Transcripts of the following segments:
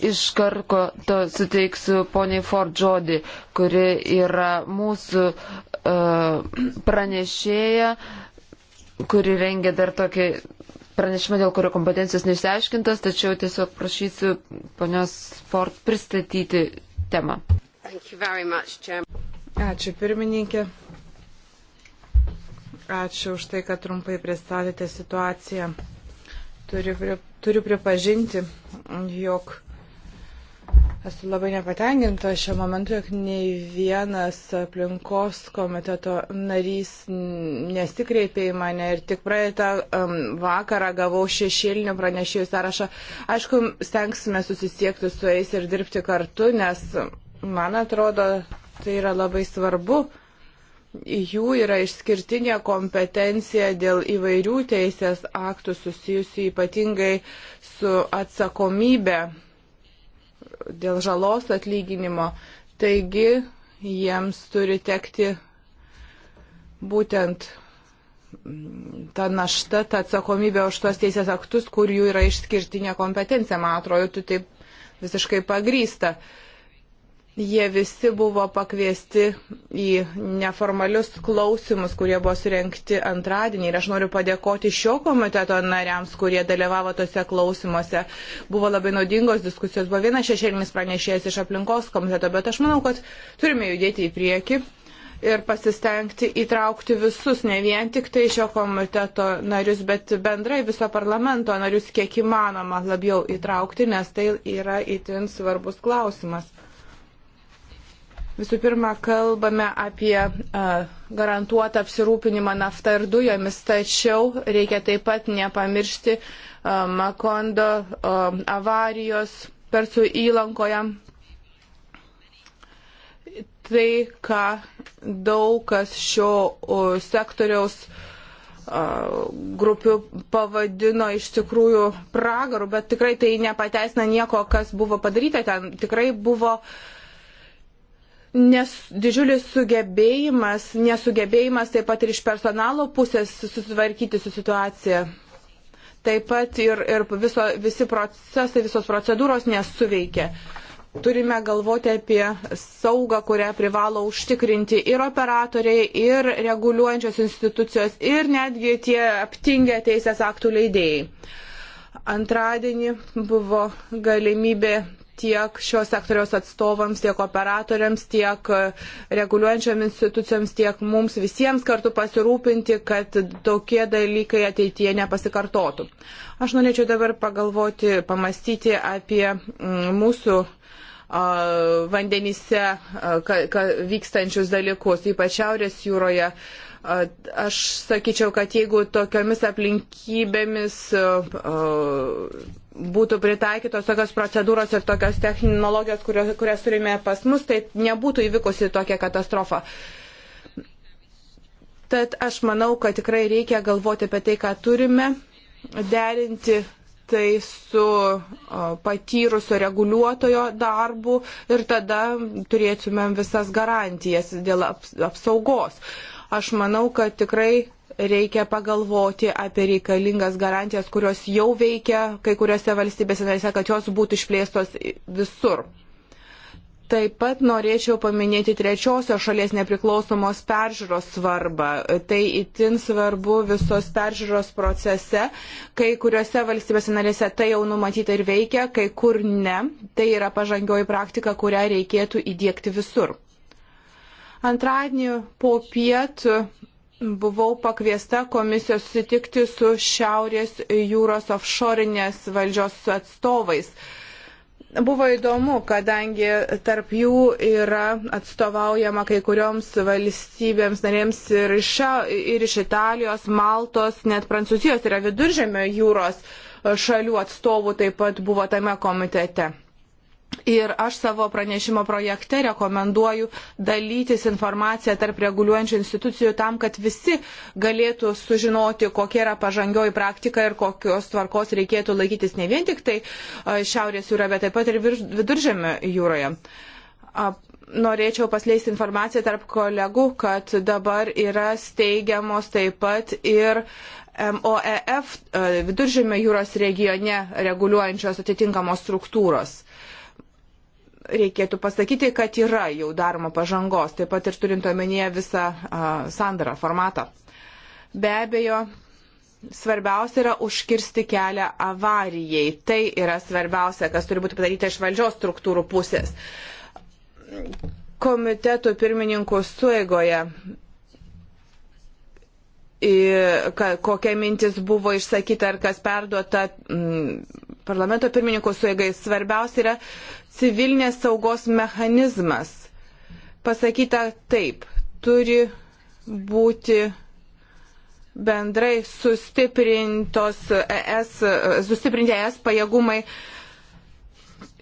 iš karto suteiksiu poniai Ford žodį, kuri yra mūsų uh, pranešėja, kuri rengia dar tokį pranešimą, dėl kurio kompetencijos neišsiaiškintas, tačiau tiesiog prašysiu ponios Ford pristatyti temą. Much, Ačiū pirmininkė. Ačiū už tai, kad trumpai pristatėte situaciją. Turiu, turiu pripažinti, jog Esu labai nepatenkinta šiuo momentu, jog nei vienas aplinkos komiteto narys nesikreipė į mane ir tik praeitą um, vakarą gavau šešėlinių pranešėjų sąrašą. Aišku, stengsime susisiekti su jais ir dirbti kartu, nes man atrodo, tai yra labai svarbu jų yra išskirtinė kompetencija dėl įvairių teisės aktų susijusių ypatingai su atsakomybė dėl žalos atlyginimo. Taigi jiems turi tekti būtent mm, ta našta, ta atsakomybė už tos teisės aktus, kur jų yra išskirtinė kompetencija, man atrodo, tu taip visiškai pagrysta. Uh, Jie visi buvo pakviesti į neformalius klausimus, kurie buvo surenkti antradienį. Ir aš noriu padėkoti šio komiteto nariams, kurie dalyvavo tose klausimuose. Buvo labai naudingos diskusijos. Buvo vienas šešėlinis pranešėjas iš aplinkos komiteto, bet aš manau, kad turime judėti į priekį ir pasistengti įtraukti visus, ne vien tik tai šio komiteto narius, bet bendrai viso parlamento narius, kiek įmanoma labiau įtraukti, nes tai yra itin svarbus klausimas. Visų pirma, kalbame apie garantuotą apsirūpinimą naftą ir dujomis, tačiau reikia taip pat nepamiršti Makondo avarijos Persų įlankoje. Tai, ką daug kas šio sektoriaus grupių pavadino iš tikrųjų pragarų, bet tikrai tai nepateisina nieko, kas buvo padaryta ten. Tikrai buvo uh, nes, didžiulis sugebėjimas, nesugebėjimas taip pat ir iš personalo pusės susitvarkyti su situacija. Taip pat ir, ir viso, visi procesai, visos procedūros nesuveikia. Turime galvoti apie saugą, kurią privalo užtikrinti ir operatoriai, ir reguliuojančios institucijos, ir netgi tie aptingę teisės aktų leidėjai. Antradienį buvo galimybė tiek šios sektoriaus atstovams, tiek operatoriams, tiek e, reguliuojančiam institucijoms, tiek mums visiems kartu pasirūpinti, kad tokie dalykai ateityje nepasikartotų. Aš norėčiau dabar pagalvoti, pamastyti apie mm, mūsų vandenyse vykstančius dalykus, ypač Šiaurės jūroje. Aš sakyčiau, kad jeigu tokiomis aplinkybėmis būtų pritaikytos tokios procedūros ir tokios technologijos, kurios, kurias turime pas mus, tai nebūtų įvykusi tokia katastrofa. Tad aš manau, kad tikrai reikia galvoti apie tai, ką turime, derinti tai su patyrusio reguliuotojo darbu ir tada turėtumėm visas garantijas dėl apsaugos. Aš manau, kad tikrai reikia pagalvoti apie reikalingas garantijas, kurios jau veikia kai kuriuose valstybėse narėse, kad jos būtų išplėstos visur. Taip pat norėčiau paminėti trečiosios šalies nepriklausomos peržiūros svarbą. Tai itin svarbu visos peržiūros procese. Kai kuriuose valstybėse narėse tai jau numatyta ir veikia, kai kur ne. Tai yra pažangioji praktika, kurią reikėtų įdėkti visur. Antradienį po pietų buvau pakviesta komisijos sutikti su Šiaurės jūros offshorinės valdžios atstovais. Buvo įdomu, kadangi tarp jų yra atstovaujama kai kurioms valstybėms narėms ir iš, ir iš Italijos, Maltos, net Prancūzijos, tai yra viduržėmio jūros šalių atstovų taip pat buvo tame komitete. Ir aš savo pranešimo projekte rekomenduoju dalytis informaciją tarp reguliuojančių institucijų tam, kad visi galėtų sužinoti, kokia yra pažangioji praktika ir kokios tvarkos reikėtų laikytis ne vien tik tai Šiaurės jūroje, bet taip pat ir viduržėme jūroje. Norėčiau pasleisti informaciją tarp kolegų, kad dabar yra steigiamos taip pat ir MOEF viduržėme jūros regione reguliuojančios atitinkamos struktūros reikėtų pasakyti, kad yra jau daroma pažangos, taip pat ir turint omenyje visą sandarą, formatą. Be abejo, svarbiausia yra užkirsti kelią avarijai. Tai yra svarbiausia, kas turi būti padaryta iš valdžios struktūrų pusės. Komitetų pirmininkų suėgoje kokia mintis buvo išsakyta ar kas perduota mm, parlamento pirmininkų suėgai. Svarbiausia yra civilinės saugos mechanizmas. Pasakyta taip, turi būti bendrai sustiprintos ES, sustiprinti ES pajėgumai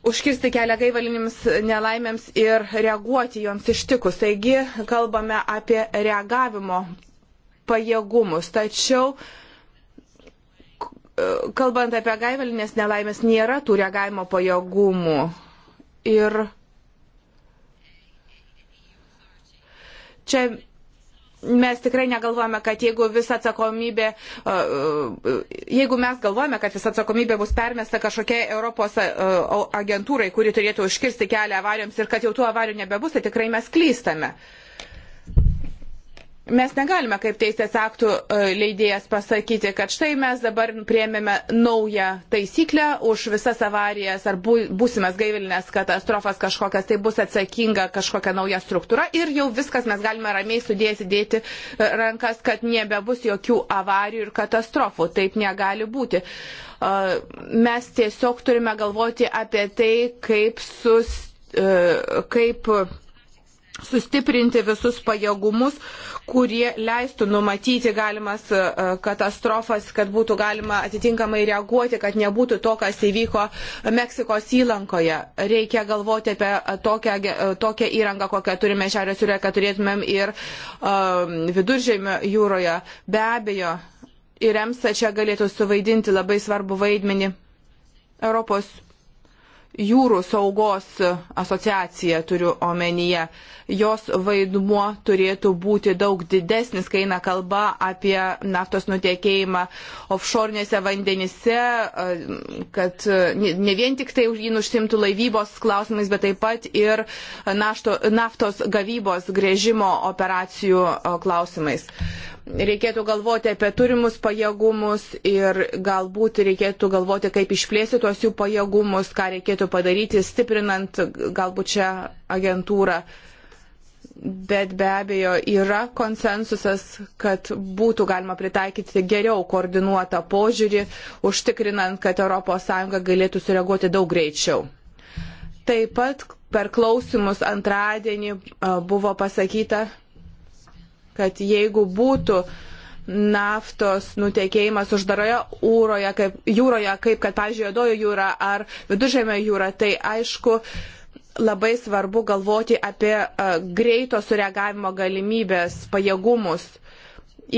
užkirsti kelią gaivalinėms nelaimėms ir reaguoti joms ištikus. Taigi kalbame apie reagavimo pajėgumus. Tačiau kalbant apie gaivalinės nelaimės, nėra tų reagavimo pajėgumų ir čia mes tikrai negalvojame, kad jeigu visa atsakomybė, jeigu mes galvojame, kad visa atsakomybė bus permesta kažkokiai Europos agentūrai, kuri turėtų užkirsti kelią avarijoms ir kad jau tų avarijų nebebus, tai tikrai mes klystame mes negalime kaip teisės aktų e, leidėjas pasakyti, kad štai mes dabar prieimėme naują taisyklę už visas avarijas ar būsimas gaivilinės katastrofas kažkokias, tai bus atsakinga kažkokia nauja struktūra ir jau viskas mes galime ramiai sudėti, dėti e, rankas, kad nebebus jokių avarijų ir katastrofų. Taip negali būti. E, mes tiesiog turime galvoti apie tai, kaip sus kaip sustiprinti visus pajėgumus, kurie leistų numatyti galimas e, katastrofas, kad būtų galima atitinkamai reaguoti, kad nebūtų to, kas įvyko Meksikos įlankoje. Reikia galvoti apie e, tokią, e, tokią įrangą, kokią turime Šiaurės jūroje, kad turėtumėm ir um, viduržėmio jūroje. Be abejo, ir EMSA čia galėtų suvaidinti labai svarbu vaidmenį. Europos jūrų saugos asociacija turiu omenyje, jos vaidmuo turėtų būti daug didesnis, kai eina kalba apie naftos nutiekėjimą offshore'nėse vandenise, kad ne vien tik tai jį užsimtų laivybos klausimais, bet taip pat ir našto, naftos gavybos grėžimo operacijų klausimais reikėtų galvoti apie turimus pajėgumus ir galbūt reikėtų galvoti, kaip išplėsti tuos jų pajėgumus, ką reikėtų padaryti, stiprinant galbūt čia agentūrą. Bet be abejo yra konsensusas, kad būtų galima pritaikyti geriau koordinuotą požiūrį, užtikrinant, kad ES galėtų sureaguoti daug greičiau. Taip pat per klausimus antradienį buvo pasakyta, kad jeigu būtų naftos nutekėjimas uždaroje ūroje, kaip, jūroje, kaip kad, pavyzdžiui, Jodojo jūra ar Viduržėmio jūra, tai aišku, labai svarbu galvoti apie uh, greito sureagavimo galimybės, pajėgumus,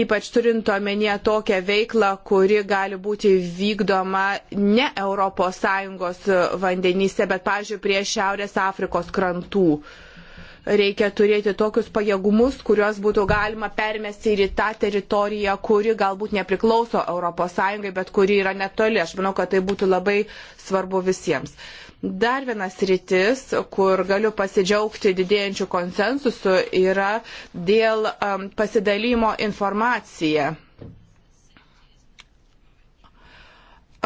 ypač turint omenyje tokią veiklą, kuri gali būti vykdoma ne ES e, vandenyse, bet, pavyzdžiui, prie Šiaurės Afrikos krantų. Uh, reikia turėti tokius pajėgumus, kuriuos būtų galima permesti ir į tą teritoriją, kuri galbūt nepriklauso ES, bet kuri yra netoli. Aš manau, kad tai būtų labai svarbu visiems. Dar vienas rytis, kur galiu pasidžiaugti didėjančių konsensusu, yra dėl um, pasidalymo informacija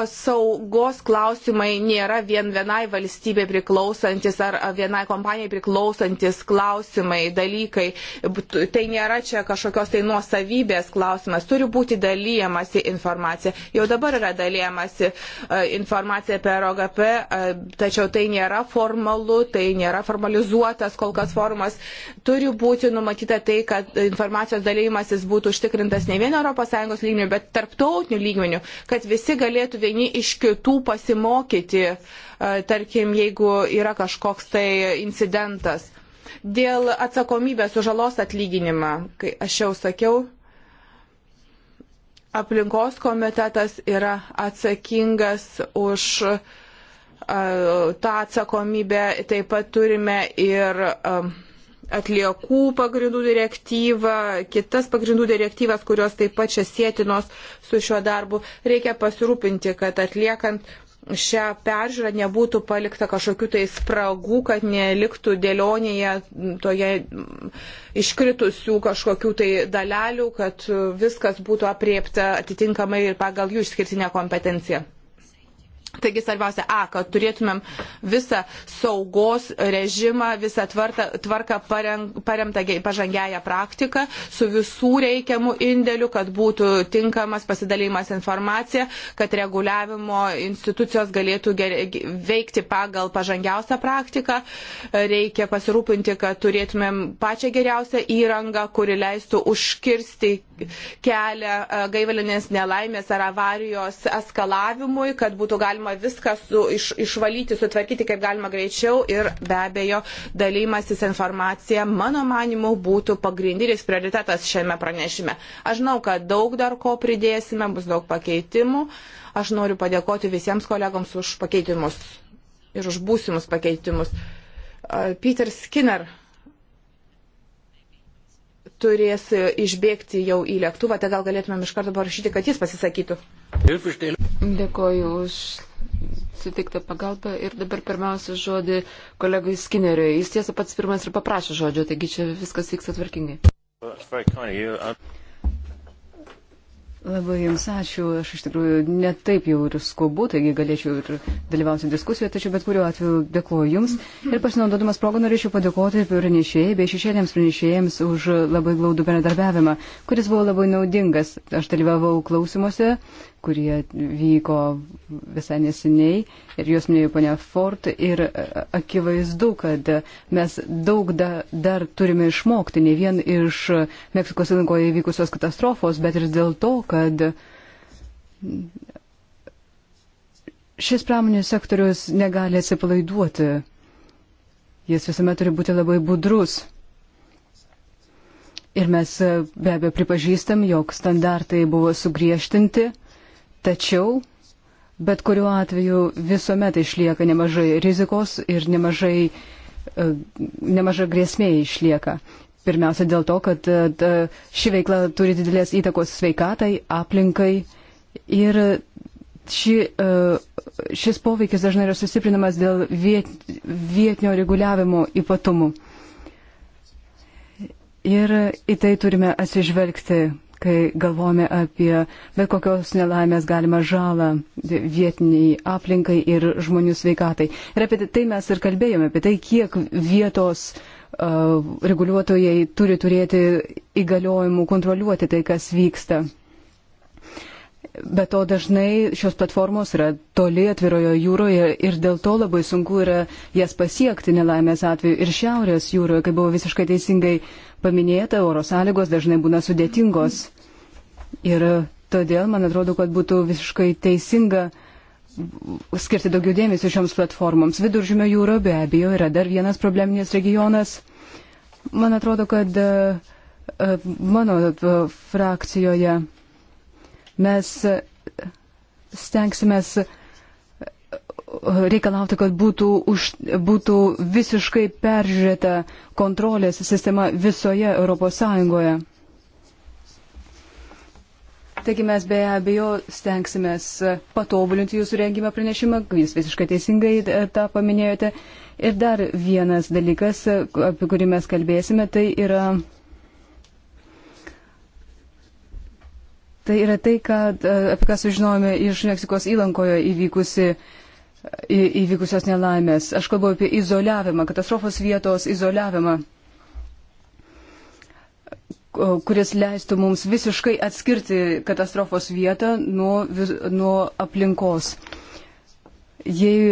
saugos klausimai nėra vien vienai valstybė priklausantis ar vienai kompanijai priklausantis klausimai, dalykai. Tai nėra čia kažkokios tai nuosavybės klausimas. Turi būti dalyjamasi informacija. Jau dabar yra dalyjamasi e, informacija per OGP, e, tačiau tai nėra formalu, tai nėra formalizuotas kol kas formas. Turi būti numatyta tai, kad informacijos dalyjimasis būtų užtikrintas ne vien ES lygmenių, bet tarptautinių lygmenių, kad visi galėtų veiksmingai vieni iš kitų pasimokyti, e, tarkim, jeigu yra kažkoks tai incidentas. Dėl atsakomybės už žalos atlyginimą, kai aš jau sakiau, aplinkos komitetas yra atsakingas už e, tą atsakomybę, taip pat turime ir uh, atliekų pagrindų direktyvą, kitas pagrindų direktyvas, kurios taip pat čia sėtinos su šiuo darbu. Reikia pasirūpinti, kad atliekant šią peržiūrą nebūtų palikta kažkokių tai spragų, kad neliktų dėlionėje toje iškritusių kažkokių tai dalelių, kad viskas būtų apriepta atitinkamai ir pagal jų išskirtinę kompetenciją. Taigi svarbiausia, A, kad turėtumėm visą saugos režimą, visą tvartą, tvarką paremtą pažangiają praktiką su visų reikiamų indėlių, kad būtų tinkamas pasidalymas informacija, kad reguliavimo institucijos galėtų ger, veikti pagal pažangiausią praktiką. Reikia pasirūpinti, kad turėtumėm pačią geriausią įrangą, kuri leistų užkirsti kelia e, gaivalinės nelaimės ar avarijos eskalavimui, kad būtų galima viską su, iš, išvalyti, sutvarkyti kaip galima greičiau ir be abejo dalymasis informacija, mano manimu, būtų pagrindinis prioritetas šiame pranešime. Aš žinau, kad daug dar ko pridėsime, bus daug pakeitimų. Aš noriu padėkoti visiems kolegoms už pakeitimus ir už būsimus pakeitimus. E, Peter Skinner turės išbėgti jau į lėktuvą, tai gal galėtumėm iš karto parašyti, kad jis pasisakytų. Dėkoju už sutiktą pagalbą ir dabar pirmiausia žodį kolegai Skinneriui. Jis tiesa pats pirmas ir paprašė žodžio, taigi čia viskas vyksta tvarkingai. Well, Labai Jums ačiū. Aš iš tikrųjų netaip jau ir skubu, taigi galėčiau ir dalyvauti diskusijoje, tačiau bet kuriuo atveju dėkuoju Jums. Ir pasinaudodamas progą norėčiau padėkoti pranešėjai bei šešėlėms pranešėjams už labai glaudų bendradarbiavimą, kuris buvo labai naudingas. Aš dalyvavau klausimuose, kurie vyko visai nesiniai ir jūs minėjo ponia Ford ir e, akivaizdu, kad mes daug da, dar turime išmokti ne vien iš Meksikos įlankoje įvykusios katastrofos, bet ir dėl to, kad šis pramonės sektorius negali atsipalaiduoti. Jis visuomet turi būti labai budrus. Ir mes be abejo pripažįstam, jog standartai buvo sugriežtinti Tačiau, bet kuriuo atveju visuomet išlieka nemažai rizikos ir nemažai, e, nemaža grėsmė išlieka. Pirmiausia dėl to, kad e, ši veikla turi didelės įtakos sveikatai, aplinkai ir ši, e, šis poveikis dažnai yra sustiprinamas dėl viet, vietinio reguliavimo ypatumų. Ir į tai turime atsižvelgti kai galvojame apie bet kokios nelaimės galimą žalą vietiniai aplinkai ir žmonių sveikatai. Ir apie tai mes ir kalbėjome, apie tai, kiek vietos uh, reguliuotojai turi turėti įgaliojimų kontroliuoti tai, kas vyksta. Be to dažnai šios platformos yra toli atvirojo jūroje ir dėl to labai sunku yra jas pasiekti nelaimės atveju. Ir šiaurės jūroje, kaip buvo visiškai teisingai paminėta, oro sąlygos dažnai būna sudėtingos. Ir todėl, man atrodo, kad būtų visiškai teisinga skirti daugiau dėmesio šioms platformoms. Viduržymio jūro be abejo yra dar vienas probleminis regionas. Man atrodo, kad e, mano e, frakcijoje mes stengsimės reikalauti, kad būtų, už, būtų visiškai peržiūrėta kontrolės sistema visoje Europos Sąjungoje. Taigi mes be abejo stengsimės e, patobulinti jūsų rengimą pranešimą, jūs visiškai teisingai e, tą paminėjote. Ir dar vienas dalykas, e, apie kurį mes kalbėsime, tai yra. Tai yra tai, kad, apie ką sužinojome iš Meksikos įlankoje įvykusi, į, įvykusios nelaimės. Aš kalbu apie izoliavimą, katastrofos vietos izoliavimą kuris leistų mums visiškai atskirti katastrofos vietą nuo, nuo aplinkos. Jei,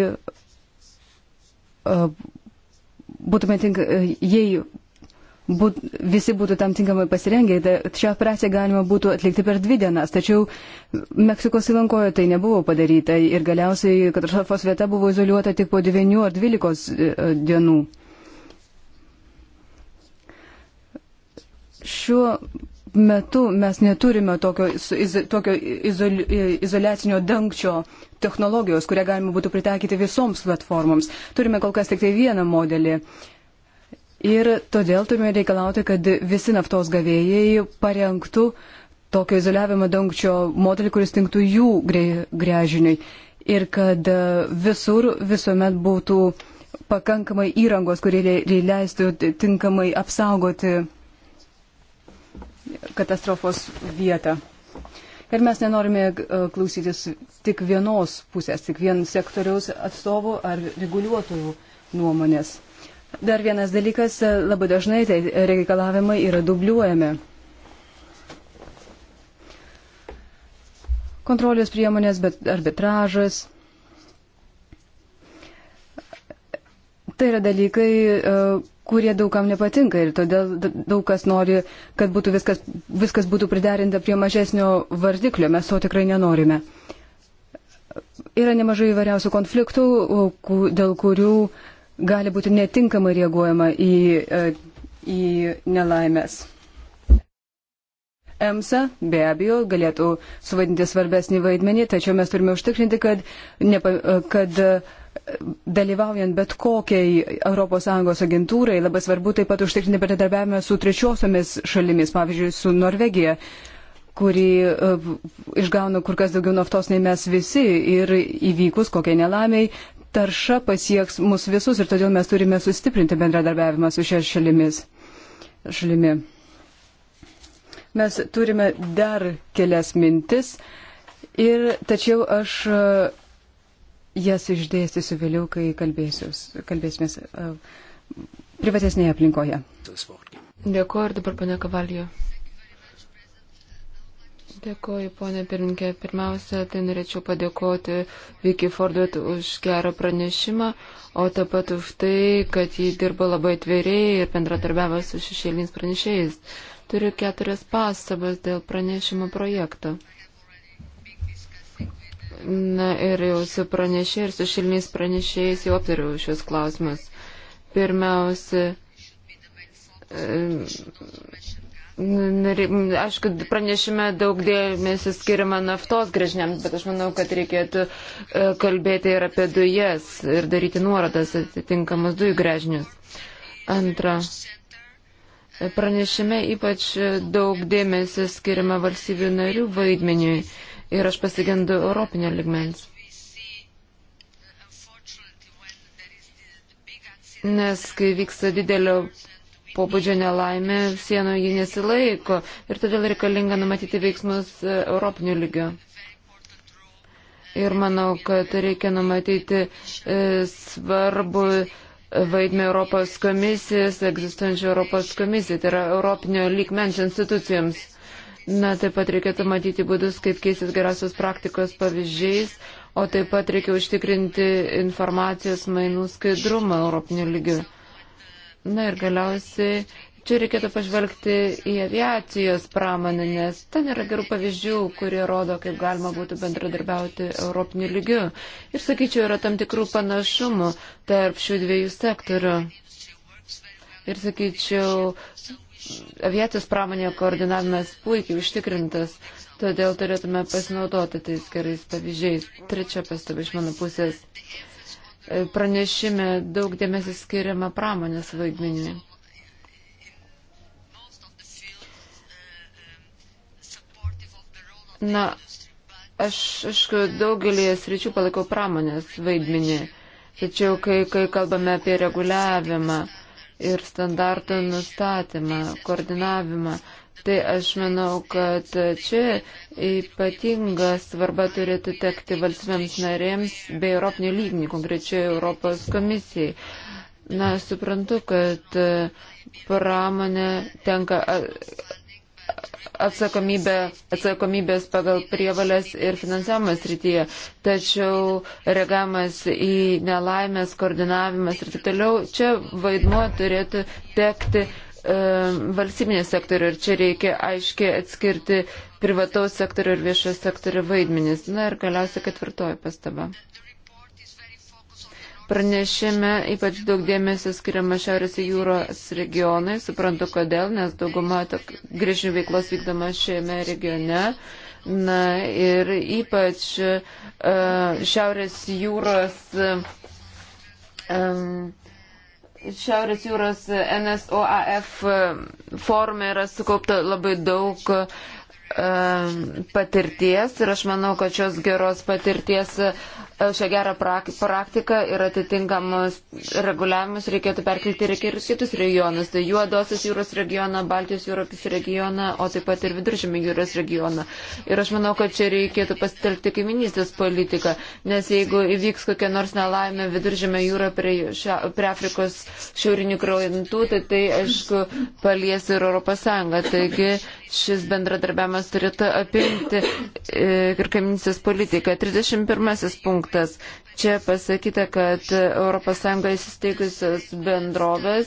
būtume tink, jei būt, visi būtų tam tinkamai pasirengę, tai šią operaciją galima būtų atlikti per dvi dienas, tačiau Meksikos įlankoje tai nebuvo padaryta ir galiausiai katastrofos vieta buvo izoliuota tik po 9 ar 12 e, e, dienų. šiuo metu mes neturime tokio, iz, tokio izol, izolacinio dangčio technologijos, kurią galima būtų pritaikyti visoms platformoms. Turime kol kas tik tai vieną modelį. Ir todėl turime reikalauti, kad visi naftos gavėjai parengtų tokio izoliavimo dangčio modelį, kuris tinktų jų gre, grežiniui. Ir kad e, visur visuomet būtų pakankamai įrangos, kurie leistų tinkamai apsaugoti katastrofos vietą. Ir mes nenorime e, klausytis tik vienos pusės, tik vien sektoriaus atstovų ar reguliuotojų nuomonės. Dar vienas dalykas, e, labai dažnai tai reikalavimai yra dubliuojami. Kontrolės priemonės, bet arbitražas. Tai yra dalykai, e, kurie daugam nepatinka ir todėl daug kas nori, kad būtų viskas, viskas būtų priderinta prie mažesnio vardiklio. Mes to tikrai nenorime. Yra nemažai įvairiausių konfliktų, dėl kurių gali būti netinkamai reaguojama į, e, į nelaimės. EMSA be abejo galėtų suvaidinti svarbesnį vaidmenį, tačiau mes turime užtikrinti, kad, nepa, kad uh, dalyvaujant bet kokiai ES agentūrai, labai svarbu taip pat užtikrinti bendradarbiavimą su trečiosiomis šalimis, pavyzdžiui, su Norvegija, kuri e, išgauna kur kas daugiau naftos nei mes visi ir įvykus kokiai nelaimiai. Tarša pasieks mus visus ir todėl mes turime sustiprinti bendradarbiavimą su šia šalimis. šalimi. Mes turime dar kelias mintis ir tačiau aš jas išdėstysiu vėliau, kai kalbėsimės e, privatesnėje aplinkoje. Dėkuoju ir dabar pane Kavalijo. Dėkuoju, ponė pirminkė. Pirmiausia, tai norėčiau padėkoti Viki Forduot už gerą pranešimą, o taip pat už tai, kad jį dirbo labai tveriai ir bendratarbiavo su šešėliniais pranešėjais. Turiu keturias pastabas dėl pranešimo projekto. Na ir jau su pranešėjai ir su šilniais pranešėjais jau aptariau šios klausimus. Pirmiausia, Aišku, pranešime daug dėmesio skiriama naftos gražiniams, bet aš manau, kad reikėtų e, kalbėti ir apie dujas ir daryti nuorodas atitinkamus dujų gražinius. Antra, pranešime ypač daug dėmesio skiriama valstybių narių vaidmeniui ir aš pasigendu Europinio ligmens. Nes kai vyksta didelio pobūdžio nelaimė, sienoje ji nesilaiko ir todėl reikalinga numatyti veiksmus e, Europinių lygio. Ir manau, kad reikia numatyti e, svarbu vaidmę Europos komisijas, egzistuojančią Europos komisiją, tai yra Europinio lygmens institucijoms. Na, taip pat reikėtų matyti būdus, kaip keisis geriausios praktikos pavyzdžiais, o taip pat reikia užtikrinti informacijos mainų skaidrumą Europinių lygių. Na ir galiausiai Čia reikėtų pažvelgti į aviacijos pramonę, nes ten yra gerų pavyzdžių, kurie rodo, kaip galima būtų bendradarbiauti Europinių lygių. Ir sakyčiau, yra tam tikrų panašumų tarp šių dviejų sektorių. Ir sakyčiau, aviacijos pramonėje koordinavimas puikiai užtikrintas, todėl turėtume pasinaudoti tais gerais pavyzdžiais. Trečia pastaba iš mano pusės. Pranešime daug dėmesio skiriama pramonės vaidmeniui. Na, aš, aišku, daugelį sričių palaikau pramonės vaidmenį, tačiau kai, kai kalbame apie reguliavimą, ir standartų nustatymą, koordinavimą. Tai aš manau, kad čia ypatinga svarba turėtų tekti valstybėms narėms bei Europinių lygmenių, konkrečiai Europos komisijai. Na, suprantu, kad pramonė tenka atsakomybę, atsakomybės pagal prievalės ir finansavimo srityje, tačiau reagavimas į nelaimės, koordinavimas ir taip toliau, čia vaidmuo turėtų tekti e, valstybinės sektorių ir čia reikia aiškiai atskirti privataus sektorių ir viešojo sektorių vaidmenis. Na ir galiausiai ketvirtoji pastaba. Pranešime ypač daug dėmesio skiriama Šiaurės jūros regionai. Suprantu, kodėl, nes dauguma grėžinių veiklos vykdoma šiame regione. Na ir ypač uh, Šiaurės jūros. Um, Šiaurės jūros NSOAF forume yra sukaupta labai daug patirties ir aš manau, kad šios geros patirties šią gerą praktiką ir atitinkamus reguliavimus reikėtų perkelti ir kitus regionus. Tai Juodosios jūros regioną, Baltijos jūros regioną, o taip pat ir Viduržymė jūros regioną. Ir aš manau, kad čia reikėtų pasitelkti kaiminystės politiką, nes jeigu įvyks kokia nors nelaimė Viduržymė jūra prie, šia, prie Afrikos šiaurinių krantų, tai tai, aišku, palies ir Europos Sąjungą. Taigi šis bendradarbiavimas turėtų apimti e, ir kaiminystės politiką. 31 punktas punktas. Čia pasakyta, kad ES įsisteigusios bendrovės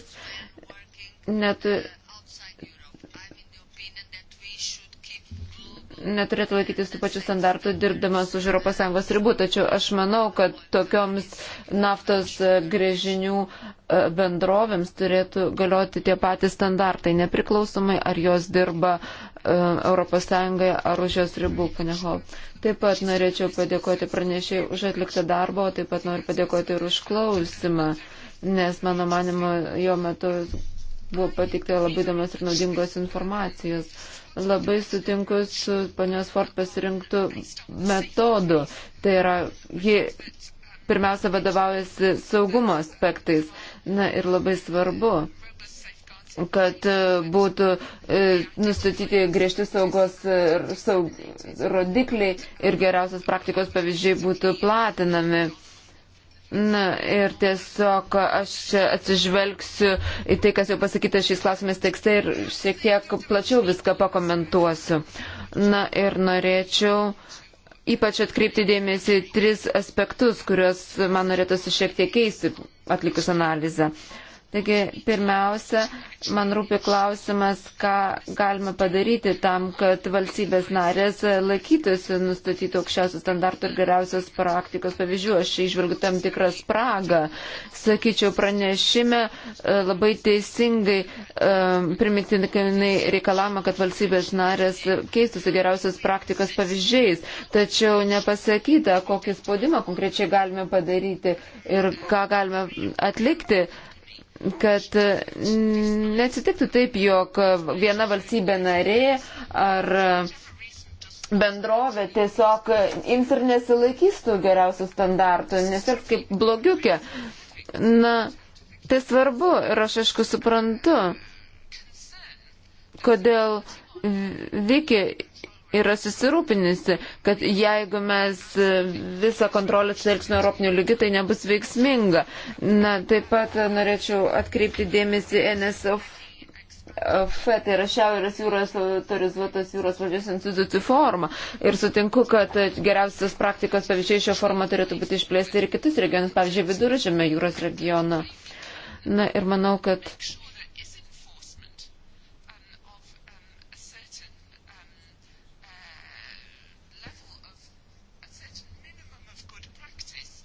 net, neturėtų laikytis tų pačių standartų dirbdamas už ES ribų, tačiau aš manau, kad tokioms naftos grėžinių e, bendrovėms turėtų galioti tie patys standartai, nepriklausomai ar jos dirba uh, ES ar už jos ribų, pane Hol. Taip pat norėčiau padėkoti pranešiai už atliktą darbą, o taip pat noriu padėkoti ir už klausimą, nes mano manimo jo metu buvo patikta labai įdomios ir naudingos informacijos. Labai sutinku su panios Ford pasirinktų metodų. Tai yra, ji pirmiausia vadovaujasi saugumo aspektais. Na ir labai svarbu kad e, būtų e, nustatyti griežti saugos e, saug, rodikliai ir geriausios praktikos pavyzdžiai būtų platinami. Na ir tiesiog aš čia atsižvelgsiu į tai, kas jau pasakyta šiais klausimais tekste ir šiek tiek plačiau viską pakomentuosiu. Na ir norėčiau ypač atkreipti dėmesį tris aspektus, kuriuos man norėtųsi šiek tiek keisti atlikus analizę. Uh, Taigi, pirmiausia, man rūpi klausimas, ką galime padaryti tam, kad valstybės narės laikytųsi nustatytų aukščiausių standartų ir geriausios praktikos pavyzdžių. Aš išvelgiu tam tikrą spragą. Sakyčiau, pranešime e, labai teisingai e, primitinai reikalama, kad valstybės narės keistųsi geriausios praktikos pavyzdžiais. Tačiau nepasakyta, kokį spaudimą konkrečiai galime padaryti ir ką galime atlikti kad neatsitiktų taip, jog viena valstybė narė ar bendrovė tiesiog ims ir nesilaikys tų geriausių standartų, nesielgs kaip blogiukė. Na, tai svarbu ir aš aišku suprantu, kodėl Viki yra susirūpinusi, kad jeigu mes visą kontrolę sutelksime Europinių lygių, tai nebus veiksminga. Na, taip pat norėčiau atkreipti dėmesį NSF. FE, tai yra Šiaurės jūros autorizuotas jūros valdžios institucijų forma. Ir sutinku, kad geriausias praktikos pavyzdžiai šio forma turėtų būti išplėsti ir kitus regionus, pavyzdžiui, viduržėme jūros regioną. Na ir manau, kad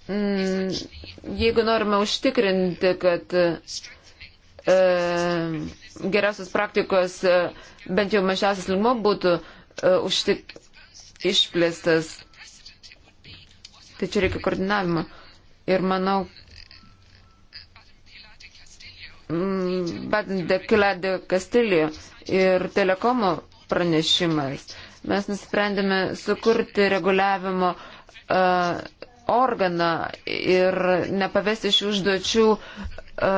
Mm, jeigu norime užtikrinti, kad e, geriausios praktikos e, bent jau mažiausias lygmo būtų e, užtik išplėstas. Tai čia reikia koordinavimo. Ir manau, mm, Badende Kilade Kastilijo ir Telekomo pranešimas. Mes nusprendėme sukurti reguliavimo uh, organą ir nepavesti šių užduočių e,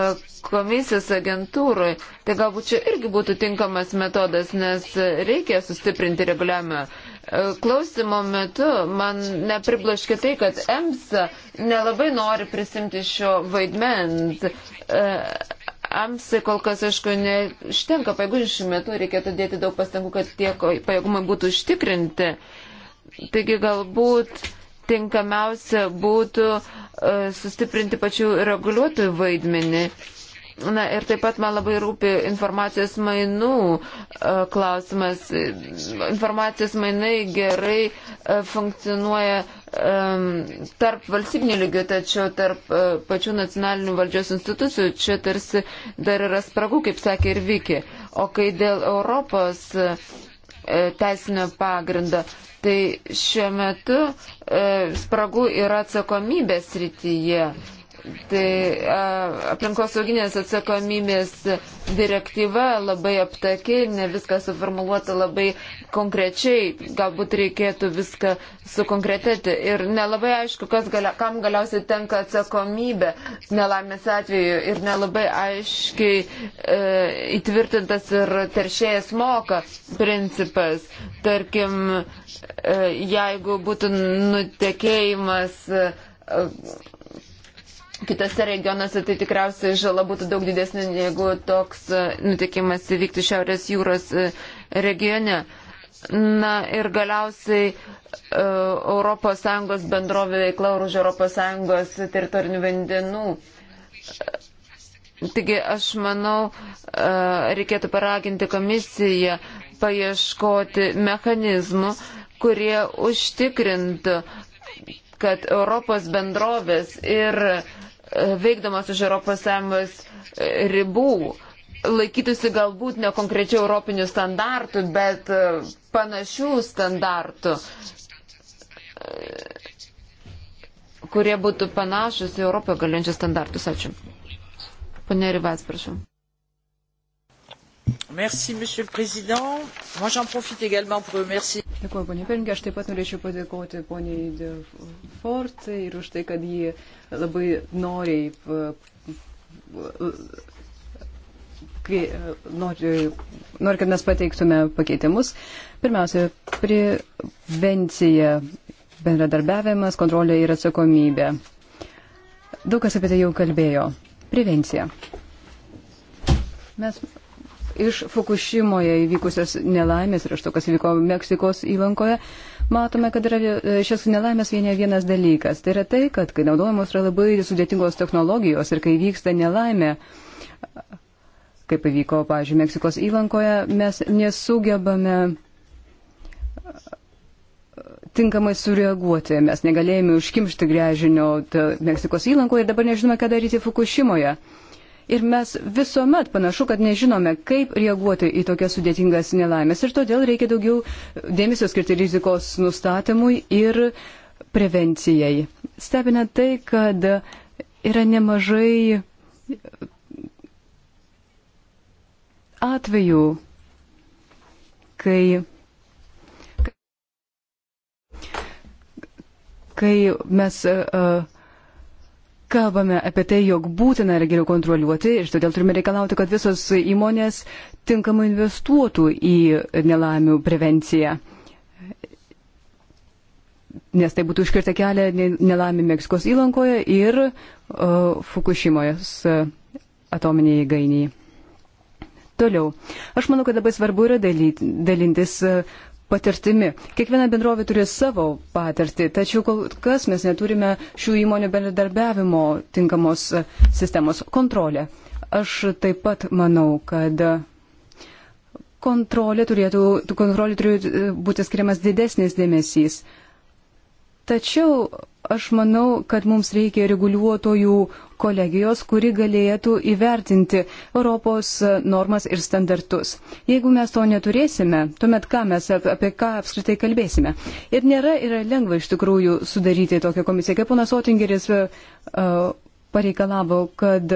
komisijos agentūrui, tai galbūt čia irgi būtų tinkamas metodas, nes reikia sustiprinti reguliavimą. E, klausimo metu man nepriblaškė tai, kad EMSA nelabai nori prisimti šio vaidmens. E, EMSA kol kas, aišku, neštenka pajėgų šių metų, reikėtų dėti daug pastangų, kad tie pajėgumai būtų užtikrinti. Taigi galbūt tinkamiausia būtų e, sustiprinti pačių reguliuotojų vaidmenį. Na ir taip pat man labai rūpi informacijos mainų e, klausimas. Informacijos mainai gerai e, funkcionuoja tarp valstybinių lygių, tačiau tarp pačių nacionalinių valdžios institucijų čia tarsi dar yra spragų, kaip sakė ir Viki. O kai dėl Europos E, teisinio pagrindo. Tai šiuo metu e, spragų yra atsakomybės rytyje Tai aplinkosauginės atsakomybės direktyva labai aptaki, ne viskas suformuoluota labai konkrečiai, galbūt reikėtų viską sukonkretėti. Ir nelabai aišku, galia, kam galiausiai tenka atsakomybė nelaimės atveju ir nelabai aiškiai e, įtvirtintas ir teršėjas moka principas. Tarkim, e, jeigu būtų nutekėjimas. E, Kitose regionuose tai tikriausiai žala būtų daug didesnė, jeigu toks e, nutikimas įvyktų Šiaurės jūros e, regione. Na ir galiausiai ES bendrovė veikla už ES teritorinių vandenų. E, taigi aš manau, reikėtų paraginti komisiją paieškoti mechanizmų, kurie užtikrintų, kad Europos bendrovės ir uh, veikdamas už ES e, ribų laikytųsi galbūt ne konkrečiai europinių standartų, bet e, panašių standartų, e, kurie būtų panašus į Europoje galiančius standartus. Ačiū. Pane Rivas, prašau monsieur le président j'en profite également pour remercier Dėkuoju, ponė Pirinkė, aš taip pat norėčiau padėkoti poniai Ford ir už tai, kad ji labai noriai kai, nori, nori, kad mes pateiktume pakeitimus. Pirmiausia, prevencija, bendradarbiavimas, kontrolė ir atsakomybė. Daug kas apie tai jau kalbėjo. Prevencija. Mes iš Fukushimoje įvykusios nelaimės ir iš to, kas vyko Meksikos įlankoje, matome, kad yra e, šias nelaimės vienia vienas dalykas. Tai yra tai, kad kai naudojamos yra labai sudėtingos technologijos ir kai vyksta nelaimė, kaip įvyko, pažiūrėjau, Meksikos įlankoje, mes nesugebame e, tinkamai sureaguoti. Mes negalėjome užkimšti grežinio Meksikos įlankoje ir dabar nežinome, ką daryti Fukushimoje. Ir mes visuomet panašu, kad nežinome, kaip reaguoti į tokias sudėtingas nelaimės. Ir todėl reikia daugiau dėmesio skirti rizikos nustatymui ir prevencijai. Stebina tai, kad yra nemažai atvejų, kai kai mes uh, kalbame apie tai, jog būtina yra geriau kontroliuoti ir todėl turime reikalauti, kad visos įmonės tinkamai investuotų į nelaimių prevenciją. Nes tai būtų užkirta kelią nelaimį Meksikos įlankoje ir uh, Fukushimos e, atominiai jėgainiai. Toliau. Aš manau, kad labai svarbu yra dalytis patirtimi. Kiekviena bendrovė turi savo patirtį, tačiau kol kas mes neturime šių įmonių bendradarbiavimo tinkamos e, sistemos kontrolę. Aš taip pat manau, kad kontrolė turėtų, kontrolė turėtų e, būti skiriamas didesnis dėmesys. Tačiau aš manau, kad mums reikia reguliuotojų kolegijos, kuri galėtų įvertinti Europos normas ir standartus. Jeigu mes to neturėsime, tuomet ką mes apie ką apskritai kalbėsime. Ir nėra yra lengva iš tikrųjų sudaryti tokią komisiją, kaip ponas Otingeris e, pareikalavo, kad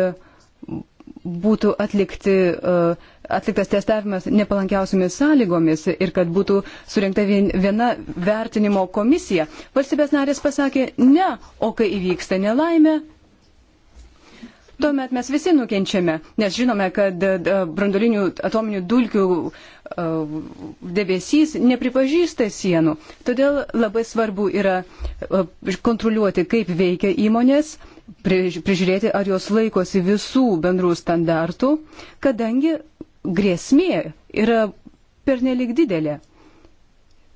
būtų atlikti uh, atliktas testavimas nepalankiausiamis sąlygomis ir kad būtų surinkta viena vertinimo komisija. Valstybės narės pasakė ne, o kai įvyksta nelaimė. Tuomet mes visi nukenčiame, nes žinome, kad e, brandolinių atominių dulkių e, debesys nepripažįsta sienų. Todėl labai svarbu yra e, kontroliuoti, kaip veikia įmonės prižiūrėti, ar jos laikosi visų bendrų standartų, kadangi grėsmė yra pernelik didelė.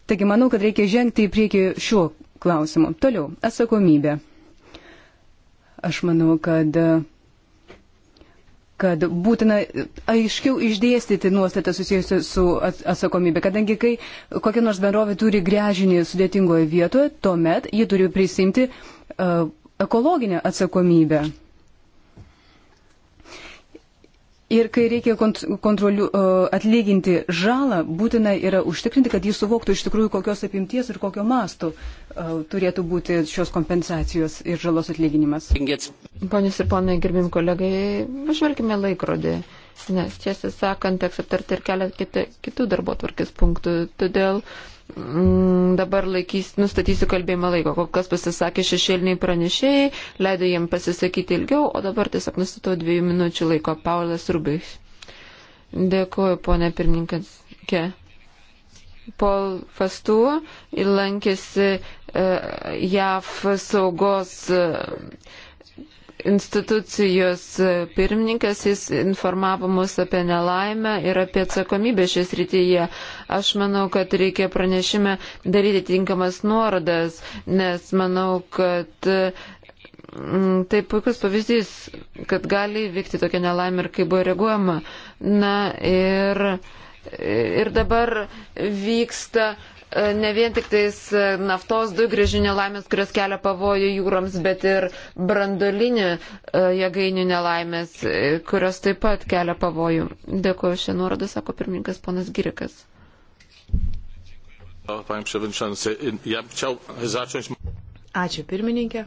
Taigi manau, kad reikia žengti į priekį šiuo klausimu. Toliau, atsakomybė. Aš manau, kad, kad būtina aiškiau išdėstyti nuostatą susijusiu su atsakomybė, kadangi kai kokia nors bendrovė turi grežinį sudėtingoje vietoje, tuomet ji turi prisimti uh, ekologinę atsakomybę. Ir kai reikia kontroliu, atlyginti žalą, būtina yra užtikrinti, kad jis suvoktų iš tikrųjų, kokios apimties ir kokio masto turėtų būti šios kompensacijos ir žalos atlyginimas. Ponius ir ponai, gerbim kolegai, pažvelkime laikrodį, nes tiesą sakant, teks aptarti ir keletą kitų darbo tvarkės punktų. Todėl uh, Mm, dabar laikys, nustatysiu kalbėjimą laiko. Kol kas pasisakė šešėliniai pranešėjai, leido jiem pasisakyti ilgiau, o dabar tiesiog nustatau dviejų minučių laiko. Paulas Rubis. Dėkuoju, ponė pirmininkas. Ke. Paul Fastu lankėsi uh, JAF saugos. Uh, institucijos pirmininkas, jis informavo mus apie nelaimę ir apie atsakomybę šias rytyje. Aš manau, kad reikia pranešime daryti tinkamas nuorodas, nes manau, kad mm, Tai puikus pavyzdys, kad gali vykti tokia nelaimė ir kaip buvo reaguojama. Na ir, ir dabar vyksta uh, E, ne vien tik tais e, naftos dujų grėžinio laimės, kurios kelia pavojų jūroms, bet ir brandolinių e, jėgainių nelaimės, kurios taip pat kelia pavojų. Dėkuoju šią nuorodą, sako pirmininkas ponas Girikas. Ačiū pirmininkė.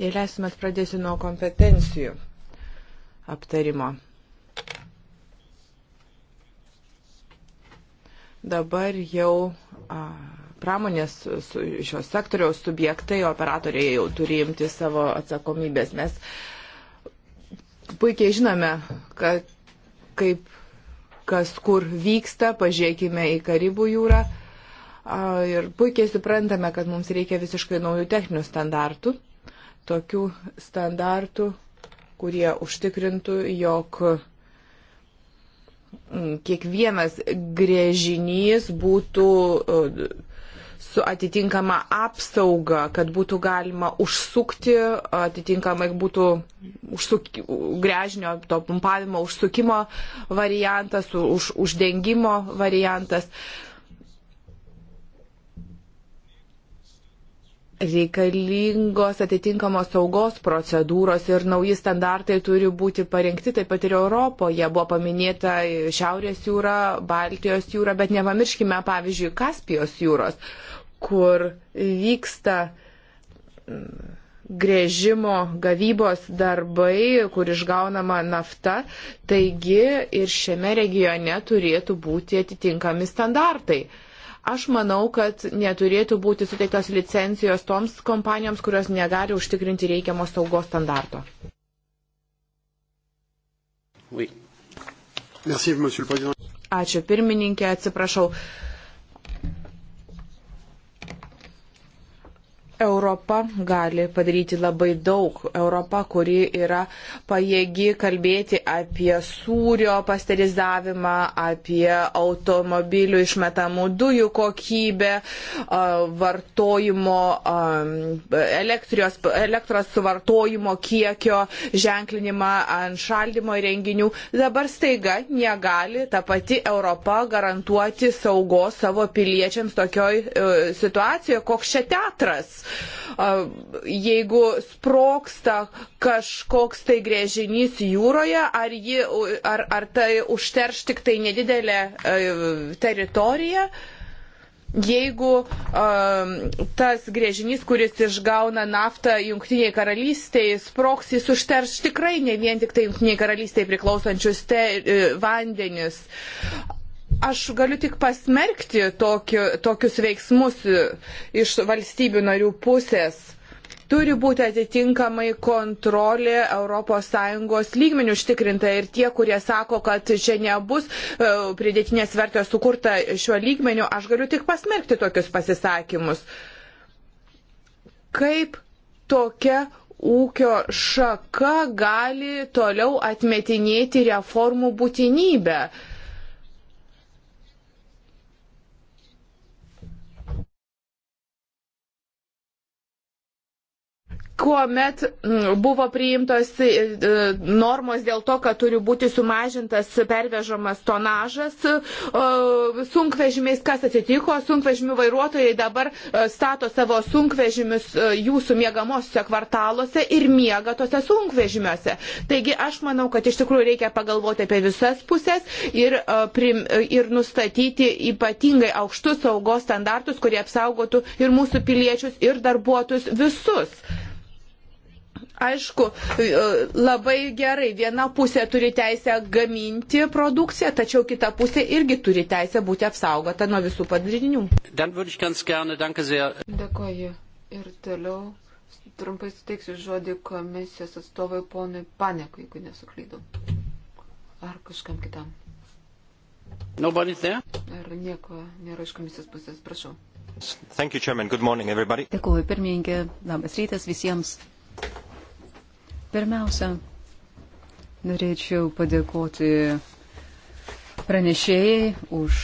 Jei leistumėt, pradėsiu nuo kompetencijų aptarimo. dabar jau a, pramonės su, šios sektoriaus subjektai, operatoriai jau turi imti savo atsakomybės. Mes puikiai žinome, kad, kaip kas kur vyksta, pažiūrėkime į Karibų jūrą a, ir puikiai suprantame, kad mums reikia visiškai naujų techninių standartų, tokių standartų, kurie užtikrintų, jog kiekvienas grėžinys būtų e, su atitinkama apsauga, kad būtų galima užsukti, atitinkamai būtų užsuk, grežinio to pumpavimo užsukimo variantas, už, uždengimo variantas. Uh, reikalingos atitinkamos saugos procedūros ir nauji standartai turi būti parengti taip pat ir Europoje. Buvo paminėta Šiaurės jūra, Baltijos jūra, bet nepamirškime, pavyzdžiui, Kaspijos jūros, kur vyksta mm, grėžimo gavybos darbai, kur išgaunama nafta. Taigi ir šiame regione turėtų būti atitinkami standartai. Uh, Aš manau, kad neturėtų būti suteiktos licencijos toms kompanijoms, kurios negali užtikrinti reikiamo saugos standarto. Oui. Merci, Ačiū pirmininkė, atsiprašau. Uh, Europa gali padaryti labai daug. Europa, kuri yra pajėgi kalbėti apie sūrio pasterizavimą, apie automobilių išmetamų dujų kokybę, vartojimo, elektrios, elektros suvartojimo kiekio ženklinimą ant šaldymo renginių. Dabar staiga negali ta pati Europa garantuoti saugos savo piliečiams tokioj e, situacijoje, koks čia teatras jeigu sproksta kažkoks tai grėžinys jūroje, ar, ji, ar, ar tai užterš tik tai nedidelę e, teritoriją? jeigu um, tas grėžinys, kuris išgauna naftą Junktiniai karalystiai, sproks, jis užterš tikrai ne vien tik tai Junktiniai karalystiai priklausančius te, e, vandenis aš galiu tik pasmerkti tokiu, tokius veiksmus e, iš valstybių narių pusės turi būti atitinkamai kontrolė ES lygmenių užtikrinta ir tie, kurie sako, kad čia nebus e, pridėtinės vertės sukurta šiuo lygmeniu, aš galiu tik pasmerkti tokius pasisakymus. Kaip tokia ūkio šaka gali toliau atmetinėti reformų būtinybę? Uh, kuomet mm, buvo priimtos e, e, normos dėl to, kad turi būti sumažintas pervežamas tonažas e, sunkvežimiais. Kas atsitiko? Sunkvežimių vairuotojai dabar stato savo sunkvežimius jūsų mėgamosiuose kvartaluose ir miega tose sunkvežimiuose. Taigi aš manau, kad iš tikrųjų reikia pagalvoti apie visas pusės ir, prim, ir nustatyti ypatingai aukštus saugos standartus, kurie apsaugotų ir mūsų piliečius, ir darbuotojus visus. Aišku, e, labai gerai, viena pusė turi teisę gaminti produkciją, tačiau kita pusė irgi turi teisę būti apsaugota nuo visų padarinių. Dėkoju. Ir toliau trumpai suteiksiu žodį komisijos atstovai ponui Panekui, jeigu nesuklydau. Ar kažkam kitam. Ar nieko nėra iš komisijos pusės, prašau. Dėkuoju, pirmininkė. Labas rytas visiems. Pirmiausia, norėčiau padėkoti pranešėjai už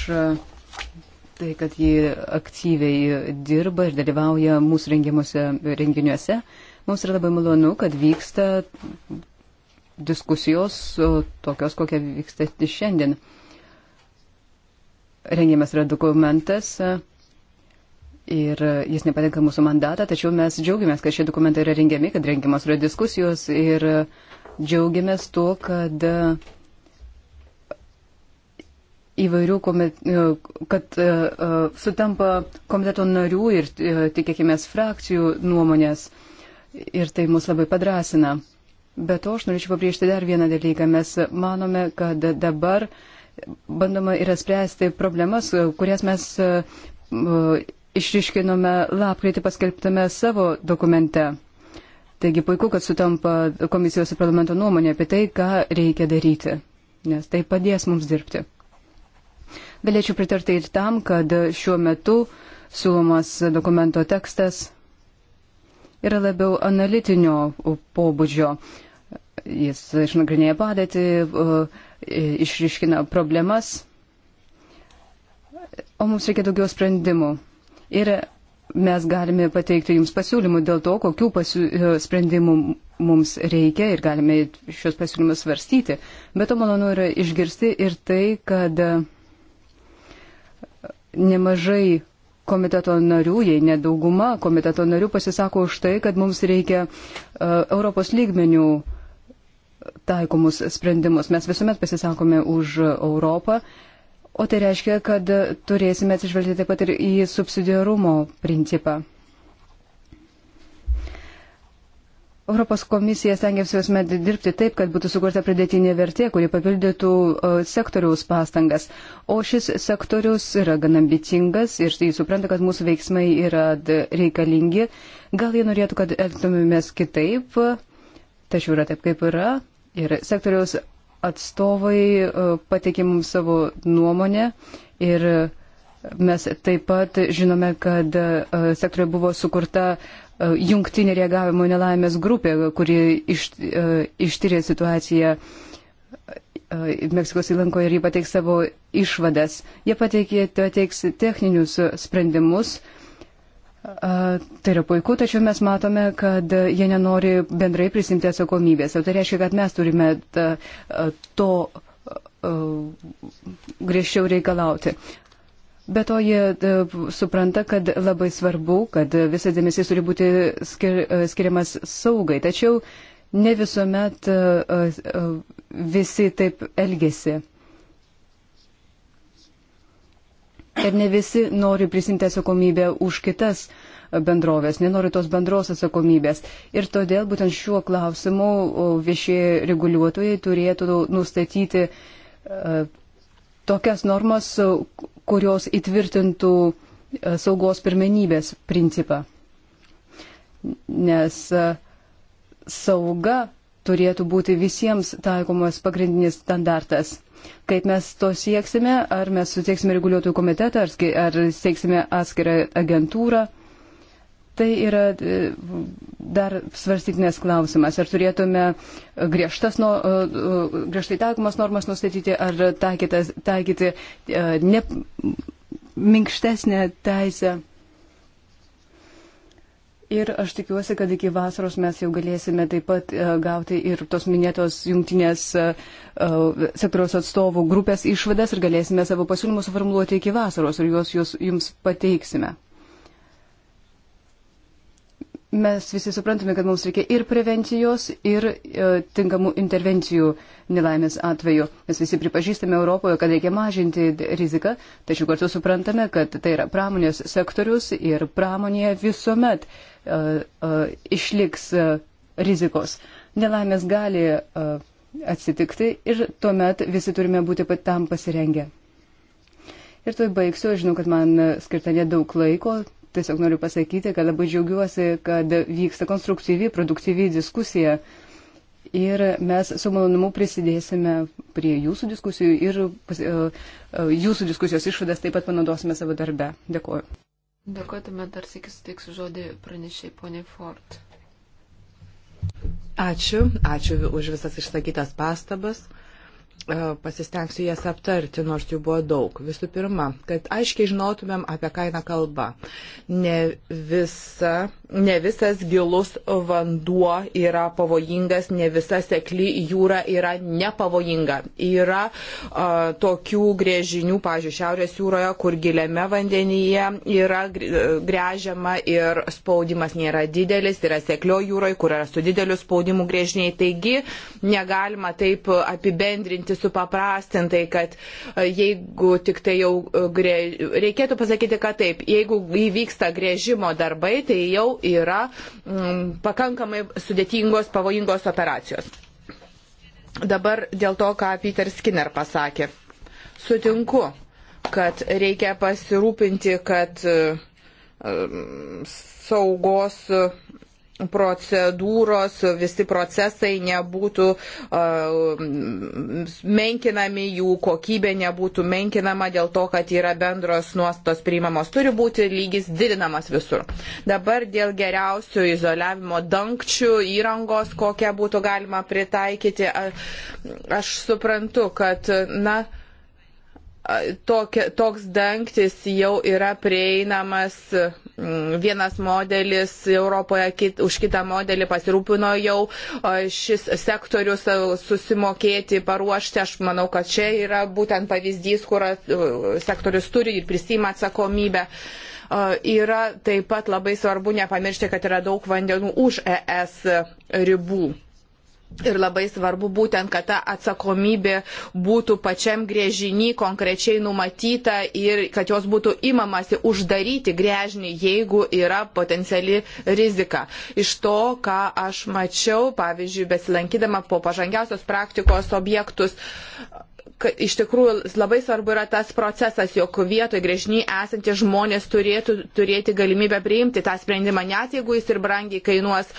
tai, kad ji aktyviai dirba ir dalyvauja mūsų rengiamuose renginiuose. Mums yra labai malonu, kad vyksta diskusijos tokios, kokia vyksta šiandien. Rengiamas yra dokumentas, ir e, jis nepatinka mūsų mandatą, tačiau mes džiaugiamės, kad šie dokumentai yra rengiami, kad rengiamas yra diskusijos ir e, džiaugiamės tuo, kad e, įvairių komet, kad uh, sutampa komiteto narių ir uh, tikėkime frakcijų nuomonės ir tai mus labai padrasina. Be to, aš norėčiau pabrėžti dar vieną dalyką. Mes manome, kad dabar bandoma yra spręsti problemas, kurias mes uh, išriškinome lapkritį paskelbtame savo dokumente. Taigi puiku, kad sutampa komisijos ir parlamento nuomonė apie tai, ką reikia daryti, nes tai padės mums dirbti. Galėčiau pritarti ir tam, kad šiuo metu siūlomas dokumento tekstas yra labiau analitinio pobūdžio. Jis išnagrinėja padėtį, išriškina problemas, o mums reikia daugiau sprendimų. Ir mes galime pateikti jums pasiūlymų dėl to, kokių pasiū... E, sprendimų mums reikia ir galime šios pasiūlymus svarstyti. Bet to malonu yra išgirsti ir tai, kad e, nemažai komiteto narių, jei nedauguma komiteto narių pasisako už tai, kad mums reikia uh, Europos lygmenių taikomus sprendimus. Mes visuomet pasisakome už Europą O tai reiškia, kad turėsime atsižvelgti taip pat ir į subsidiarumo principą. Europos komisija stengiasi visuomet dirbti taip, kad būtų sukurta pridėtinė vertė, kuri papildytų e, sektoriaus pastangas. O šis sektorius yra gan ambicingas ir jis supranta, kad mūsų veiksmai yra reikalingi. Gal jie norėtų, kad elgtumėmės kitaip, tačiau yra taip, kaip yra. Ir sektoriaus atstovai e, pateikė mums savo nuomonę ir mes taip pat žinome, kad e, sektoriuje buvo sukurta e, jungtinė reagavimo nelaimės grupė, kuri iš, ištyrė situaciją Meksikos įlankoje ir jį pateiks savo išvadas. Jie pateikė, pateiks techninius sprendimus Tai yra puiku, tačiau mes matome, kad jie nenori bendrai prisimti atsakomybės. O tai reiškia, kad mes turime to griežčiau reikalauti. Be to jie supranta, kad labai svarbu, kad visas dėmesys turi būti skir, skiriamas saugai. Tačiau ne visuomet visi taip elgesi. Ir ne visi nori prisimti atsakomybę už kitas bendrovės, nenori tos bendros atsakomybės. Ir todėl būtent šiuo klausimu viešieji reguliuotojai turėtų nustatyti e, tokias normas, kurios įtvirtintų e, saugos pirmenybės principą. Nes e, sauga turėtų būti visiems taikomas pagrindinis standartas. Kaip mes to sieksime, ar mes suteiksime reguliuotojų komitetą, ar, ar steigsime atskirą agentūrą, tai yra e, dar svarstytinės klausimas. Ar turėtume griežtas, no, e, e, griežtai taikomas normas nustatyti, ar taikytas, taikyti ne, minkštesnę teisę. Ir aš tikiuosi, kad iki vasaros mes jau galėsime taip pat e, gauti ir tos minėtos jungtinės e, e, sektoriaus atstovų grupės išvadas ir galėsime savo pasiūlymus suformuoluoti iki vasaros ir juos, juos jums pateiksime. Mes visi suprantame, kad mums reikia ir prevencijos, ir e, tinkamų intervencijų nelaimės atveju. Mes visi pripažįstame Europoje, kad reikia mažinti riziką, tačiau kartu suprantame, kad tai yra pramonės sektorius ir pramonėje visuomet e, E, e, išliks e, rizikos. Nelaimės gali atsitikti ir tuomet visi turime būti tam pasirengę. Ir tuoj baigsiu, žinau, kad man skirta nedaug laiko, tiesiog noriu pasakyti, kad labai džiaugiuosi, kad vyksta konstruktyvi, produktyvi diskusija ir mes su malonumu prisidėsime prie jūsų diskusijų ir jūsų diskusijos išvadas taip pat panaudosime savo darbe. Dėkuoju. Dėkuoju, tuomet dar sėkis suteiksiu žodį pranešiai poniai Ford. Ačiū, ačiū už visas išsakytas pastabas. E, pasistengsiu jas aptarti, nors jų buvo daug. Visų pirma, kad aiškiai žinotumėm, apie ką eina kalba. Ne, visa, ne visas gilus vanduo yra pavojingas, ne visa sekli jūra yra nepavojinga. Yra a, e, tokių grėžinių, pažiūrėjau, Šiaurės jūroje, kur giliame vandenyje yra grėžiama e, ir spaudimas nėra didelis, yra seklio jūroje, kur yra su dideliu spaudimu grėžiniai. Taigi negalima taip apibendrinti pasakyti supaprastintai, kad e, jeigu tik tai jau e, grė... reikėtų pasakyti, kad taip, jeigu įvyksta grėžimo darbai, tai jau yra mm, pakankamai sudėtingos, pavojingos operacijos. Dabar dėl to, ką Peter Skinner pasakė. Sutinku, kad reikia pasirūpinti, kad mm, saugos procedūros, visi procesai nebūtų uh, menkinami, jų kokybė nebūtų menkinama dėl to, kad yra bendros nuostos priimamos. Turi būti lygis didinamas visur. Dabar dėl geriausių izoliavimo dangčių įrangos, kokią būtų galima pritaikyti, aš suprantu, kad, na, tokia, toks dangtis jau yra prieinamas vienas modelis Europoje kit, už kitą modelį pasirūpino jau šis sektorius e, susimokėti, paruošti. Aš manau, kad čia yra būtent pavyzdys, kur e, sektorius turi ir prisima atsakomybę. E, yra taip pat labai svarbu nepamiršti, kad yra daug vandenų už ES ribų. Ir labai svarbu būtent, kad ta atsakomybė būtų pačiam grėžinį konkrečiai numatyta ir kad jos būtų imamasi uždaryti grėžinį, jeigu yra potenciali rizika. Iš to, ką aš mačiau, pavyzdžiui, besilankydama po pažangiausios praktikos objektus, iš tikrųjų labai svarbu yra tas procesas, jog vietoje grėžny esantys žmonės turėtų turėti galimybę priimti tą sprendimą, net jeigu jis ir brangiai kainuos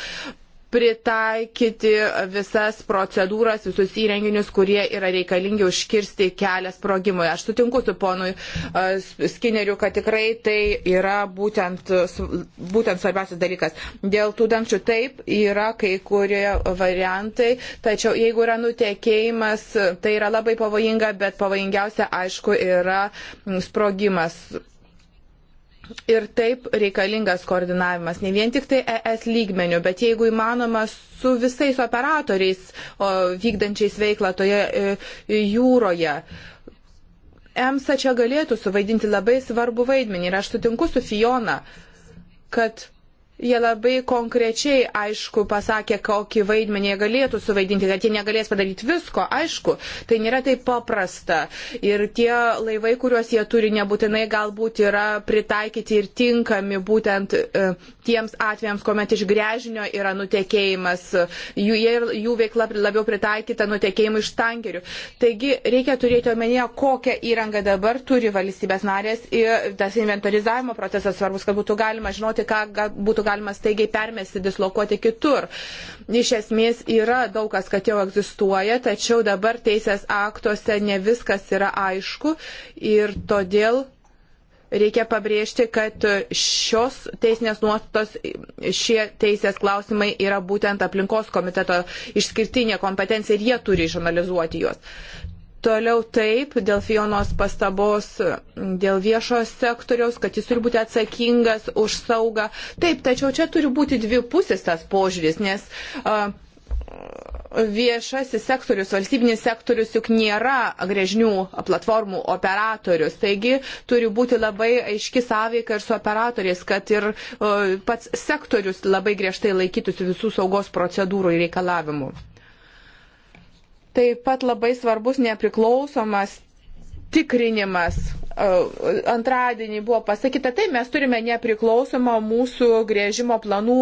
pritaikyti visas procedūras, visus įrenginius, kurie yra reikalingi užkirsti kelią sprogimui. Aš sutinku su ponui e, Skinneriu, kad tikrai tai yra būtent, būtent svarbiausias dalykas. Dėl tų dangčių taip yra kai kurie variantai, tačiau jeigu yra nutekėjimas, tai yra labai pavojinga, bet pavojingiausia, aišku, yra sprogimas ir taip reikalingas koordinavimas, ne vien tik tai ES lygmenių, bet jeigu įmanoma su visais operatoriais o, vykdančiais veiklą toje e, jūroje. EMSA čia galėtų suvaidinti labai svarbu vaidmenį ir aš sutinku su Fiona, kad Jie labai konkrečiai, aišku, pasakė, kokį vaidmenį jie galėtų suvaidinti, kad jie negalės padaryti visko, aišku, tai nėra taip paprasta. Ir tie laivai, kuriuos jie turi, nebūtinai galbūt yra pritaikyti ir tinkami būtent e, tiems atvejams, kuomet iš grežinio yra nutekėjimas, jų, jie, jų veikla labiau pritaikyta nutekėjimui iš tankerių. Taigi reikia turėti omenyje, kokią įrangą dabar turi valstybės narės ir tas inventorizavimo procesas svarbus, kad būtų galima žinoti, ką būtų galima galima staigiai permesti, dislokuoti kitur. Iš esmės yra daug kas, kad jau egzistuoja, tačiau dabar teisės aktuose ne viskas yra aišku ir todėl reikia pabrėžti, kad šios teisinės nuostatos, šie teisės klausimai yra būtent aplinkos komiteto išskirtinė kompetencija ir jie turi išanalizuoti juos. Toliau taip, dėl Fionos pastabos, dėl viešo sektoriaus, kad jis turi būti atsakingas už saugą. Taip, tačiau čia turi būti dvi pusės tas požiūris, nes uh, viešasis sektorius, valstybinis sektorius juk nėra grėžnių platformų operatorius. Taigi turi būti labai aiški sąveika ir su operatoriais, kad ir uh, pats sektorius labai griežtai laikytųsi visų saugos procedūrų ir reikalavimų. Taip pat labai svarbus nepriklausomas tikrinimas. E, antradienį buvo pasakyta, tai mes turime nepriklausomą mūsų grėžimo planų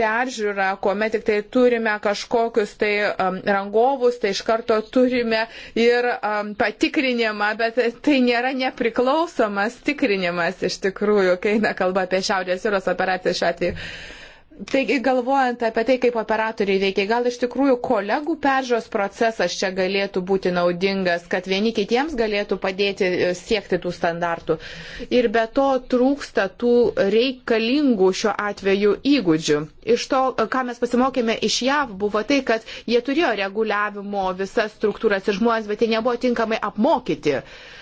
peržiūrą, kuomet tik tai turime kažkokius tai um, rangovus, tai iš karto turime ir um, patikrinimą, bet tai nėra nepriklausomas tikrinimas iš tikrųjų, kai eina kalba apie Šiaurės jūros operaciją šiuo atveju. Uh, Taigi galvojant apie tai, kaip operatoriai veikia, gal iš tikrųjų kolegų peržiūros procesas čia galėtų būti naudingas, kad vieni kitiems galėtų padėti e, siekti tų standartų. Ir be to trūksta tų reikalingų šiuo atveju įgūdžių. Iš to, e, ką mes pasimokėme iš JAV, buvo tai, kad jie turėjo reguliavimo visas struktūras ir žmonės, bet jie nebuvo tinkamai apmokyti. Uh,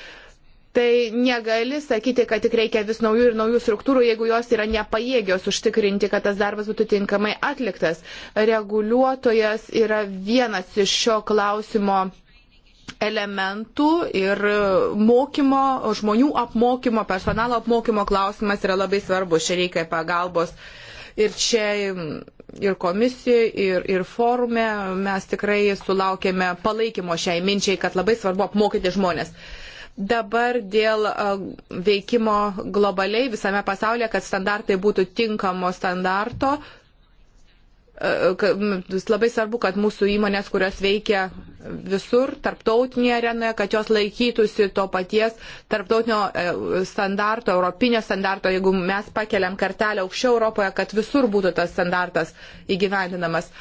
Tai negali sakyti, kad tik reikia vis naujų ir naujų struktūrų, jeigu jos yra nepajėgios užtikrinti, kad tas darbas būtų tinkamai atliktas. Reguliuotojas yra vienas iš šio klausimo elementų ir mokymo, žmonių apmokymo, personalo apmokymo klausimas yra labai svarbus. Čia reikia pagalbos. Ir čia ir komisijoje, ir, ir forume mes tikrai sulaukėme palaikymo šiai minčiai, kad labai svarbu apmokyti žmonės. Uh, Dabar dėl veikimo globaliai visame pasaulyje, kad standartai būtų tinkamo standarto, labai svarbu, kad mūsų įmonės, kurios veikia visur, tarptautinėje arenoje, kad jos laikytųsi to paties tarptautinio e, standarto, europinio standarto, jeigu mes pakeliam kartelę aukščiau Europoje, kad visur būtų tas standartas įgyvendinamas.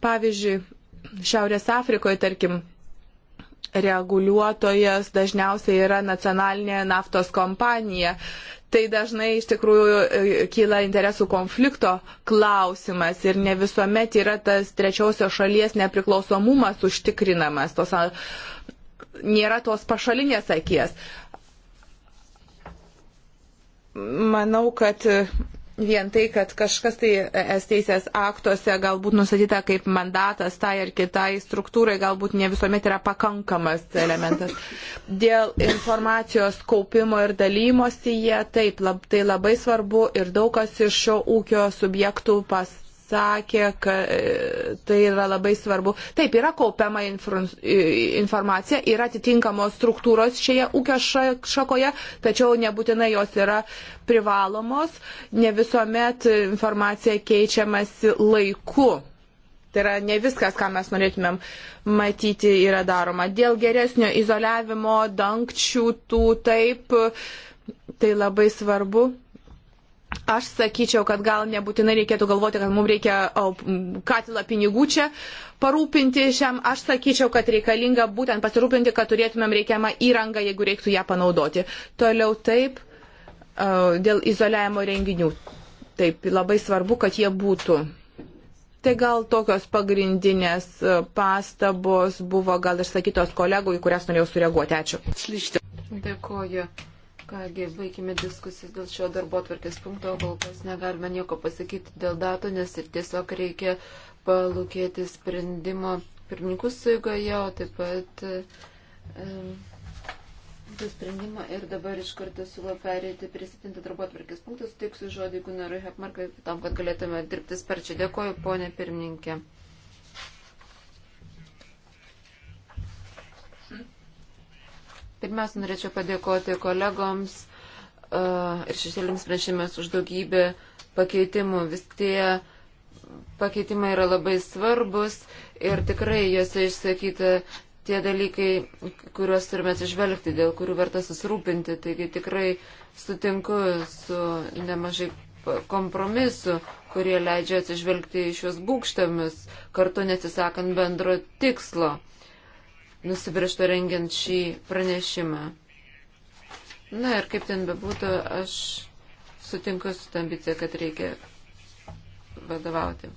Pavyzdžiui, Šiaurės Afrikoje, tarkim, reguliuotojas dažniausiai yra nacionalinė naftos kompanija. Tai dažnai iš tikrųjų e, kyla interesų konflikto klausimas ir ne visuomet yra tas trečiosios šalies nepriklausomumas užtikrinamas, tos, nėra tos pašalinės akies manau, kad vien tai, kad kažkas tai es teisės aktuose galbūt nusatyta kaip mandatas tai ar kitai struktūrai galbūt ne visuomet yra pakankamas elementas. Dėl informacijos kaupimo ir dalymosi jie taip, lab, tai labai svarbu ir daug kas iš šio ūkio subjektų pas sakė, kad e, tai yra labai svarbu. Taip, yra kaupiama informacija, yra atitinkamos struktūros šioje ūkio šakoje, tačiau nebūtinai jos yra privalomos, ne visuomet informacija keičiamasi laiku. Tai yra ne viskas, ką mes norėtumėm matyti, yra daroma. Dėl geresnio izoliavimo, dangčių tų taip, tai labai svarbu Aš sakyčiau, kad gal nebūtinai reikėtų galvoti, kad mums reikia katilą pinigų čia parūpinti šiam. Aš sakyčiau, kad reikalinga būtent pasirūpinti, kad turėtumėm reikiamą įrangą, jeigu reiktų ją panaudoti. Toliau taip, dėl izoliavimo renginių. Taip, labai svarbu, kad jie būtų. Tai gal tokios pagrindinės pastabos buvo gal išsakytos kolegų, į kurias norėjau sureaguoti. Ačiū. Dėkuoju. Kągi, baigime diskusijas dėl šio darbo atvarkės punkto, kol kas negalime nieko pasakyti dėl datų, nes ir tiesiog reikia palūkėti sprendimo pirmininkų suigoje, o taip pat e, e, sprendimo ir dabar iš karto siūlo perėti prie 7 darbo atvarkės punktų, suteiksiu žodį Gunarui Hepmarkai tam, kad galėtume dirbti sparčiai. Dėkoju, ponė pirmininkė. Pirmiausia, norėčiau padėkoti kolegoms uh, ir šešėlėms prašymės už daugybę pakeitimų. Vis tie pakeitimai yra labai svarbus ir tikrai juose išsakyta tie dalykai, kuriuos turime atsižvelgti, dėl kurių verta susirūpinti. Taigi tikrai sutinku su nemažai kompromisų, kurie leidžia atsižvelgti į šios būkštamius, kartu nesisakant bendro tikslo nusibrišto rengiant šį pranešimą. Na ir kaip ten bebūtų, aš sutinku su tą ambiciją, kad reikia vadovauti.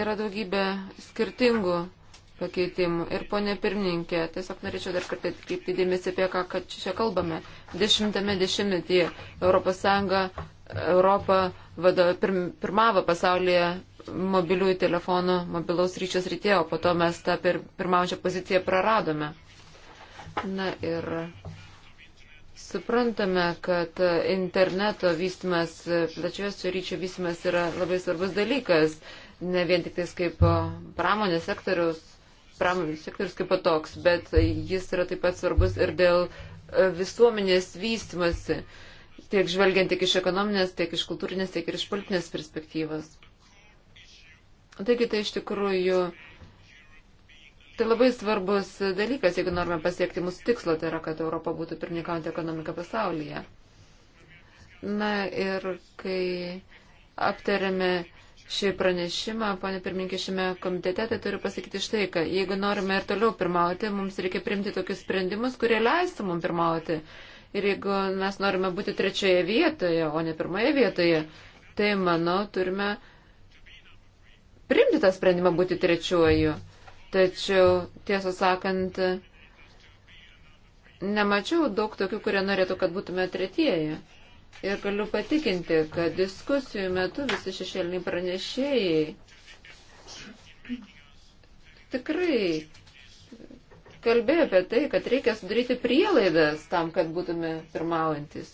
Yra daugybė skirtingų pakeitimų. Ir ponė pirmininkė, tiesiog norėčiau dar kartą atkreipti dėmesį apie ką, kad čia kalbame. Dešimtame dešimtmetyje Europos Sąjunga Europą vado, pirm, pirmavo pasaulyje mobiliųjų telefonų, mobilaus ryčios rytėje, o po to mes tą per pirmaujančią poziciją praradome. Na ir suprantame, kad interneto vystimas, plačiuosių ryčių vystimas yra labai svarbus dalykas, ne vien tik tais kaip pramonės sektoriaus, pramonės sektorius kaip toks, bet jis yra taip pat svarbus ir dėl e, visuomenės vystimasi tiek žvelgiant tiek iš ekonominės, tiek iš kultūrinės, tiek ir iš politinės perspektyvos. Taigi tai iš tikrųjų tai labai svarbus dalykas, jeigu norime pasiekti mūsų tikslo, tai yra, kad Europa būtų pirmininkaujanti ekonomika pasaulyje. Na ir kai aptarėme šį pranešimą, ponė pirmininkė, šiame komitete, tai turiu pasakyti štai, kad jeigu norime ir toliau pirmauti, mums reikia primti tokius sprendimus, kurie leistų mums pirmauti. Ir jeigu mes norime būti trečioje vietoje, o ne pirmoje vietoje, tai, manau, turime priimti tą sprendimą būti trečiuoju. Tačiau, tiesą sakant, nemačiau daug tokių, kurie norėtų, kad būtume tretieji. Ir galiu patikinti, kad diskusijų metu visi šešėliniai pranešėjai tikrai kalbėjo apie tai, kad reikia sudaryti prielaidas tam, kad būtume pirmaujantis.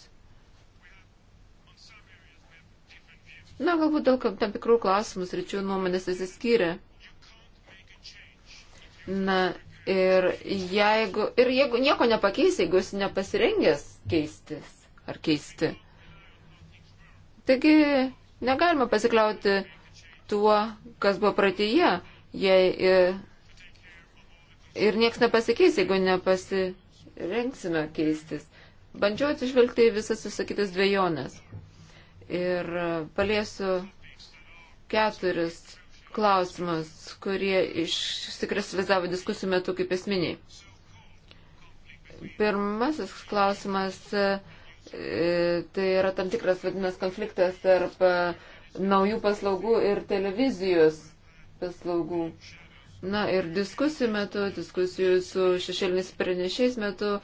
Na, galbūt dėl tam tikrų klausimų sričių nuomonės įsiskyrė. Na, ir jeigu, ir jeigu nieko nepakeis, jeigu esi nepasirengęs keistis ar keisti. Taigi, negalima pasikliauti tuo, kas buvo pratyje, jei ir, ir nieks nepasikeis, jeigu nepasirengsime keistis. Bandžiau atsižvelgti į visas susakytas dviejonės ir paliesiu keturis klausimus, kurie išsikristalizavo diskusijų metu kaip esminiai. Pirmasis klausimas e, tai yra tam tikras vadinas konfliktas tarp e, naujų paslaugų ir televizijos paslaugų. Na ir diskusijų metu, diskusijų su šešėlinis pranešiais metu,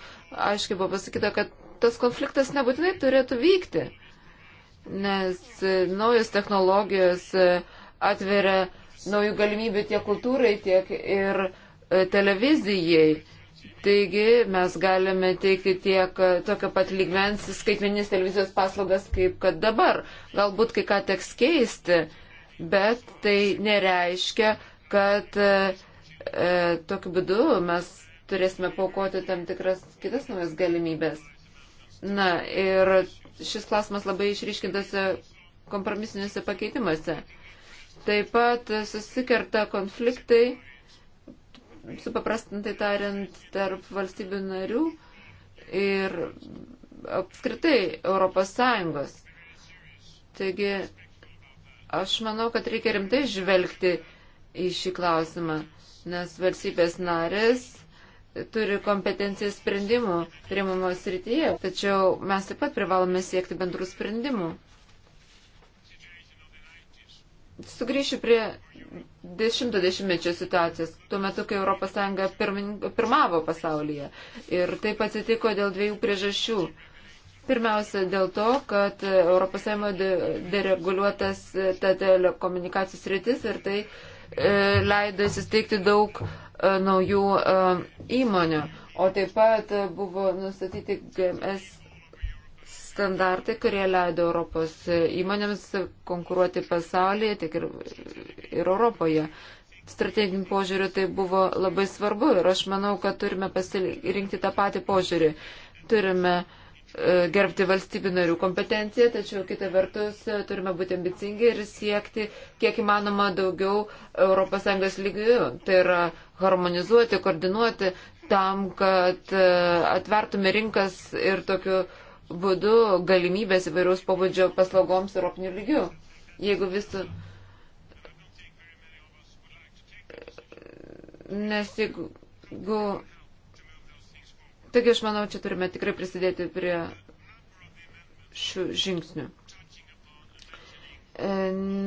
aiškiai buvo pasakyta, kad tas konfliktas nebūtinai turėtų vykti nes e, naujos technologijos e, atveria naujų galimybių tiek kultūrai, tiek ir e, televizijai. Taigi mes galime teikti tiek tokio pat lygmens skaitmeninės televizijos paslaugas, kaip kad dabar. Galbūt kai ką teks keisti, bet tai nereiškia, kad e, tokiu būdu mes turėsime paukoti tam tikras kitas naujas galimybės. Na ir šis klausimas labai išryškintas e, kompromisiniuose pakeitimuose. Taip pat e, susikerta konfliktai, supaprastintai tariant, tarp valstybių narių ir apskritai Europos Sąjungos. Taigi, aš manau, kad reikia rimtai žvelgti į šį klausimą, nes valstybės narės turi kompetenciją sprendimų priimamo srityje, tačiau mes taip pat privalome siekti bendrų sprendimų. Sugrįšiu prie 10-mečio situacijos, tuo metu, kai ES pirmavo pasaulyje. Ir taip atsitiko dėl dviejų priežasčių. Pirmiausia, dėl to, kad ES dereguliuotas ta e, telekomunikacijos rytis ir tai e, leido įsisteigti daug E, naujų e, įmonių. O taip pat buvo nustatyti GMS standartai, kurie leido Europos įmonėms konkuruoti pasaulyje, tiek ir, ir Europoje. Strateginiu požiūriu tai buvo labai svarbu ir aš manau, kad turime pasirinkti tą patį požiūrį. Turime uh, E, gerbti valstybių narių kompetenciją, tačiau kitą vertus e, turime būti ambicingi ir siekti kiek įmanoma daugiau ES lygių. Tai yra harmonizuoti, koordinuoti tam, kad e, atvertume rinkas ir tokiu būdu galimybės įvairiaus pobūdžio paslaugoms Europinių lygių. Jeigu visų. Nes jeigu Taigi aš manau, čia turime tikrai prisidėti prie šių žingsnių. E,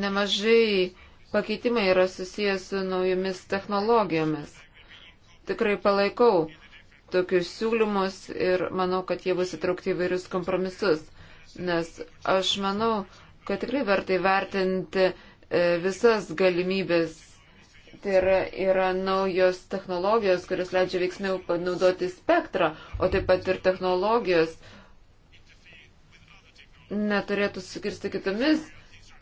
nemažai pakeitimai yra susijęs su naujomis technologijomis. Tikrai palaikau tokius siūlymus ir manau, kad jie bus įtraukti į vairius kompromisus, nes aš manau, kad tikrai verta įvertinti e, visas galimybės Tai yra, yra naujos technologijos, kurios leidžia veiksmiau panaudoti spektrą, o taip pat ir technologijos neturėtų sukirsti kitomis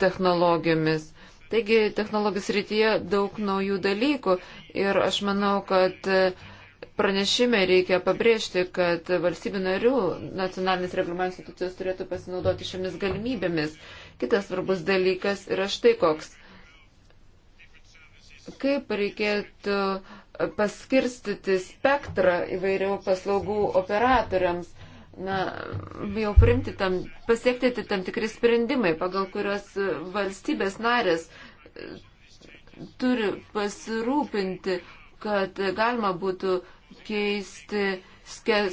technologijomis. Taigi technologijos rytyje daug naujų dalykų ir aš manau, kad pranešime reikia pabrėžti, kad valstybių narių nacionalinės reglamento institucijos turėtų pasinaudoti šiomis galimybėmis. Kitas svarbus dalykas yra štai koks kaip reikėtų paskirstyti spektrą įvairių paslaugų operatoriams, na, jau primti tam, pasiekti tai tam tikri sprendimai, pagal kurios valstybės narės e, turi pasirūpinti, kad galima būtų keisti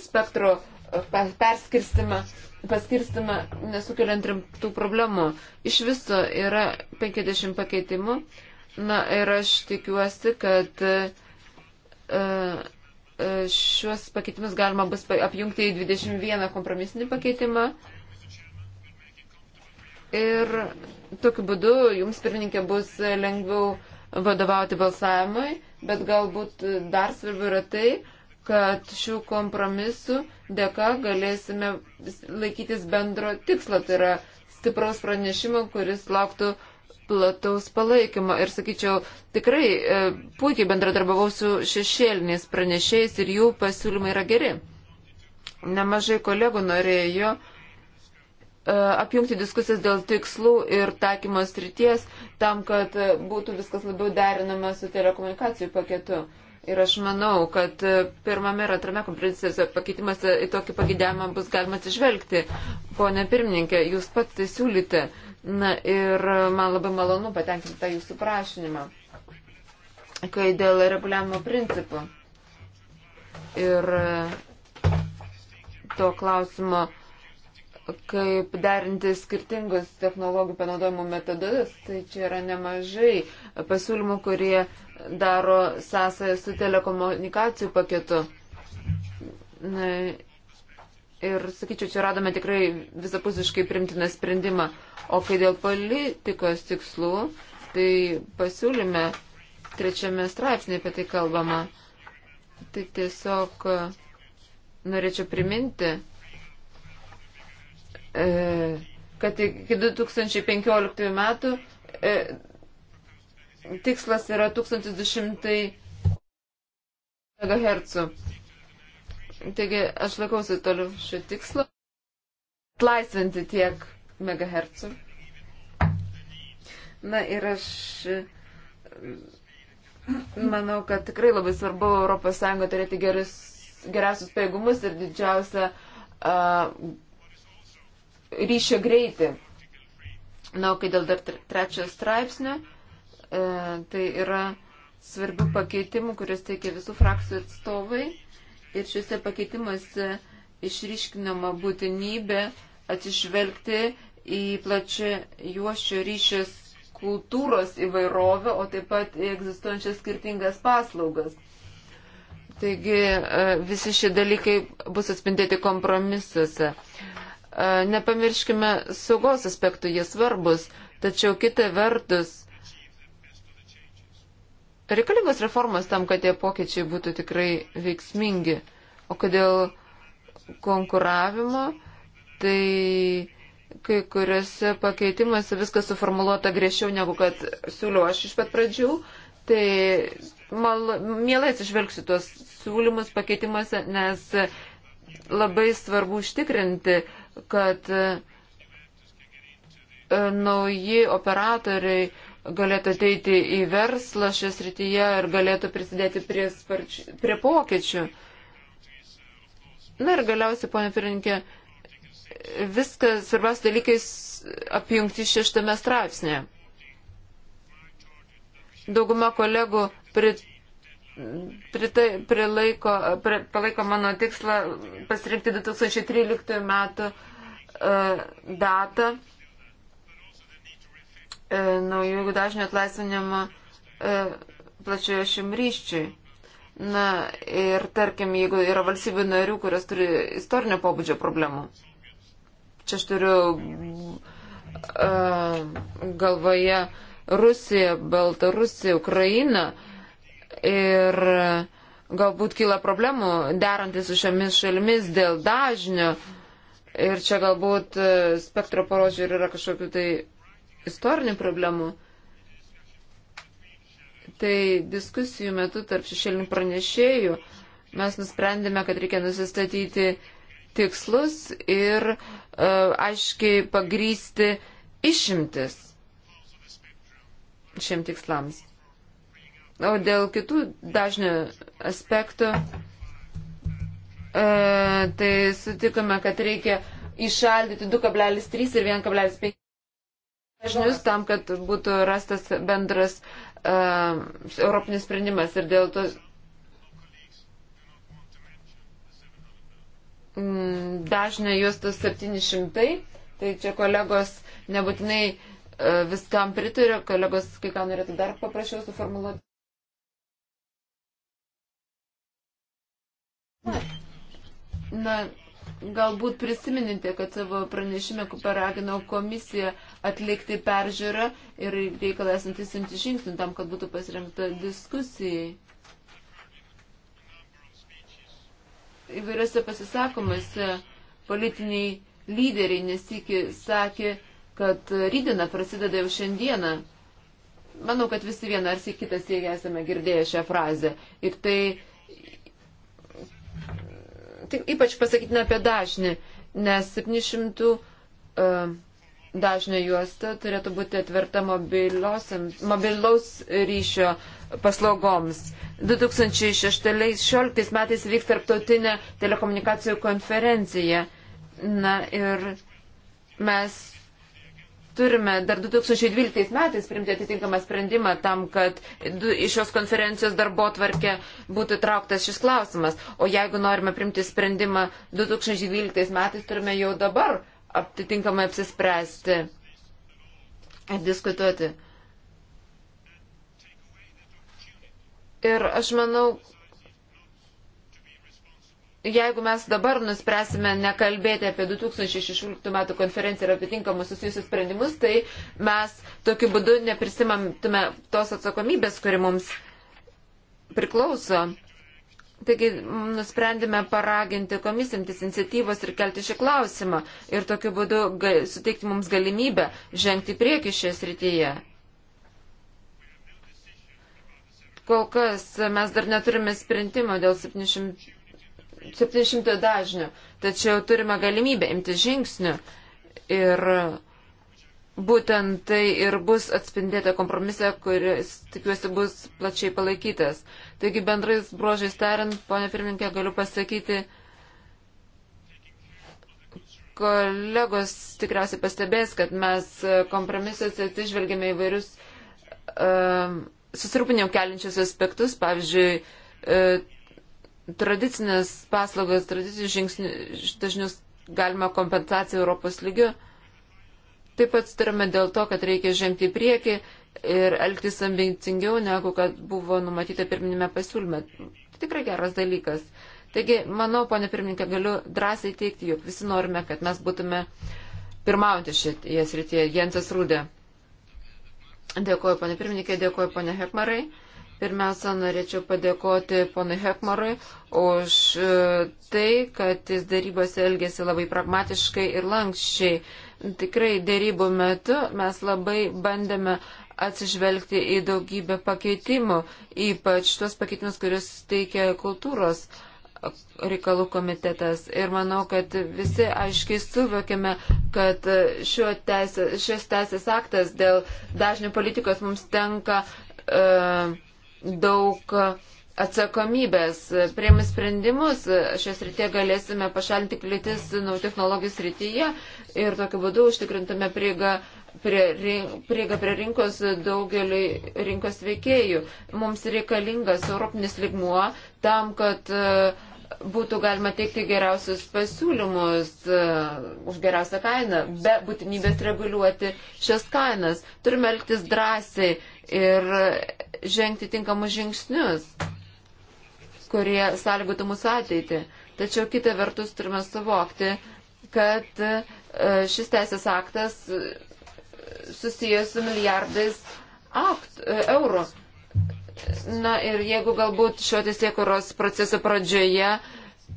spektro e, perskirstimą, paskirstimą nesukeliant rimtų problemų. Iš viso yra 50 pakeitimų Na ir aš tikiuosi, kad e, e, šiuos pakeitimus galima bus apjungti į 21 kompromisinį pakeitimą. Ir tokiu būdu jums, pirmininkė, bus lengviau vadovauti balsavimui, bet galbūt dar svarbu yra tai, kad šių kompromisų dėka galėsime laikytis bendro tikslo, tai yra stipraus pranešimo, kuris lauktų plataus palaikymo ir, sakyčiau, tikrai e, puikiai bendradarbiavau su šešėliniais pranešėjais ir jų pasiūlymai yra geri. Nemažai kolegų norėjo e, apjungti diskusijas dėl tikslų ir taikymo srities tam, kad e, būtų viskas labiau derinama su telekomunikacijų paketu. Ir aš manau, kad e, pirmame ir antrame konferencijose pakeitimuose į tokį pagėdėjimą bus galima atsižvelgti. Pone pirmininkė, jūs pats tai siūlyte. Uh, Na ir man labai malonu patenkinti tą jūsų prašymą, kai dėl reguliavimo principų ir e, to klausimo, kaip derinti skirtingus technologijų panaudojimo metodus, tai čia yra nemažai pasiūlymų, kurie daro sąsąją su telekomunikacijų paketu. Na, Ir, sakyčiau, čia radome tikrai visapusiškai primtiną sprendimą. O kai dėl politikos tikslų, tai pasiūlyme trečiame straipsnėje apie tai kalbama. Tai tiesiog e, norėčiau priminti, e, kad iki 2015 metų e, tikslas yra 1200 MHz. Taigi aš laikausi toliau šio tikslo. Atlaisvinti tiek megahercų. Na ir aš mm, manau, kad tikrai labai svarbu ES turėti gerus, geriausius pajėgumus ir didžiausią uh, ryšio greitį. Na, o kai dėl dar trečiojo straipsnio, uh, tai yra svarbių pakeitimų, kurias teikia visų frakcijų atstovai. Uh, Ir šiuose pakeitimuose išryškinama būtinybė atsižvelgti į plačią juošio ryšės kultūros įvairovę, o taip pat egzistuojančias skirtingas paslaugas. Taigi e, visi šie dalykai bus atspindėti kompromisuose. E, nepamirškime saugos aspektų, jie svarbus, tačiau kita vertus reikalingos reformos tam, kad tie pokyčiai būtų tikrai veiksmingi. O kodėl konkuravimo, tai kai kuriuose pakeitimuose viskas suformuoluota griežčiau negu kad siūliau aš iš pat pradžių, tai mal, mielai atsižvelgsiu tuos siūlymus pakeitimuose, nes labai svarbu užtikrinti, kad e, nauji operatoriai galėtų ateiti į verslą šios rytyje ir galėtų prisidėti prie, sparči, prie pokyčių. Na ir galiausiai, ponė Pirinkė, viskas svarbiausia dalykais apjungti šeštame straipsnėje. Dauguma kolegų prit, pritai, prilaiko, pri, palaiko mano tikslą pasirinkti 2013 metų uh, datą. E, naujų dažnių atlaisvinimą e, plačioje šimryščiai. Na ir tarkim, jeigu yra valstybių narių, kurios turi istorinio pobūdžio problemų. Čia aš turiu uh, galvoje Rusija, Baltarusija, Ukraina ir galbūt kyla problemų derantis su šiomis šalimis dėl dažnio. Ir čia galbūt spektro požiūrį yra kažkokiu tai istorinių problemų, tai diskusijų metu tarp šešėlinių pranešėjų mes nusprendėme, kad reikia nusistatyti tikslus ir uh, aiškiai pagrysti išimtis šiem tikslams. O dėl kitų dažnių aspektų, uh, tai sutikome, kad reikia išaldyti 2,3 ir 1,5 žinius tam, kad būtų rastas bendras uh, europinis sprendimas ir dėl to mm, dažnio juostos 700, tai čia kolegos nebūtinai uh, viskam pritarė, kolegos kai ką norėtų dar paprašiau suformuluoti. Na, galbūt prisiminite, kad savo pranešime paraginau komisiją uh, atlikti peržiūrą ir reikalą esantis imti žingsnių tam, kad būtų pasirengta diskusijai. Įvairiose pasisakomuose politiniai lyderiai nesikį sakė, kad rydina prasideda jau šiandieną. Manau, kad visi vieną ar si kitą siekia esame girdėję šią frazę. Ir tai, tai ypač pasakytina apie dažnį, nes 700 uh, dažnio juosta turėtų būti atverta mobilaus ryšio paslaugoms. 2016 metais vyks tarptautinė telekomunikacijų konferencija. Na ir mes turime dar 2012 metais primti atitinkamą sprendimą tam, kad iš šios konferencijos darbo tvarkė būtų trauktas šis klausimas. O jeigu norime primti sprendimą 2012 metais, turime jau dabar aptitinkamai apsispręsti ir diskutuoti. Ir aš manau, jeigu mes dabar nuspręsime nekalbėti apie 2016 metų konferenciją ir atitinkamus susijusius sprendimus, tai mes tokiu būdu neprisimamtume tos atsakomybės, kuri mums priklauso. Taigi nusprendėme paraginti komisimtis iniciatyvos ir kelti šį klausimą ir tokiu būdu suteikti mums galimybę žengti prieki šioje srityje. Kol kas mes dar neturime sprendimo dėl 700, 700 dažnių, tačiau turime galimybę imti žingsnių ir Būtent tai ir bus atspindėta kompromise, kuris, tikiuosi, bus plačiai palaikytas. Taigi bendrais bruožais tariant, ponė pirmininkė, galiu pasakyti, kolegos tikriausiai pastebės, kad mes kompromisuose atsižvelgėme įvairius um, susirūpinimo keliančius aspektus, pavyzdžiui, uh, tradicinės paslaugas, tradicinius žingsnius dažnius galima kompensaciją Europos lygiu. Uh, Taip pat sutarėme dėl to, kad reikia žengti į priekį ir elgtis ambicingiau, negu kad buvo numatyta pirminėme pasiūlyme. Tai tikrai geras dalykas. Taigi, manau, ponė pirmininkė, galiu drąsiai teikti, jog visi norime, kad mes būtume pirmaujantys šitieje srityje. Jensas Rūdė. Dėkuoju, ponė pirmininkė, dėkuoju, ponė Hekmarai. Pirmiausia, norėčiau padėkoti ponui Hekmarui už e, tai, kad jis darybose elgėsi labai pragmatiškai ir lankščiai. Tikrai dėrybų metu mes labai bandėme atsižvelgti į daugybę pakeitimų, ypač tuos pakeitimus, kuriuos teikia kultūros reikalų komitetas. Ir manau, kad visi aiškiai suvokime, kad teisė, šis teisės aktas dėl dažnių politikos mums tenka e, daug. E, atsakomybės. Priemi sprendimus šios rytie galėsime pašalinti kliūtis naujų technologijų srityje ir tokiu būdu užtikrintume prieigą prie, prieiga prie rinkos daugeliui rinkos veikėjų. Mums reikalingas europinis ligmuo tam, kad e, būtų galima teikti geriausius pasiūlymus e, už geriausią kainą, be būtinybės reguliuoti šias kainas. Turime elgtis drąsiai ir žengti tinkamus žingsnius kurie sąlygotų mūsų ateitį. Tačiau kitą vertus turime suvokti, kad e, šis teisės aktas e, susijęs su milijardais akt, e, eurų. Na ir jeigu galbūt šio teisėkuros proceso pradžioje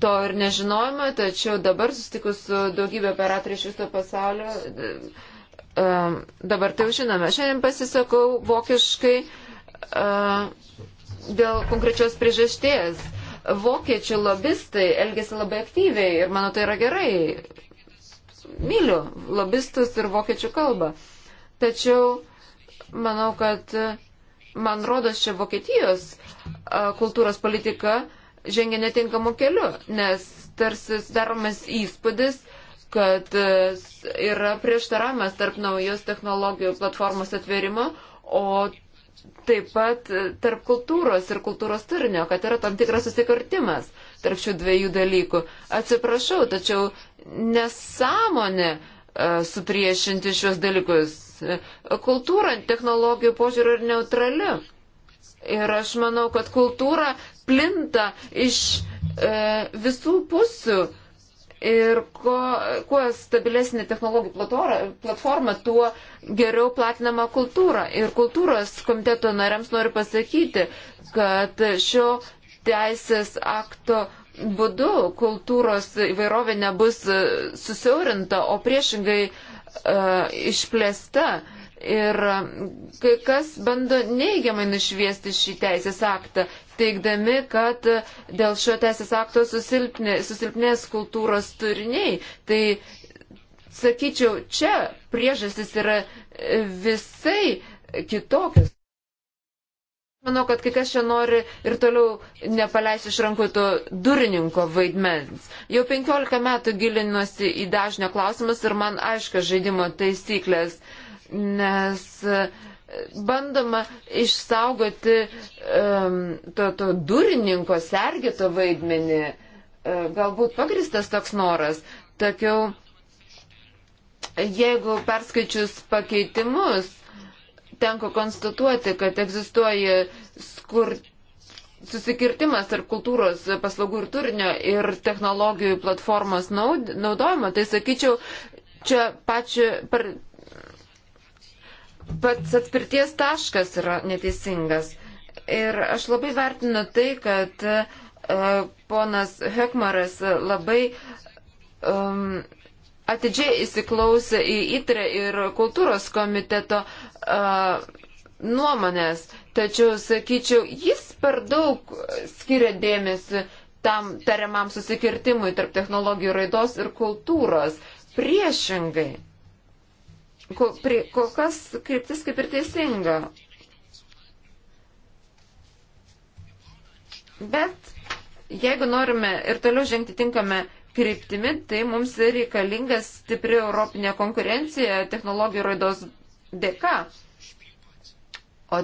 to ir nežinojome, tačiau dabar susitikus su daugybė operatorių iš viso pasaulio, dabar tai jau žinome. Šiandien pasisakau vokiškai dėl konkrečios priežasties. Vokiečių lobistai elgesi labai aktyviai ir manau tai yra gerai. Myliu lobistus ir vokiečių kalbą. Tačiau manau, kad man rodos čia Vokietijos kultūros politika žengia netinkamu keliu, nes tarsi daromas įspūdis, kad yra prieštaravimas tarp naujos technologijų platformos atverimo, o taip pat e, tarp kultūros ir kultūros turinio, kad yra tam tikras susikartimas tarp šių dviejų dalykų. Atsiprašau, tačiau nesąmonė e, supriešinti šios dalykus. E, kultūra technologijų požiūrių yra neutrali. Ir aš manau, kad kultūra plinta iš e, visų pusių. E, Ir ko, kuo stabilesnė technologijų platforma, tuo geriau platinama kultūra. Ir kultūros komiteto nariams noriu pasakyti, kad šio teisės akto būdu kultūros įvairovė nebus susiaurinta, o priešingai uh, išplėsta. Uh, Ir kai kas bando neigiamai nušviesti šį teisės aktą, teikdami, kad dėl šio teisės akto susilpnė, susilpnės kultūros turiniai. Tai, sakyčiau, čia priežastis yra visai kitokios. Manau, kad kai kas čia nori ir toliau nepaleisti iš rankų to durininko vaidmens. Jau 15 metų gilinuosi į dažnio klausimus ir man aiškia žaidimo taisyklės. Uh, nes e, bandoma išsaugoti um, to, to durininko sergito vaidmenį. E, galbūt pagristas toks noras, tačiau jeigu perskaičius pakeitimus, tenko konstatuoti, kad egzistuoja skur... susikirtimas tarp kultūros paslaugų ir turinio ir technologijų platformos naud... naudojimo, tai sakyčiau, čia pačiu, par pats atspirties taškas yra neteisingas. Ir aš labai vertinu tai, kad uh, ponas Hekmaras labai um, atidžiai įsiklausė į ITRE ir kultūros komiteto uh, nuomonės, tačiau, sakyčiau, jis per daug skiria dėmesį tam tariamam susikirtimui tarp technologijų raidos ir kultūros. Priešingai, kol kas kryptis kaip ir teisinga. Bet jeigu norime ir toliau žengti tinkamą kryptimį, tai mums reikalinga stipri europinė konkurencija technologijų raidos dėka. O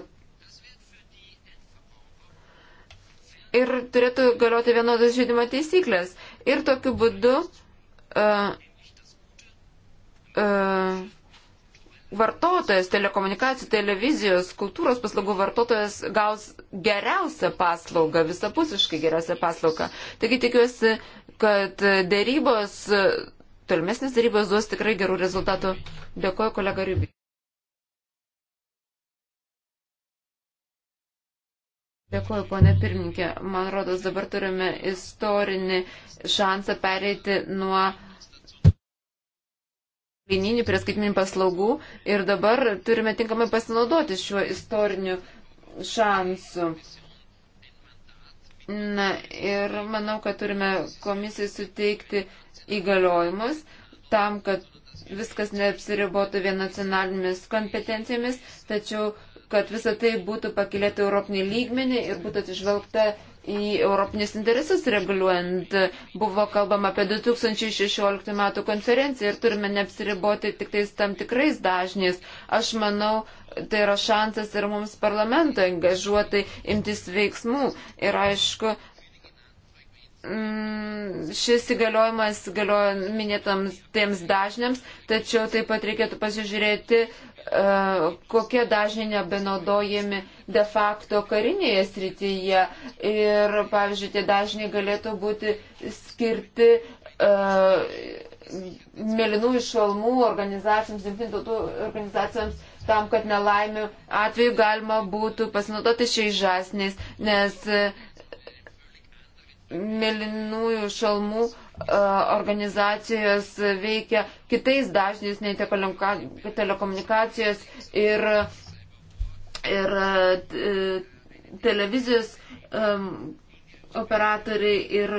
ir turėtų galioti vienodas žaidimo taisyklės. Ir tokiu būdu uh, uh, vartotojas, telekomunikacijų, televizijos, kultūros paslaugų vartotojas gaus geriausią paslaugą, visapusiškai geriausią paslaugą. Taigi tikiuosi, kad dėrybos, tolimesnės dėrybos duos tikrai gerų rezultatų. Dėkuoju kolega Rybiai. Dėkuoju, ponė pirmininkė. Man rodos, dabar turime istorinį šansą pereiti nuo uh, linijinių prie skaitminių paslaugų ir dabar turime tinkamai pasinaudoti šiuo istoriniu šansu. Na ir manau, kad turime komisijai suteikti įgaliojimus tam, kad viskas neapsiribotų vien nacionalinėmis kompetencijomis, tačiau kad visa tai būtų pakilėta Europinį lygmenį ir būtų atsižvelgta į europinius interesus reguliuojant. Buvo kalbama apie 2016 metų konferenciją ir turime neapsiriboti tik tais tam tikrais dažniais. Aš manau, tai yra šansas ir mums parlamento engažuotai imtis veiksmų. Ir aišku, mm, šis įgaliojimas galioja minėtams tiems dažniams, tačiau taip pat reikėtų pasižiūrėti, uh, E, kokie dažniai nebenaudojami de facto karinėje srityje. Ir, pavyzdžiui, tie dažniai galėtų būti skirti uh, mėlynų išalmų organizacijoms, tautų organizacijoms, tam, kad nelaimių atveju galima būtų pasinaudoti šiais žasniais, nes e, mėlynųjų šalmų uh, organizacijos veikia kitais dažniais nei telekomunikacijos ir, ir e, televizijos operatoriai ir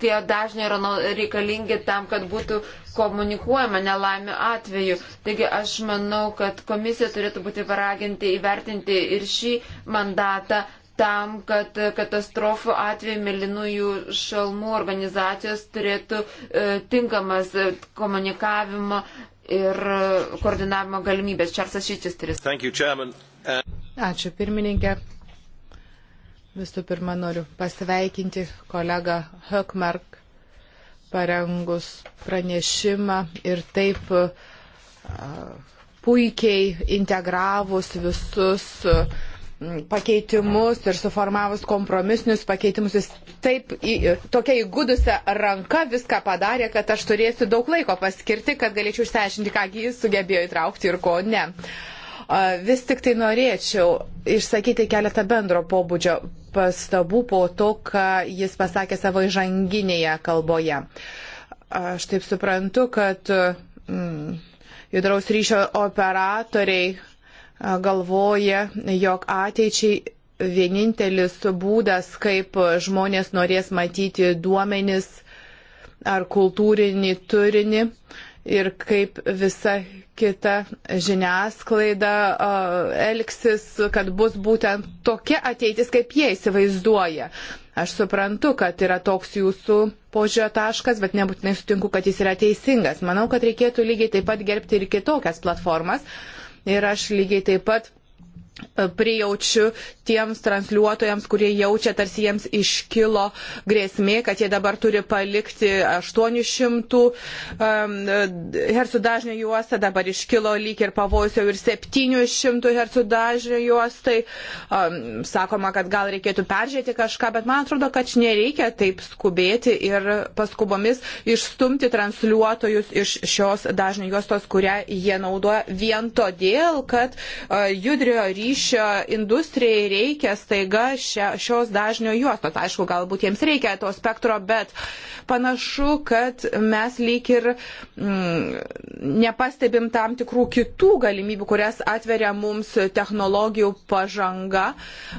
tie dažniai yra reikalingi tam, kad būtų komunikuojama nelaimė atveju. Taigi aš manau, kad komisija turėtų būti paraginti įvertinti ir šį mandatą tam, kad katastrofų atveju melinųjų šalmų organizacijos turėtų e, tinkamas e, komunikavimo ir koordinavimo galimybės. Čarsas Šyčisteris. Uh, Ačiū pirmininkė. Visų pirma, noriu pasveikinti kolegą Hökmark parengus pranešimą ir taip uh, puikiai integravus visus uh, pakeitimus ir suformavus kompromisinius pakeitimus, jis taip į, tokia įgudusią ranką viską padarė, kad aš turėsiu daug laiko paskirti, kad galėčiau išsiaiškinti, kągi jis sugebėjo įtraukti ir ko ne. Vis tik tai norėčiau išsakyti keletą bendro pobūdžio pastabų po to, ką jis pasakė savo įžanginėje kalboje. Aš taip suprantu, kad mm, judraus ryšio operatoriai galvoja, jog ateičiai vienintelis būdas, kaip žmonės norės matyti duomenis ar kultūrinį turinį ir kaip visa kita žiniasklaida elgsis, kad bus būtent tokia ateitis, kaip jie įsivaizduoja. Aš suprantu, kad yra toks jūsų požiūrio taškas, bet nebūtinai sutinku, kad jis yra teisingas. Manau, kad reikėtų lygiai taip pat gerbti ir kitokias platformas, Ir aš lygiai taip pat prijaučiu tiems transliuotojams, kurie jaučia, tarsi jiems iškilo grėsmė, kad jie dabar turi palikti 800 um, hercų dažnio juostą, dabar iškilo lyg ir pavojus jau ir 700 hercų dažnio juostai. Um, sakoma, kad gal reikėtų peržiūrėti kažką, bet man atrodo, kad nereikia taip skubėti ir paskubomis išstumti transliuotojus iš šios dažnio juostos, kurią jie naudoja vien todėl, kad uh, judriojo ryšio ryšio industrijai reikia staiga šios dažnio juostos. Aišku, galbūt jiems reikia to spektro, bet panašu, kad mes lyg ir mm, nepastebim tam tikrų kitų galimybių, kurias atveria mums technologijų pažanga.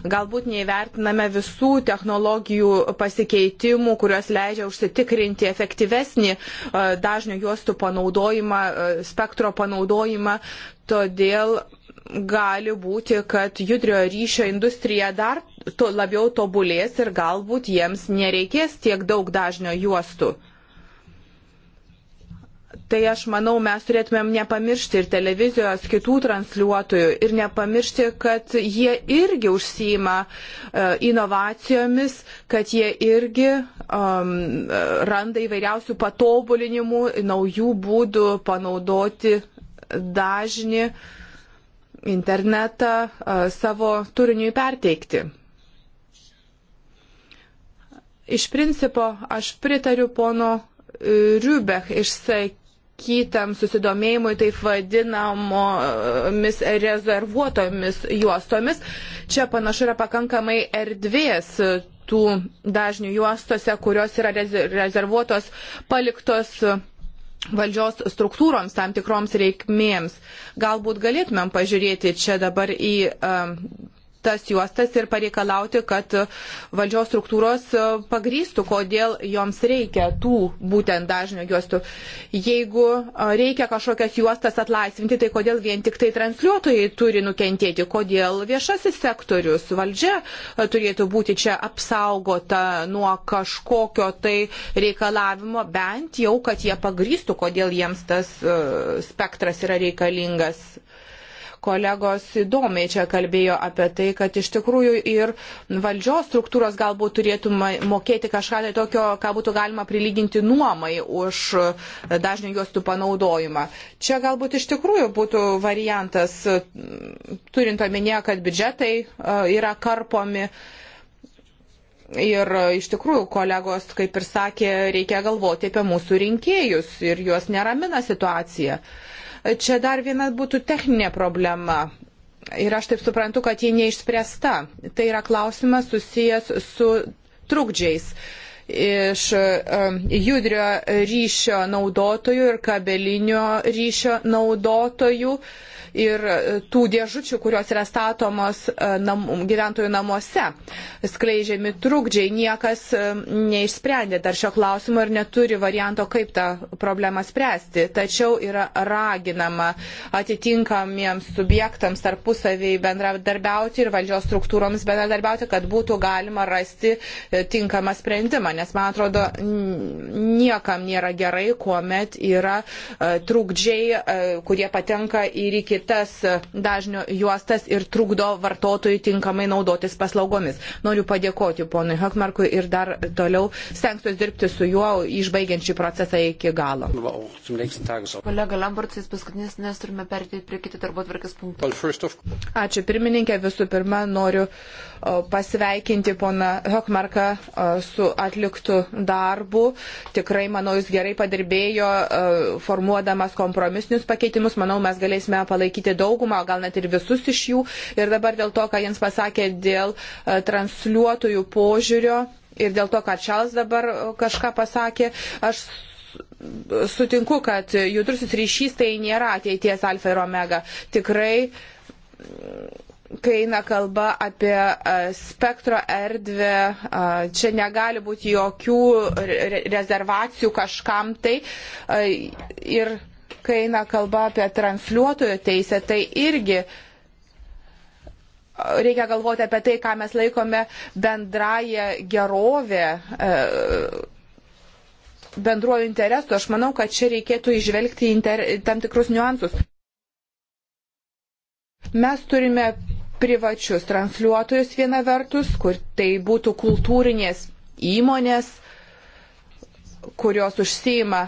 Galbūt neįvertiname visų technologijų pasikeitimų, kurios leidžia užsitikrinti efektyvesnį e, dažnio juostų panaudojimą, e, spektro panaudojimą. Todėl gali būti, kad judriojo ryšio industrija dar to labiau tobulės ir galbūt jiems nereikės tiek daug dažnio juostų. Tai aš manau, mes turėtumėm nepamiršti ir televizijos kitų transliuotojų ir nepamiršti, kad jie irgi užsima uh, inovacijomis, kad jie irgi um, e, randa įvairiausių patobulinimų, naujų būdų panaudoti dažnį. Uh, internetą savo turiniui perteikti. Iš principo aš pritariu pono Rübech išsakytam susidomėjimui taip vadinamomis rezervuotomis juostomis. Čia panašu yra pakankamai erdvės tų dažnių juostose, kurios yra rezervuotos, paliktos valdžios struktūroms, tam tikroms reikmėms. Galbūt galėtumėm pažiūrėti čia dabar į um, tas juostas ir pareikalauti, kad valdžios struktūros e, pagrystų, kodėl joms reikia tų būtent dažnio juostų. Jeigu e, reikia kažkokias juostas atlaisvinti, tai kodėl vien tik tai transliuotojai turi nukentėti, kodėl viešasis sektorius, valdžia e, turėtų būti čia apsaugota nuo kažkokio tai reikalavimo, bent jau, kad jie pagrystų, kodėl jiems tas spektras yra reikalingas Kolegos įdomiai čia kalbėjo apie tai, kad iš tikrųjų ir valdžios struktūros galbūt turėtų mokėti kažką tai tokio, ką būtų galima prilyginti nuomai už dažnių juostų panaudojimą. Čia galbūt iš tikrųjų būtų variantas, turint omenyje, kad biudžetai e, yra karpomi. Ir iš tikrųjų, kolegos, kaip ir sakė, reikia galvoti apie mūsų rinkėjus ir juos neramina situacija. Uh, Čia dar viena būtų techninė problema. Ir aš taip suprantu, kad ji neišspręsta. Tai yra klausimas susijęs su trukdžiais iš judrio ryšio naudotojų ir kabelinio ryšio naudotojų. Uh, ir e, tų dėžučių, kurios yra statomos e, nam, gyventojų namuose. Skleidžiami trukdžiai, niekas e, neišsprendė dar šio klausimo ir neturi varianto, kaip tą problemą spręsti. Tačiau yra raginama atitinkamiems subjektams tarpusaviai bendradarbiauti ir valdžios struktūroms bendradarbiauti, kad būtų galima rasti tinkamą sprendimą. Nes, man atrodo, niekam nėra gerai, kuomet yra trukdžiai, kurie patenka ir į kitą kitas dažnio juostas ir trukdo vartotojui tinkamai naudotis paslaugomis. Noriu padėkoti ponui Hakmarkui ir dar toliau stengsiuosi dirbti su juo, išbaigiant šį procesą iki galo. Kolega Lambertas, paskutinis, nes turime perėti prie kitų darbo tvarkės punktų. Ačiū pirmininkė, visų pirma noriu uh, pasveikinti pona Hokmarką e, su atliktu darbu. Tikrai, manau, jis gerai padirbėjo e, formuodamas kompromisinius pakeitimus. Manau, mes galėsime palaikyti daugumą, gal net ir visus iš jų. Ir dabar dėl to, ką jiems pasakė dėl e, transliuotojų požiūrio ir dėl to, ką Čels dabar kažką pasakė, aš sutinku, kad judrusis ryšys tai nėra ateities alfa ir omega. Tikrai kai eina kalba apie e, spektro erdvę, e, čia negali būti jokių rezervacijų kažkam tai. E, ir kai eina kalba apie transliuotojo teisę, tai irgi reikia galvoti apie tai, ką mes laikome bendraja gerovė bendruoju interesu. Aš manau, kad čia reikėtų išvelgti inter, tam tikrus niuansus. Mes turime privačius transliuotojus viena vertus, kur tai būtų kultūrinės įmonės, kurios užsima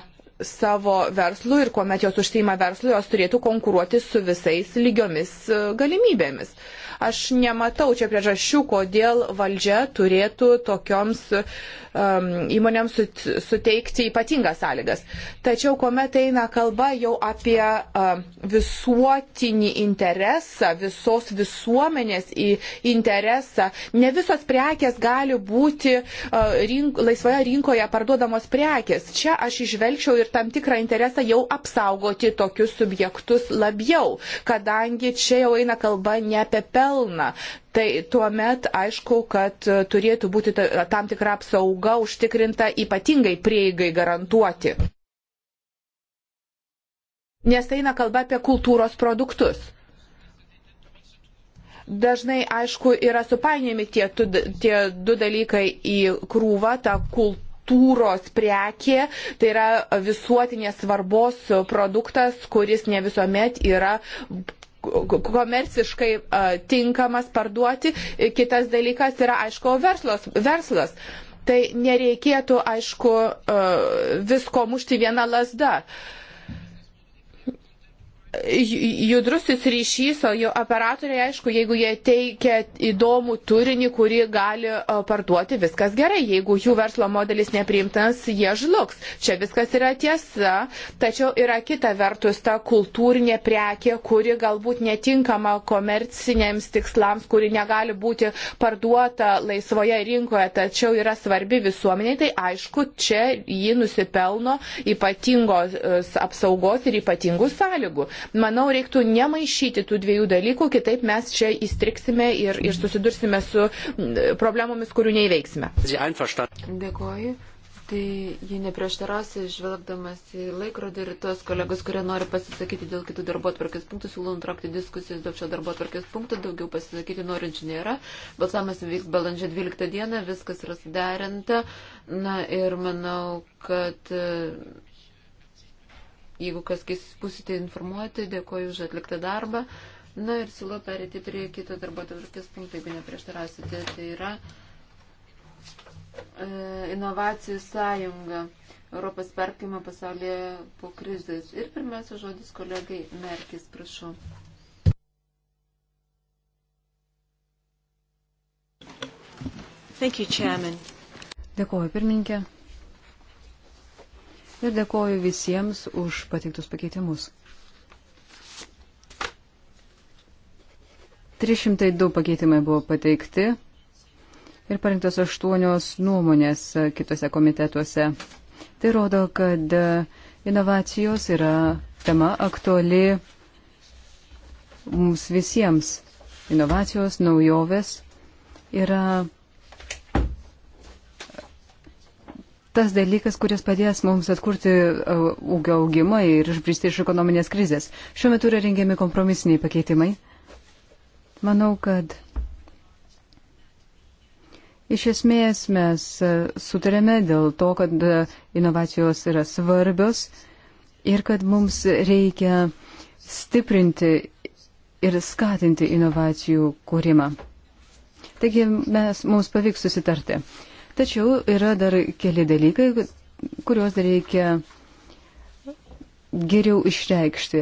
savo verslu ir kuomet jos užsima verslu, jos turėtų konkuruoti su visais lygiomis e, galimybėmis. Aš nematau čia priežasčių, kodėl valdžia turėtų tokioms um, įmonėms suteikti ypatingas sąlygas. Tačiau, kuomet eina kalba jau apie um, visuotinį interesą, visos visuomenės interesą, ne visos prekės gali būti uh, rink, laisvoje rinkoje parduodamos prekės. Čia aš išvelgčiau ir tam tikrą interesą jau apsaugoti tokius subjektus labiau, kadangi čia jau eina kalba ne apie pelną pelną, tai tuomet aišku, kad turėtų būti tam tikra apsauga užtikrinta ypatingai prieigai garantuoti. Nes eina kalba apie kultūros produktus dažnai, aišku, yra supainiami tie, tu, tie du dalykai į krūvą, tą kultūrą. Kultūros prekė, tai yra visuotinės svarbos produktas, kuris ne visuomet yra komerciškai tinkamas parduoti. Kitas dalykas yra, aišku, verslos, verslas. Tai nereikėtų, aišku, visko mušti vieną lasdą. Uh, judrusis ryšys, o jų operatoriai, aišku, jeigu jie teikia įdomų turinį, kurį gali parduoti, viskas gerai. Jeigu jų verslo modelis nepriimtas, jie žlugs. Čia viskas yra tiesa, tačiau yra kita vertus ta kultūrinė prekė, kuri galbūt netinkama komerciniams tikslams, kuri negali būti parduota laisvoje rinkoje, tačiau yra svarbi visuomeniai, tai aišku, čia ji nusipelno ypatingos e, apsaugos ir ypatingų sąlygų. Manau, reiktų nemaišyti tų dviejų dalykų, kitaip mes čia įstriksime ir, ir susidursime su problemomis, kurių neįveiksime. Dėkuoju. Tai jei neprieštarausi, žvelgdamas į laikrodį ir tuos kolegus, kurie nori pasisakyti dėl kitų darbo atvarkės punktų, siūlau nutraukti diskusijas dėl šio darbo atvarkės punktų, daugiau pasisakyti norinčių nėra. Balsavimas vyks balandžio 12 dieną, viskas yra suderinta. Na ir manau, kad. E, jeigu kas kis būsite informuoti, dėkoju už atliktą darbą. Na ir siūlau perėti prie kito darbo atvarkės punkto, jeigu neprieštarausite, tai yra e, inovacijų sąjunga Europos perkimo pasaulyje po krizės. Ir pirmiausia žodis kolegai Merkis, prašau. Thank you, Chairman. Dėkuoju, pirmininkė ir dėkoju visiems už pateiktus pakeitimus. 302 pakeitimai buvo pateikti ir parinktos aštuonios nuomonės kitose komitetuose. Tai rodo, kad inovacijos yra tema aktuali mums visiems. Inovacijos, naujovės yra tas dalykas, kuris padės mums atkurti e, ūkio augimą ir išbristi iš ekonominės krizės. Šiuo metu yra rengiami kompromisiniai pakeitimai. Manau, kad iš esmės mes e, sutarėme dėl to, kad e, inovacijos yra svarbios ir kad mums reikia stiprinti ir skatinti inovacijų kūrimą. Taigi mes, mums pavyks susitarti. Uh, Tačiau yra dar keli dalykai, kuriuos dar reikia geriau išreikšti.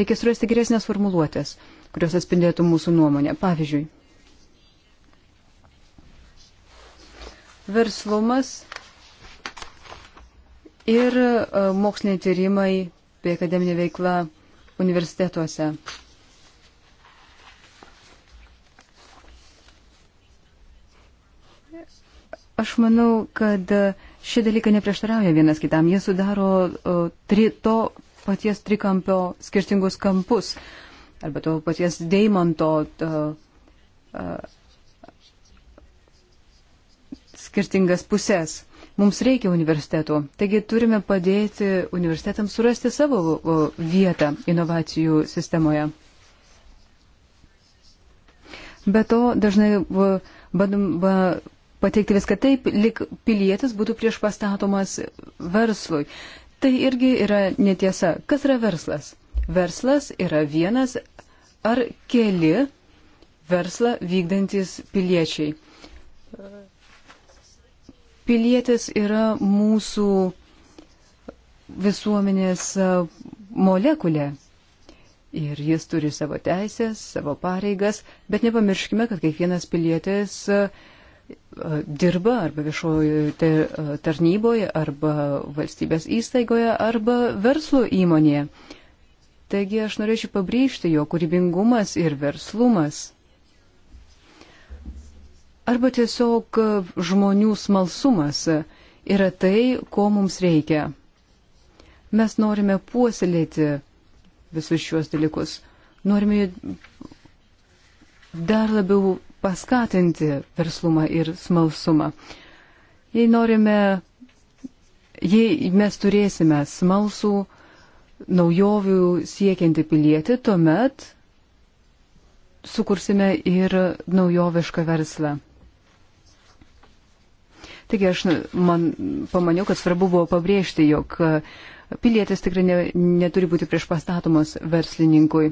Reikia surasti geresnės formuluotės, kurios atspindėtų mūsų nuomonę. Pavyzdžiui, verslumas ir e, moksliniai tyrimai bei akademinė veikla universitetuose. Aš manau, kad šie dalykai neprieštarauja vienas kitam. Jie sudaro tri, to paties trikampio skirtingus kampus. Arba to paties deimanto to, skirtingas pusės. Mums reikia universitetų. Taigi turime padėti universitetams surasti savo vietą inovacijų sistemoje. Be to, dažnai bandom pateikti viską taip, lik pilietis būtų prieš pastatomas verslui. Tai irgi yra netiesa. Kas yra verslas? Verslas yra vienas ar keli verslą vykdantis piliečiai. Pilietis yra mūsų visuomenės molekulė. Ir jis turi savo teisės, savo pareigas, bet nepamirškime, kad kiekvienas pilietis uh, dirba arba viešojo tarnyboje, arba valstybės įstaigoje, arba verslo įmonėje. Taigi aš norėčiau pabrėžti jo kūrybingumas ir verslumas. Arba tiesiog žmonių smalsumas yra tai, ko mums reikia. Mes norime puoselėti visus šiuos dalykus. Norime dar labiau paskatinti verslumą ir smalsumą. Jei norime, jei mes turėsime smalsų, naujovių siekianti pilietį, tuomet sukursime ir naujovišką verslą. Taigi aš man, pamaniau, kad svarbu buvo pabrėžti, jog pilietis tikrai ne, neturi būti prieš pastatomas verslininkui.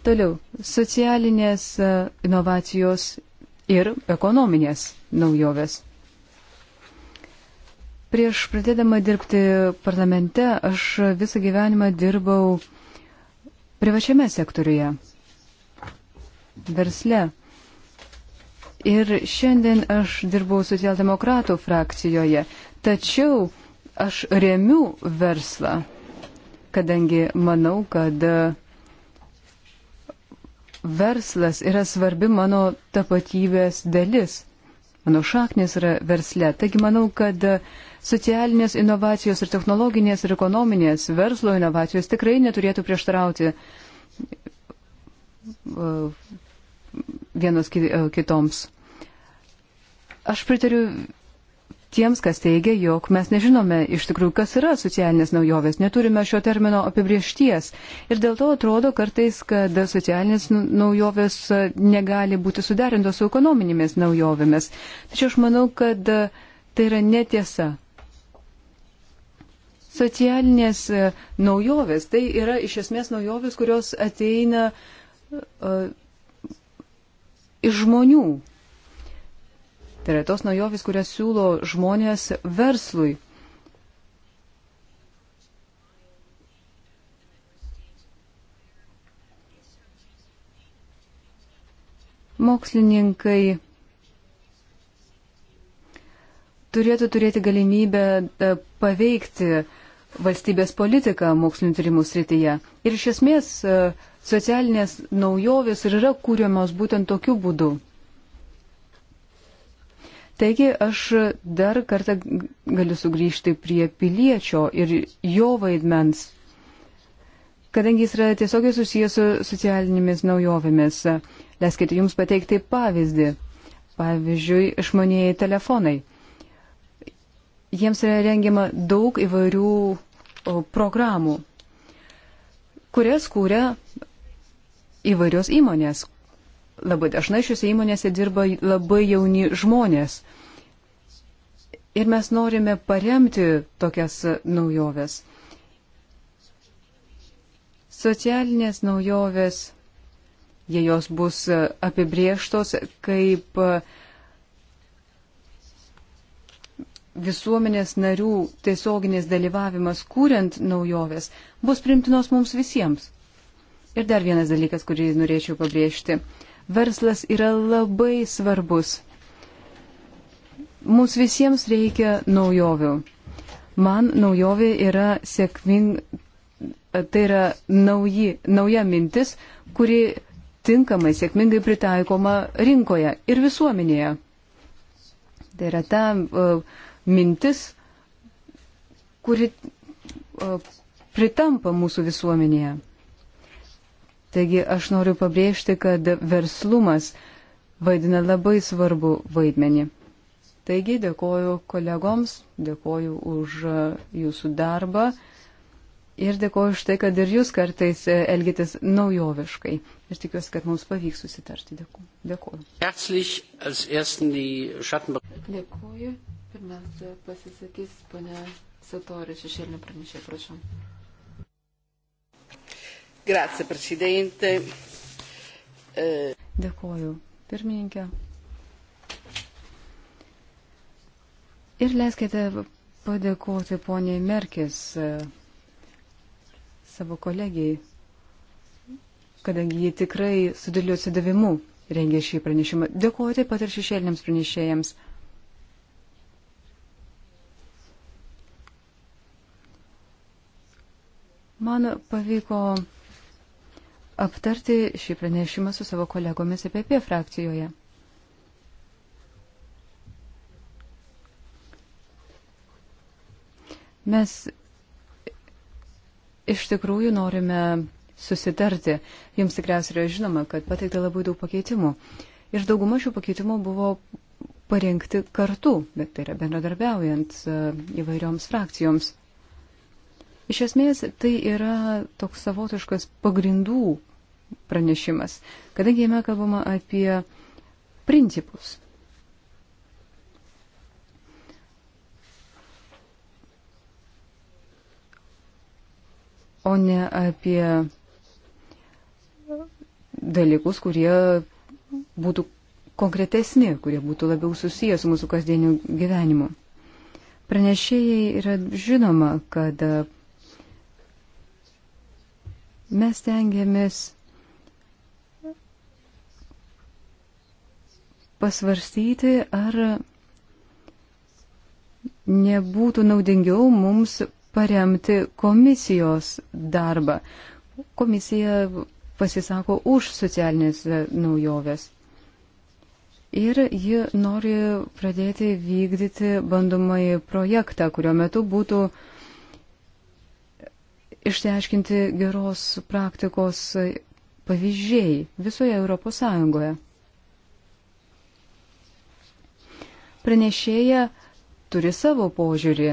Toliau, socialinės e, inovacijos ir ekonominės naujovės. Prieš pradėdama dirbti parlamente, aš visą gyvenimą dirbau privačiame sektoriuje, versle. Ir šiandien aš dirbau socialdemokratų frakcijoje, tačiau aš remiu verslą, kadangi manau, kad uh, verslas yra svarbi mano tapatybės dalis. Mano šaknis yra versle. Taigi manau, kad socialinės inovacijos ir technologinės ir ekonominės verslo inovacijos tikrai neturėtų prieštarauti uh, vienos uh, kitoms. Aš pritariu tiems, kas teigia, jog mes nežinome iš tikrųjų, kas yra socialinės naujovės, neturime šio termino apibriešties. Ir dėl to atrodo kartais, kad socialinės naujovės e, negali būti suderintos su ekonominėmis naujovėmis. Tačiau aš manau, kad e, tai yra netiesa. Socialinės e, naujovės tai yra iš esmės naujovės, kurios ateina uh, iš žmonių, Tai yra tos naujovis, kurias siūlo žmonės verslui. Mokslininkai turėtų turėti galimybę e, paveikti valstybės politiką mokslinio tyrimų srityje. Ir iš esmės e, socialinės naujovės ir yra kūriamos būtent tokiu būdu. Taigi aš dar kartą galiu sugrįžti prie piliečio ir jo vaidmens, kadangi jis yra tiesiogiai susijęs su socialinėmis naujovėmis. Leiskite jums pateikti pavyzdį. Pavyzdžiui, išmanieji telefonai. Jiems yra rengiama daug įvairių programų, kurias kūrė įvairios įmonės, labai dažnai šiuose įmonėse dirba labai jauni žmonės. Ir mes norime paremti tokias naujoves. Socialinės naujovės, jei jos bus apibrieštos kaip visuomenės narių tiesioginis dalyvavimas kūrent naujoves, bus primtinos mums visiems. Ir dar vienas dalykas, kurį norėčiau pabrėžti. Uh, verslas yra labai svarbus. Mums visiems reikia naujovių. Man naujovė yra sėkming, tai yra nauji, nauja mintis, kuri tinkamai, sėkmingai pritaikoma rinkoje ir visuomenėje. Tai yra ta uh, mintis, kuri uh, pritampa mūsų visuomenėje. Taigi aš noriu pabrėžti, kad verslumas vaidina labai svarbu vaidmenį. Taigi dėkoju kolegoms, dėkoju už e, jūsų darbą ir dėkoju už tai, kad ir jūs kartais e, elgitės naujoviškai. Ir tikiuosi, kad mums pavyks susitarti. Dėkoju. Dėkoju. Pirmiausia, pasisakys ponia Satorė, šešėlinė pranešė, prašom. Grazie, prezidente. Eh, Dėkuoju, pirmininkė. Ir leiskite padėkoti poniai Merkis eh, savo kolegijai, kadangi jie tikrai su dėliu atsidavimu rengė šį pranešimą. Dėkuoju taip pat ir šešėliniams pranešėjams. Man pavyko aptarti šį pranešimą su savo kolegomis EPP frakcijoje. Mes iš tikrųjų norime susitarti. Jums tikriausiai yra žinoma, kad pateikta labai daug pakeitimų. Ir dauguma šių pakeitimų buvo parengti kartu, bet tai yra bendradarbiaujant e, įvairioms frakcijoms. Iš esmės tai yra toks savotiškas pagrindų pranešimas, kadangi jame kalbama apie principus. O ne apie dalykus, kurie būtų konkretesni, kurie būtų labiau susijęs su mūsų kasdieniu gyvenimu. Pranešėjai yra žinoma, kad mes tengiamės pasvarstyti, ar nebūtų naudingiau mums paremti komisijos darbą. Komisija pasisako už socialinės naujoves. Ir ji nori pradėti vykdyti bandomąjį projektą, kurio metu būtų išsiaiškinti geros praktikos pavyzdžiai visoje Europos Sąjungoje. Pranešėja turi savo požiūrį.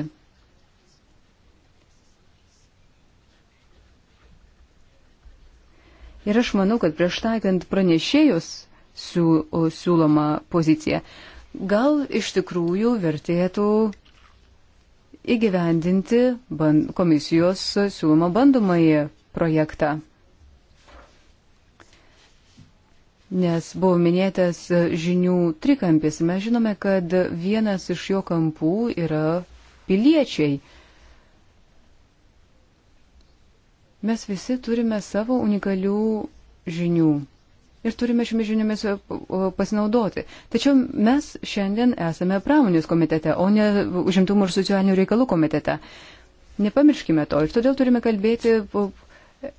Ir aš manau, kad prieš taikant pranešėjus siūlomą poziciją, gal iš tikrųjų vertėtų įgyvendinti komisijos siūlomą bandomąjį projektą. nes buvo minėtas e, žinių trikampis. Mes žinome, kad vienas iš jo kampų yra piliečiai. Mes visi turime savo unikalių žinių ir turime šiomis žiniomis e, pasinaudoti. Tačiau mes šiandien esame pramonės komitete, o ne užimtumų ir socialinių reikalų komitete. Nepamirškime to ir todėl turime kalbėti e,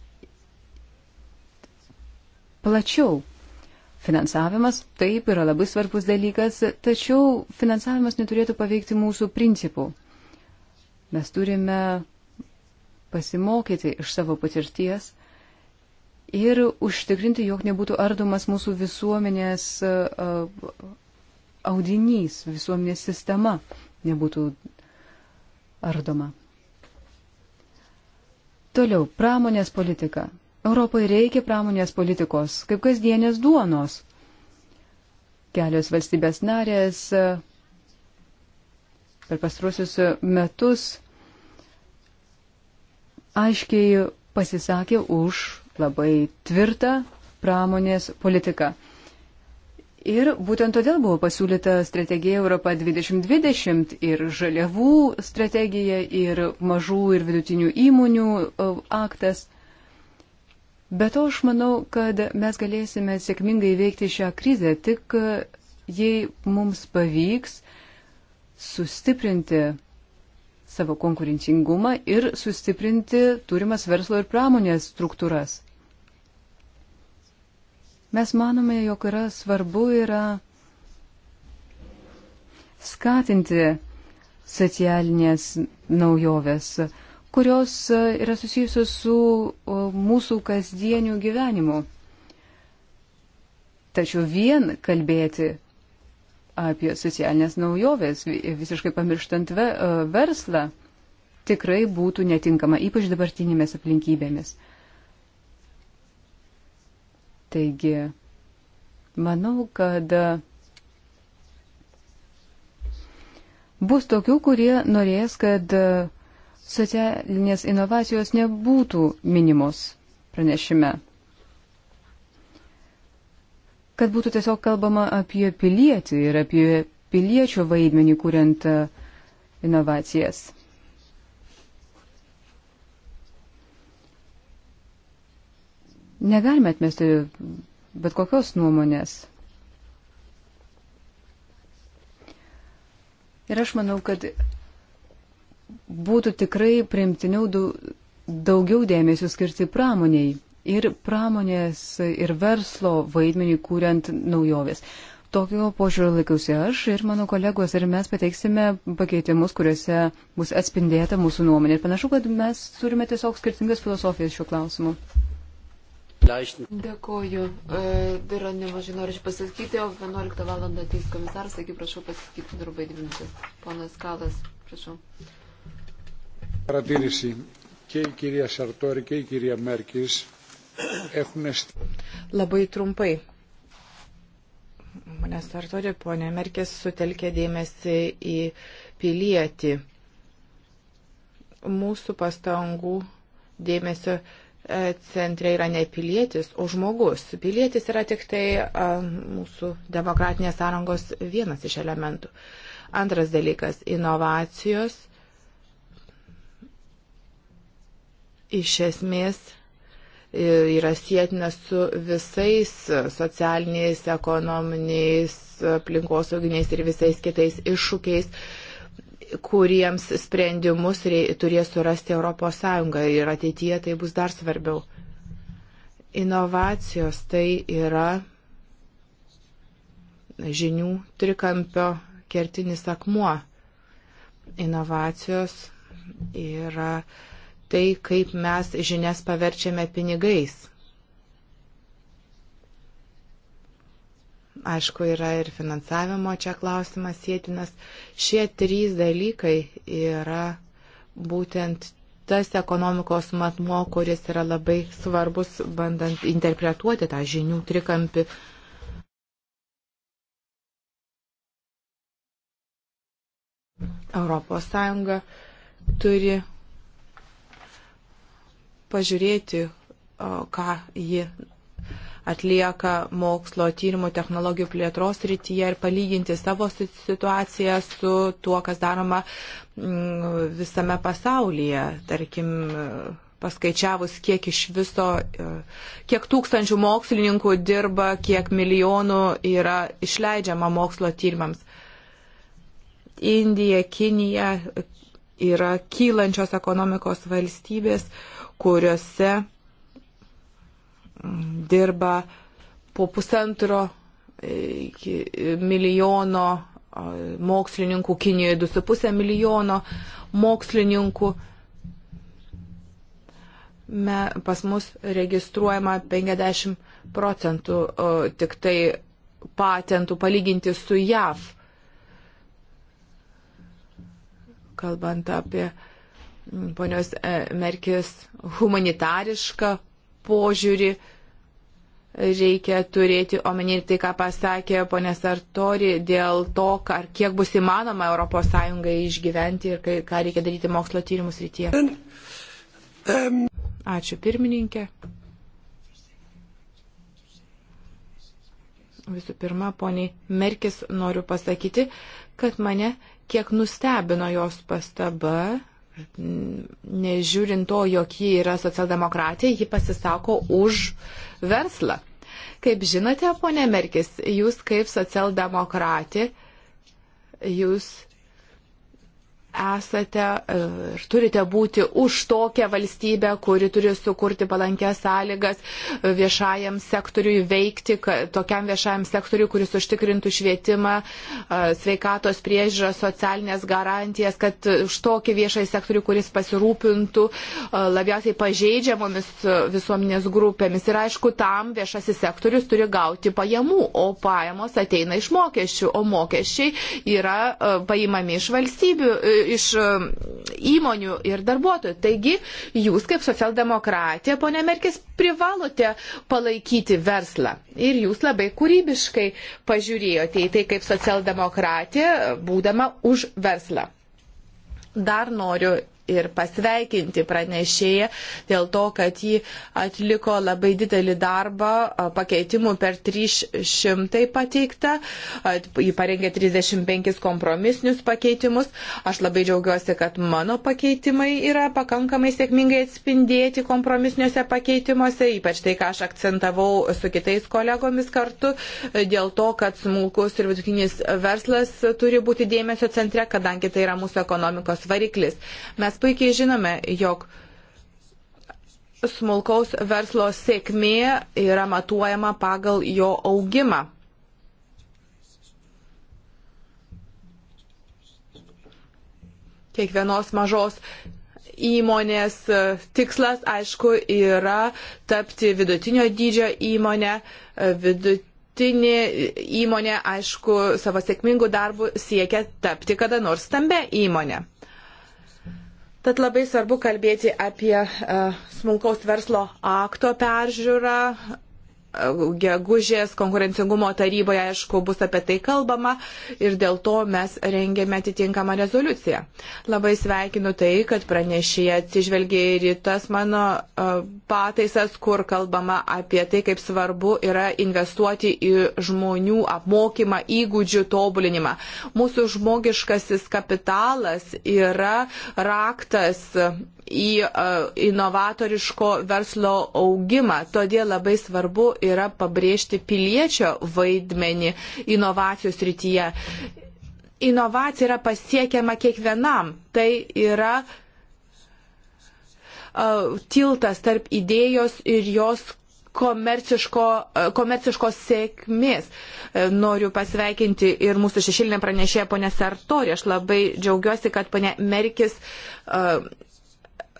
plačiau. Finansavimas taip yra labai svarbus dalykas, tačiau finansavimas neturėtų paveikti mūsų principų. Mes turime pasimokyti iš savo patirties ir užtikrinti, jog nebūtų ardomas mūsų visuomenės audinys, visuomenės sistema nebūtų ardoma. Toliau, pramonės politika. Europai reikia pramonės politikos, kaip kasdienės duonos. Kelios valstybės narės e, per pastrusius metus aiškiai pasisakė už labai tvirtą pramonės politiką. Ir būtent todėl buvo pasiūlyta strategija Europa 2020 ir žaliavų strategija ir mažų ir vidutinių įmonių e, aktas. Bet to aš manau, kad mes galėsime sėkmingai veikti šią krizę tik e, jei mums pavyks sustiprinti savo konkurencingumą ir sustiprinti turimas verslo ir pramonės struktūras. Mes manome, jog yra svarbu yra skatinti socialinės naujoves, kurios e, yra susijusios su e, mūsų kasdieniu gyvenimu. Tačiau vien kalbėti apie socialinės naujovės, visiškai pamirštant ve, e, verslą, tikrai būtų netinkama, ypač dabartinėmis aplinkybėmis. Taigi, manau, kad bus tokių, kurie norės, kad socialinės inovacijos nebūtų minimos pranešime. Kad būtų tiesiog kalbama apie pilietį ir apie piliečio vaidmenį kuriant e, inovacijas. Negalime atmesti bet kokios nuomonės. Ir aš manau, kad būtų tikrai primtiniau daugiau dėmesio skirti pramoniai ir pramonės ir verslo vaidmenį kūriant naujoves. Tokio požiūrio laikiausi aš ir mano kolegos ir mes pateiksime pakeitimus, kuriuose bus atspindėta mūsų nuomonė. Ir panašu, kad mes turime tiesiog skirtingas filosofijas šiuo klausimu. Dėkoju. E, yra nemažai norinčių pasakyti, o 11 val. ateis komisaras, taigi prašau pasakyti trumpai dvi minutės. Ponas Kalas, prašau. Paratyrisi. Labai trumpai. Mane Sartori, ponė Merkis, sutelkė dėmesį į pilietį. Mūsų pastangų dėmesio e, centre yra ne pilietis, o žmogus. Pilietis yra tik tai mūsų demokratinės sąrangos vienas iš elementų. Antras dalykas - inovacijos iš esmės e, yra sėtina su visais e, socialiniais, ekonominiais, e, aplinkosauginiais ir visais kitais iššūkiais kuriems sprendimus rei, turės surasti ES ir ateityje tai bus dar svarbiau. Inovacijos tai yra žinių trikampio kertinis akmuo. Inovacijos yra uh, tai, kaip mes žinias paverčiame pinigais. Aišku, yra ir finansavimo čia klausimas sėtinas. Šie trys dalykai yra būtent tas ekonomikos matmo, kuris yra labai svarbus, bandant interpretuoti tą žinių trikampį. Europos Sąjunga turi pažiūrėti, ką ji atlieka mokslo tyrimų technologijų plėtros rytyje ir palyginti savo situaciją su tuo, kas daroma mm, visame pasaulyje. Tarkim, paskaičiavus, kiek iš viso, e, kiek tūkstančių mokslininkų dirba, kiek milijonų yra išleidžiama mokslo tyrimams. Indija, Kinija yra kylančios ekonomikos valstybės. Uh, kuriuose dirba po pusantro milijono mokslininkų, Kinijoje 2,5 milijono mokslininkų. Me, pas mus registruojama 50 procentų o, tik tai patentų palyginti su JAV. Kalbant apie uh, ponios e, Merkis humanitarišką požiūrį reikia turėti omeny ir tai, ką pasakė ponė Sartori dėl to, ar kiek bus įmanoma ES išgyventi ir kai, ką reikia daryti mokslo tyrimų srityje. Ačiū pirmininkė. Visų pirma, poniai Merkis noriu pasakyti, kad mane kiek nustebino jos pastaba nežiūrint to, jog ji yra socialdemokratija, ji pasisako už verslą. Kaip žinote, ponė Merkis, jūs kaip socialdemokratė, jūs esate e, ir turite būti už tokią valstybę, kuri turi sukurti palankęs sąlygas viešajam sektoriui veikti, tokiam viešajam sektoriui, kuris užtikrintų švietimą, e, sveikatos priežiūrą, socialinės garantijas, kad už tokį viešąjį sektorių, kuris pasirūpintų e, labiausiai pažeidžiamomis visuomenės grupėmis. Ir aišku, tam viešasis sektorius turi gauti pajamų, o pajamos ateina iš mokesčių, o mokesčiai yra paimami iš valstybių iš e, įmonių ir darbuotojų. Taigi jūs kaip socialdemokratė, ponė Merkis, privalote palaikyti verslą. Ir jūs labai kūrybiškai pažiūrėjote į tai kaip socialdemokratė, būdama už verslą. Dar noriu ir pasveikinti pranešėją dėl to, kad ji atliko labai didelį darbą, pakeitimų per 300 pateikta, ji parengė 35 kompromisinius pakeitimus. Aš labai džiaugiuosi, kad mano pakeitimai yra pakankamai sėkmingai atspindėti kompromisiniuose pakeitimuose, ypač tai, ką aš akcentavau su kitais kolegomis kartu, dėl to, kad smulkus ir vidutinis verslas turi būti dėmesio centre, kadangi tai yra mūsų ekonomikos variklis. Mes Mes puikiai žinome, jog smulkaus verslo sėkmė yra matuojama pagal jo augimą. Kiekvienos mažos įmonės e, tikslas, aišku, yra tapti vidutinio dydžio įmonę. E, vidutinė įmonė, aišku, savo sėkmingų darbų siekia tapti kada nors stambę įmonę. Tad labai svarbu kalbėti apie uh, smulkaus verslo akto peržiūrą, gegužės konkurencingumo taryboje, aišku, bus apie tai kalbama ir dėl to mes rengėme atitinkamą rezoliuciją. Labai sveikinu tai, kad pranešėje atsižvelgia ir į tas mano pataisas, kur kalbama apie tai, kaip svarbu yra investuoti į žmonių apmokymą, įgūdžių tobulinimą. Mūsų žmogiškasis kapitalas yra raktas į inovatoriško verslo augimą. Todėl labai svarbu yra pabrėžti piliečio vaidmenį inovacijų srityje. Inovacija yra pasiekiama kiekvienam. Tai yra uh, tiltas tarp idėjos ir jos komerciško, komerciškos sėkmės. E, noriu pasveikinti ir mūsų šešilinę pranešėją ponę Sartorį. Aš labai džiaugiuosi, kad ponė Merkis uh,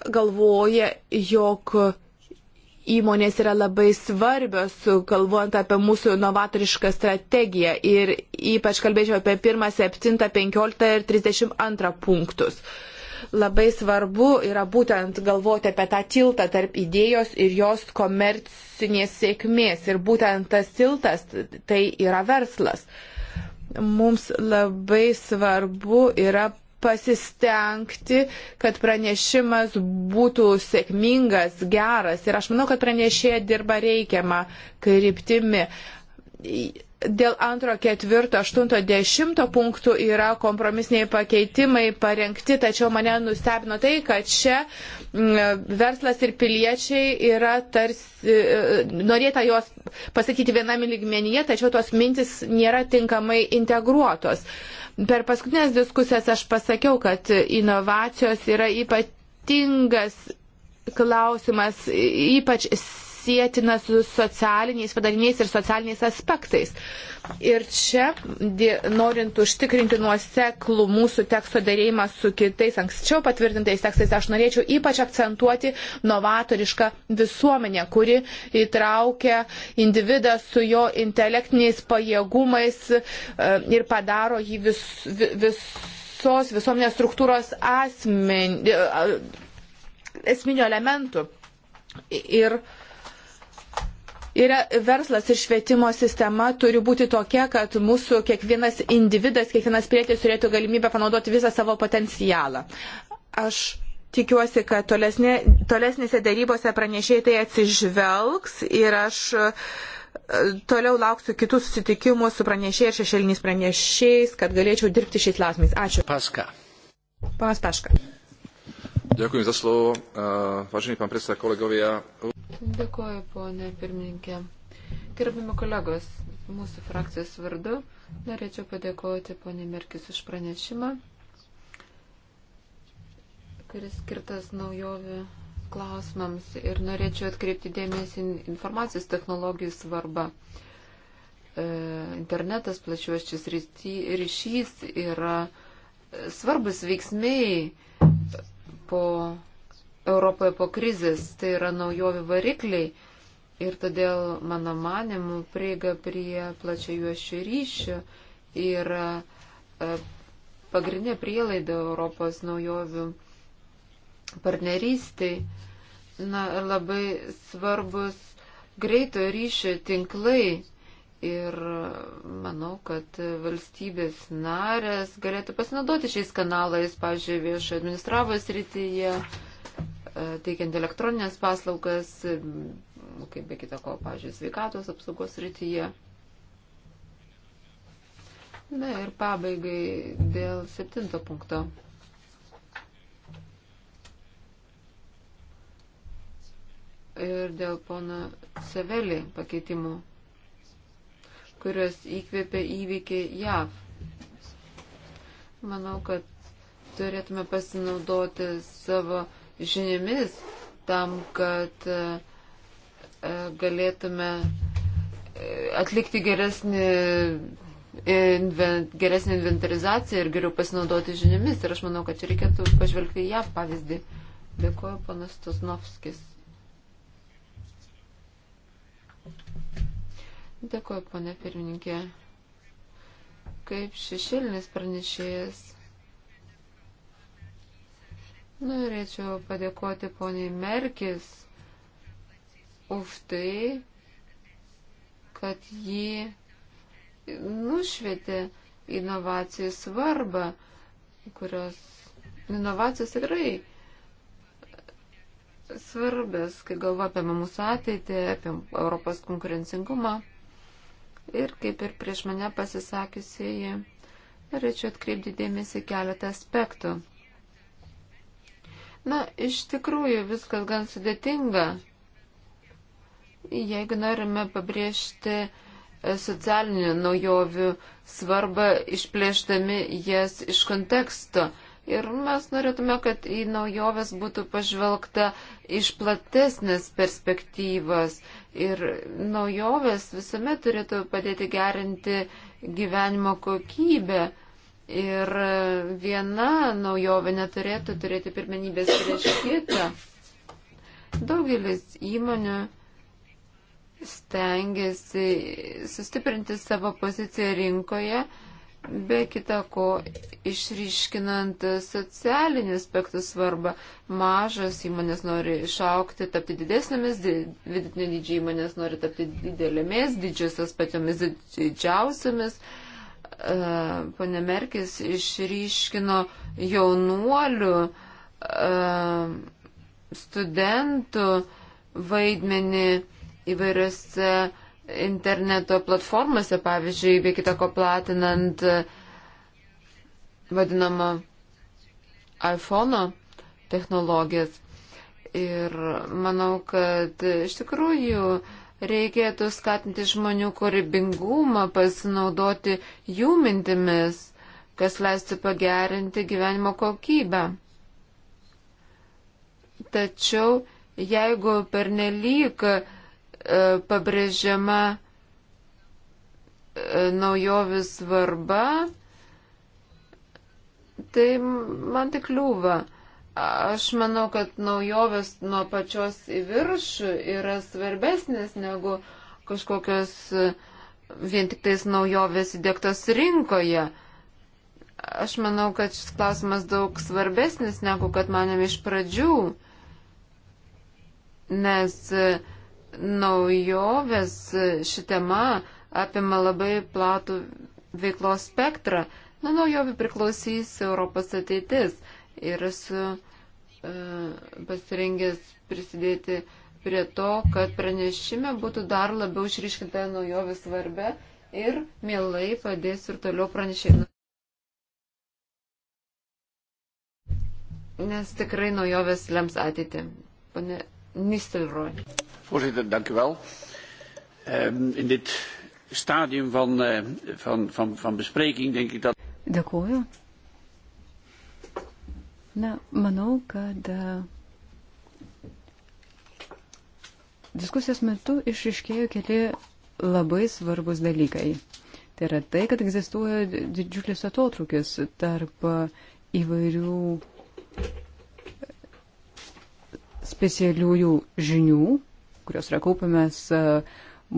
galvoja, jog įmonės yra labai svarbios, kalbant apie mūsų novatorišką strategiją ir ypač kalbėčiau apie 1, 7, 15 ir 32 punktus. Labai svarbu yra būtent galvoti apie tą tiltą tarp idėjos ir jos komercinės sėkmės. Ir būtent tas tiltas tai yra verslas. Mums labai svarbu yra pasistengti, kad pranešimas būtų sėkmingas, geras. Ir aš manau, kad pranešėja dirba reikiamą kryptimi. Dėl antro, ketvirto, aštunto, dešimto punktų yra kompromisiniai pakeitimai parengti, tačiau mane nustebino tai, kad čia mm, verslas ir piliečiai yra tarsi, e, norėta juos pasakyti viename lygmenyje, tačiau tos mintis nėra tinkamai integruotos. Per paskutinės diskusijas aš pasakiau, kad inovacijos yra ypatingas klausimas, ypač sėtina su socialiniais padariniais ir socialiniais aspektais. Ir čia, norint užtikrinti nuoseklų mūsų teksto dėrėjimą su kitais anksčiau patvirtintais tekstais, aš norėčiau ypač akcentuoti novatorišką visuomenę, kuri įtraukia individą su jo intelektiniais pajėgumais e, ir padaro jį vis, visos visuomenės struktūros asmen, e, esminių elementų. Ir, yra verslas ir švietimo sistema turi būti tokia, kad mūsų kiekvienas individas, kiekvienas prietis turėtų galimybę panaudoti visą savo potencialą. Aš tikiuosi, kad tolesnė, tolesnėse darybose pranešėjai tai atsižvelgs ir aš e, toliau lauksiu kitų susitikimų su pranešėjai ir šešėliniais pranešėjais, kad galėčiau dirbti šiais klausimais. Ačiū. Paska. Panas Paška. Dėkui za slovo, važiniai pan presa kolegovia. Dėkuoju, ponė pirmininkė. Gerbimo kolegos, mūsų frakcijos vardu norėčiau padėkoti ponė Merkis už pranešimą, kuris skirtas naujovių klausimams ir norėčiau atkreipti dėmesį informacijos technologijų svarbą. E, internetas, plačiuoščius ryšys yra svarbus veiksmiai po Europoje po krizės, tai yra naujovių varikliai. Ir todėl, mano manimu, prieiga prie plačio juošių ryšių yra e, pagrindinė prielaida Europos naujovių partnerystiai. Na, labai svarbus greito ryšio tinklai Ir manau, kad valstybės narės galėtų pasinaudoti šiais kanalais, pavyzdžiui, viešo administravo srityje, e, teikiant elektroninės paslaugas, kaip be kita ko, pavyzdžiui, sveikatos apsaugos srityje. Na ir pabaigai dėl septinto punkto. Ir dėl pono Sevelį pakeitimų kurios įkvėpė įvykiai JAV. Manau, kad turėtume pasinaudoti savo žiniomis tam, kad e, e, galėtume e, atlikti geresnį, invent, geresnį inventarizaciją ir geriau pasinaudoti žiniomis. Ir aš manau, kad čia reikėtų pažvelgti į JAV pavyzdį. Dėkuoju, panas Tosnovskis. Dėkuoju, ponė pirmininkė. Kaip šešėlinis pranešėjas. Norėčiau padėkoti poniai Merkis už tai, kad ji nušvietė inovacijų svarbą, kurios inovacijos tikrai svarbės, kai galvo apie mūsų ateitį, apie Europos konkurencingumą ir kaip ir prieš mane pasisakiusieji, norėčiau atkreipti dėmesį keletą aspektų. Na, iš tikrųjų viskas gan sudėtinga. Jeigu norime pabrėžti e, socialinių naujovių svarbą, išplėždami jas iš konteksto, Ir mes norėtume, kad į naujoves būtų pažvelgta iš platesnės perspektyvas. Ir naujoves visuomet turėtų padėti gerinti gyvenimo kokybę. Ir viena naujovė neturėtų turėti pirmenybės prieš kitą. Daugelis įmonių stengiasi sustiprinti savo poziciją rinkoje be kita ko išryškinant socialinį aspektų svarbą. Mažas įmonės nori išaukti, tapti didesnėmis, vidutinio dydžio įmonės nori tapti didelėmis, didžiosios pačiomis didžiausiamis. Pane Merkis išryškino jaunuolių, e, studentų vaidmenį įvairiose interneto platformose, pavyzdžiui, be kitako platinant e, vadinamą iPhone technologijas. Ir manau, kad iš tikrųjų reikėtų skatinti žmonių kūrybingumą, pasinaudoti jų mintimis, kas leistų pagerinti gyvenimo kokybę. Tačiau jeigu pernelyg uh, E, pabrėžiama e, naujovių svarba, tai man tik liūva. Aš manau, kad naujovės nuo pačios į viršų yra svarbesnės negu kažkokios e, vien tik tais naujovės įdėktos rinkoje. Aš manau, kad šis klausimas daug svarbesnis negu kad manėm iš pradžių, nes uh, naujovės e, ši tema apima labai platų veiklos spektrą. Nuo naujovių priklausys Europos ateitis ir esu e, pasirengęs prisidėti prie to, kad pranešime būtų dar labiau išryškinta naujovė svarbia ir mielai padėsiu ir toliau pranešimą. Nes tikrai naujovės lems ateitį. Pane Nistelroj. Voorzitter, dank u wel. Um, in dit stadium van, uh, van, van, van bespreking denk ik dat. Dėkuoju. Na, manau, kad eh, diskusijos metu išriškėjo keli labai svarbus dalykai. Tai yra tai, kad egzistuoja didžiulis atotrukis tarp įvairių specialiųjų žinių kurios yra kaupiamas e,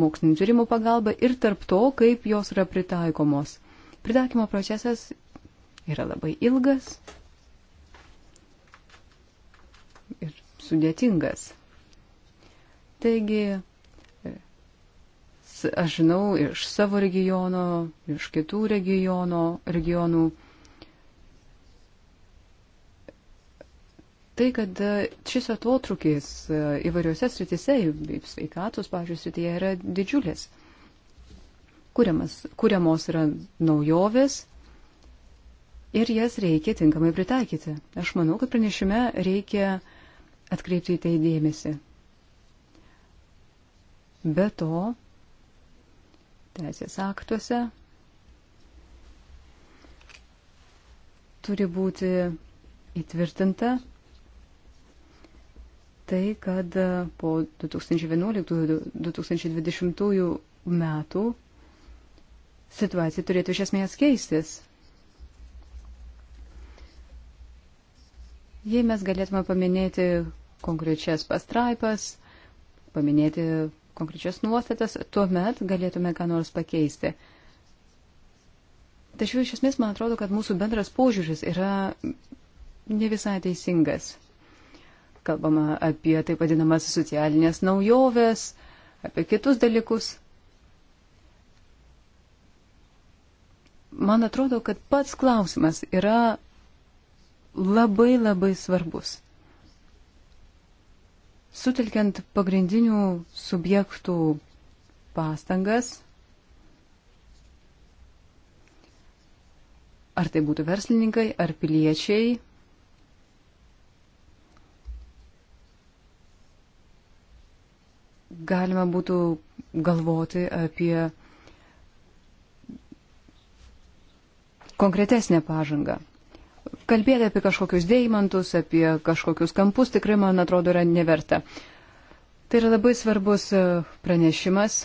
mokslinio tyrimų pagalba ir tarp to, kaip jos yra pritaikomos. Pritaikymo procesas yra labai ilgas ir sudėtingas. Taigi, e, aš žinau iš savo regiono, iš kitų regiono, regionų, tai, kad e, šis atotrukis e, įvairiose sritise, sveikatos, pažiūrėjau, srityje yra didžiulis. Kuriamas, kuriamos yra naujovės ir jas reikia tinkamai pritaikyti. Aš manau, kad pranešime reikia atkreipti į tai dėmesį. Be to, teisės aktuose turi būti įtvirtinta, tai, kad e, po 2011-2020 metų situacija turėtų iš esmės keistis. Jei mes galėtume paminėti konkrečias pastraipas, paminėti konkrečias nuostatas, tuomet galėtume ką nors pakeisti. Tačiau iš esmės man atrodo, kad mūsų bendras požiūris yra ne visai teisingas kalbama apie taip vadinamas socialinės naujoves, apie kitus dalykus. Man atrodo, kad pats klausimas yra labai labai svarbus. Sutelkiant pagrindinių subjektų pastangas, ar tai būtų verslininkai, ar piliečiai, galima būtų galvoti apie konkretesnę pažangą. Kalbėti apie kažkokius deimantus, apie kažkokius kampus tikrai, man atrodo, yra neverta. Tai yra labai svarbus e, pranešimas,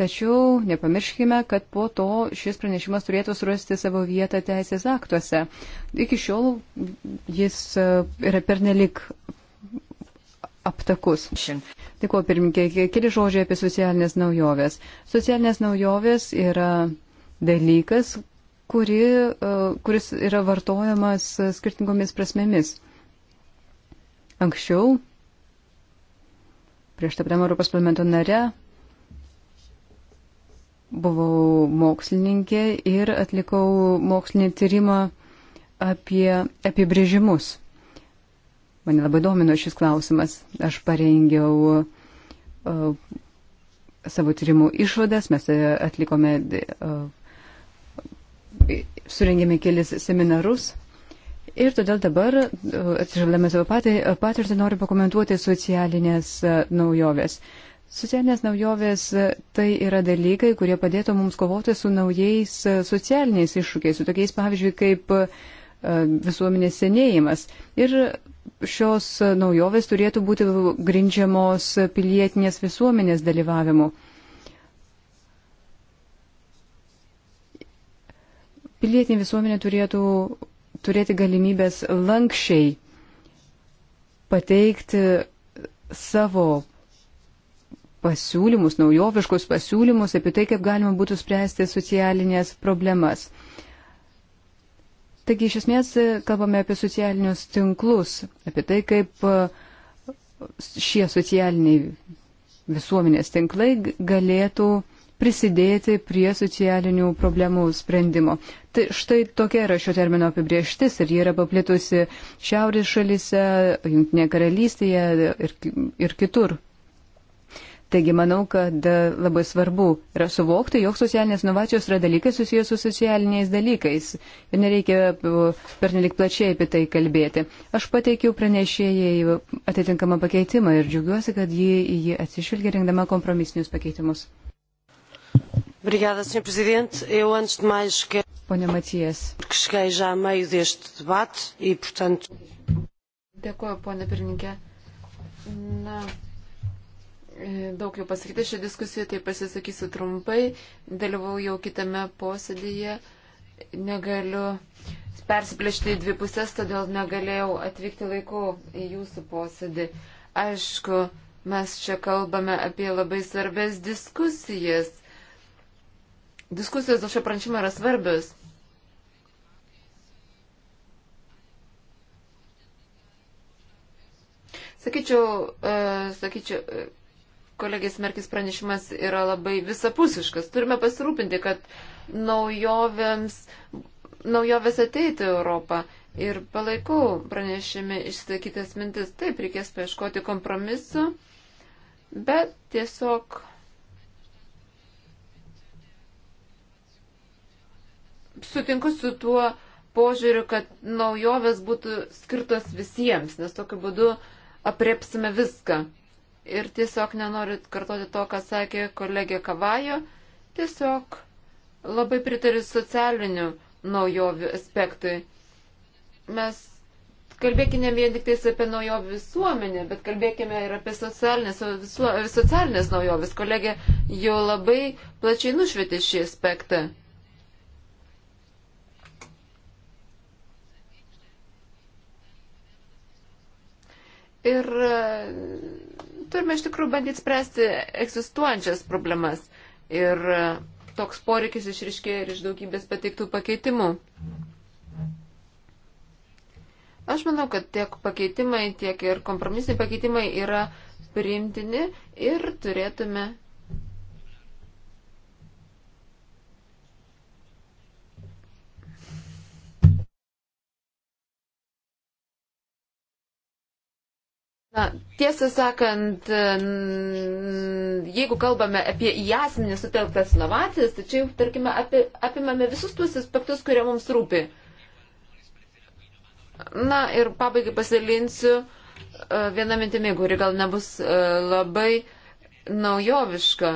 tačiau nepamirškime, kad po to šis pranešimas turėtų surasti savo vietą teisės aktuose. Iki šiol jis e, yra pernelik aptakus. Dėkuoju, tai pirmininkė, keli žodžiai apie socialinės naujovės. Socialinės naujovės yra dalykas, kuri, e, kuris yra vartojamas skirtingomis prasmėmis. Anksčiau, prieš tapdama Europos parlamento nare, buvau mokslininkė ir atlikau mokslinį tyrimą apie apibrėžimus. Mane labai domino šis klausimas. Aš parengiau uh, savo tyrimų išvadas, mes e, atlikome, uh, surengėme kelis seminarus. Ir todėl dabar, uh, atsižvelgdami savo patirtį, noriu pakomentuoti socialinės naujoves. Socialinės naujovės tai yra dalykai, kurie padėtų mums kovoti su naujais socialiniais iššūkiais, su tokiais pavyzdžiui kaip visuomenės senėjimas. Ir šios naujovės turėtų būti grindžiamos pilietinės visuomenės dalyvavimu. Pilietinė visuomenė turėtų turėti galimybės lankščiai pateikti savo pasiūlymus, naujoviškus pasiūlymus apie tai, kaip galima būtų spręsti socialinės problemas. Taigi iš esmės kalbame apie socialinius tinklus, apie tai, kaip e, šie socialiniai visuomenės tinklai galėtų prisidėti prie socialinių problemų sprendimo. Tai štai tokia yra šio termino apibrieštis ir ji yra paplitusi šiaurės šalise, Junktinėje karalystėje ir, ir kitur. Taigi manau, kad labai svarbu yra suvokti, jog socialinės inovacijos yra dalykai susijęs su socialiniais dalykais ir nereikia e, pernelik plačiai apie tai kalbėti. Aš pateikiau pranešėjai atitinkamą pakeitimą ir džiaugiuosi, kad jį, jį atsižvelgia rinkdama kompromisinius pakeitimus. Obrigada, Sr. Presidente. Eu, antes de mais, quero. Ponha Matias. Porque cheguei já a meio deste debate e, portanto. Dėkuoju, ponia pirmininkė. Na, E, daug jau pasakyti šią diskusiją, tai pasisakysiu trumpai. Dalyvau jau kitame posėdėje. Negaliu persiplėšti į dvi pusės, todėl negalėjau atvykti laiku į jūsų posėdį. Aišku, mes čia kalbame apie labai svarbės diskusijas. Diskusijos dėl šio pranešimo yra svarbios. Sakyčiau, uh, sakyčiau, uh, kolegės Merkis pranešimas yra labai visapusiškas. Turime pasirūpinti, kad naujovėms, naujovės ateitų Europą. Ir palaikau pranešime išsakytas mintis. Taip, reikės paieškoti kompromisu, bet tiesiog. Sutinku su tuo požiūriu, kad naujovės būtų skirtos visiems, nes tokiu būdu apriepsime viską ir tiesiog nenoriu kartoti to, ką sakė kolegė Kavajo, tiesiog labai pritariu socialinių naujovių aspektui. Mes kalbėkime vien tik tais apie naujovių visuomenę, bet kalbėkime ir apie socialinės, visuo, socialinės naujovis. Kolegė jau labai plačiai nušvietė šį aspektą. Ir turime iš tikrųjų bandyti spręsti egzistuojančias problemas. Ir e, toks poreikis išriškėja ir iš daugybės pateiktų pakeitimų. Aš manau, kad tiek pakeitimai, tiek ir kompromisiniai pakeitimai yra priimtini ir turėtume Na, tiesą sakant, jeigu kalbame apie į asmenį sutelktas inovacijas, tai čia, tarkime, api, apimame visus tuos aspektus, kurie mums rūpi. Na ir pabaigai pasidalinsiu e, vieną mintimį, kuri gal nebus e, labai naujoviška.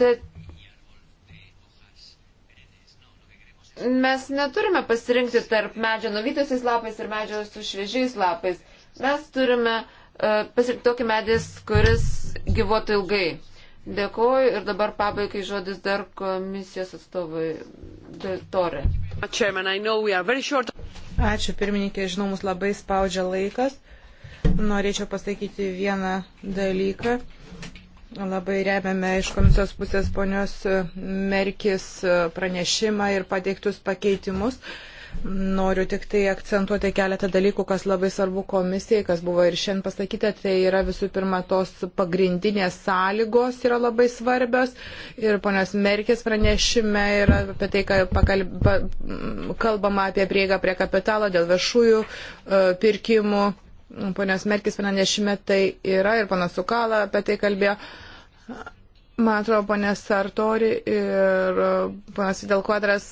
Bet Mes neturime pasirinkti tarp medžio nuvytusiais lapais ir medžio su šviežiais lapais. Mes turime uh, pasirinkti tokį medis, kuris gyvuotų ilgai. Dėkuoju ir dabar pabaigai žodis dar komisijos atstovui Torė. Ačiū pirmininkė, žinau, mus labai spaudžia laikas. Norėčiau pasakyti vieną dalyką. Labai remiame iš komisijos pusės ponios Merkis pranešimą ir pateiktus pakeitimus. Noriu tik tai akcentuoti keletą dalykų, kas labai svarbu komisijai, kas buvo ir šiandien pasakyta, tai yra visų pirma tos pagrindinės sąlygos yra labai svarbios ir ponios Merkės pranešime yra apie tai, kad pakalba, kalbama apie prieigą prie kapitalo dėl viešųjų e, pirkimų ponios Merkis pranešime tai yra ir panas Sukala apie tai kalbėjo. Man atrodo, ponė Sartori ir e, panas Vidal Kvadras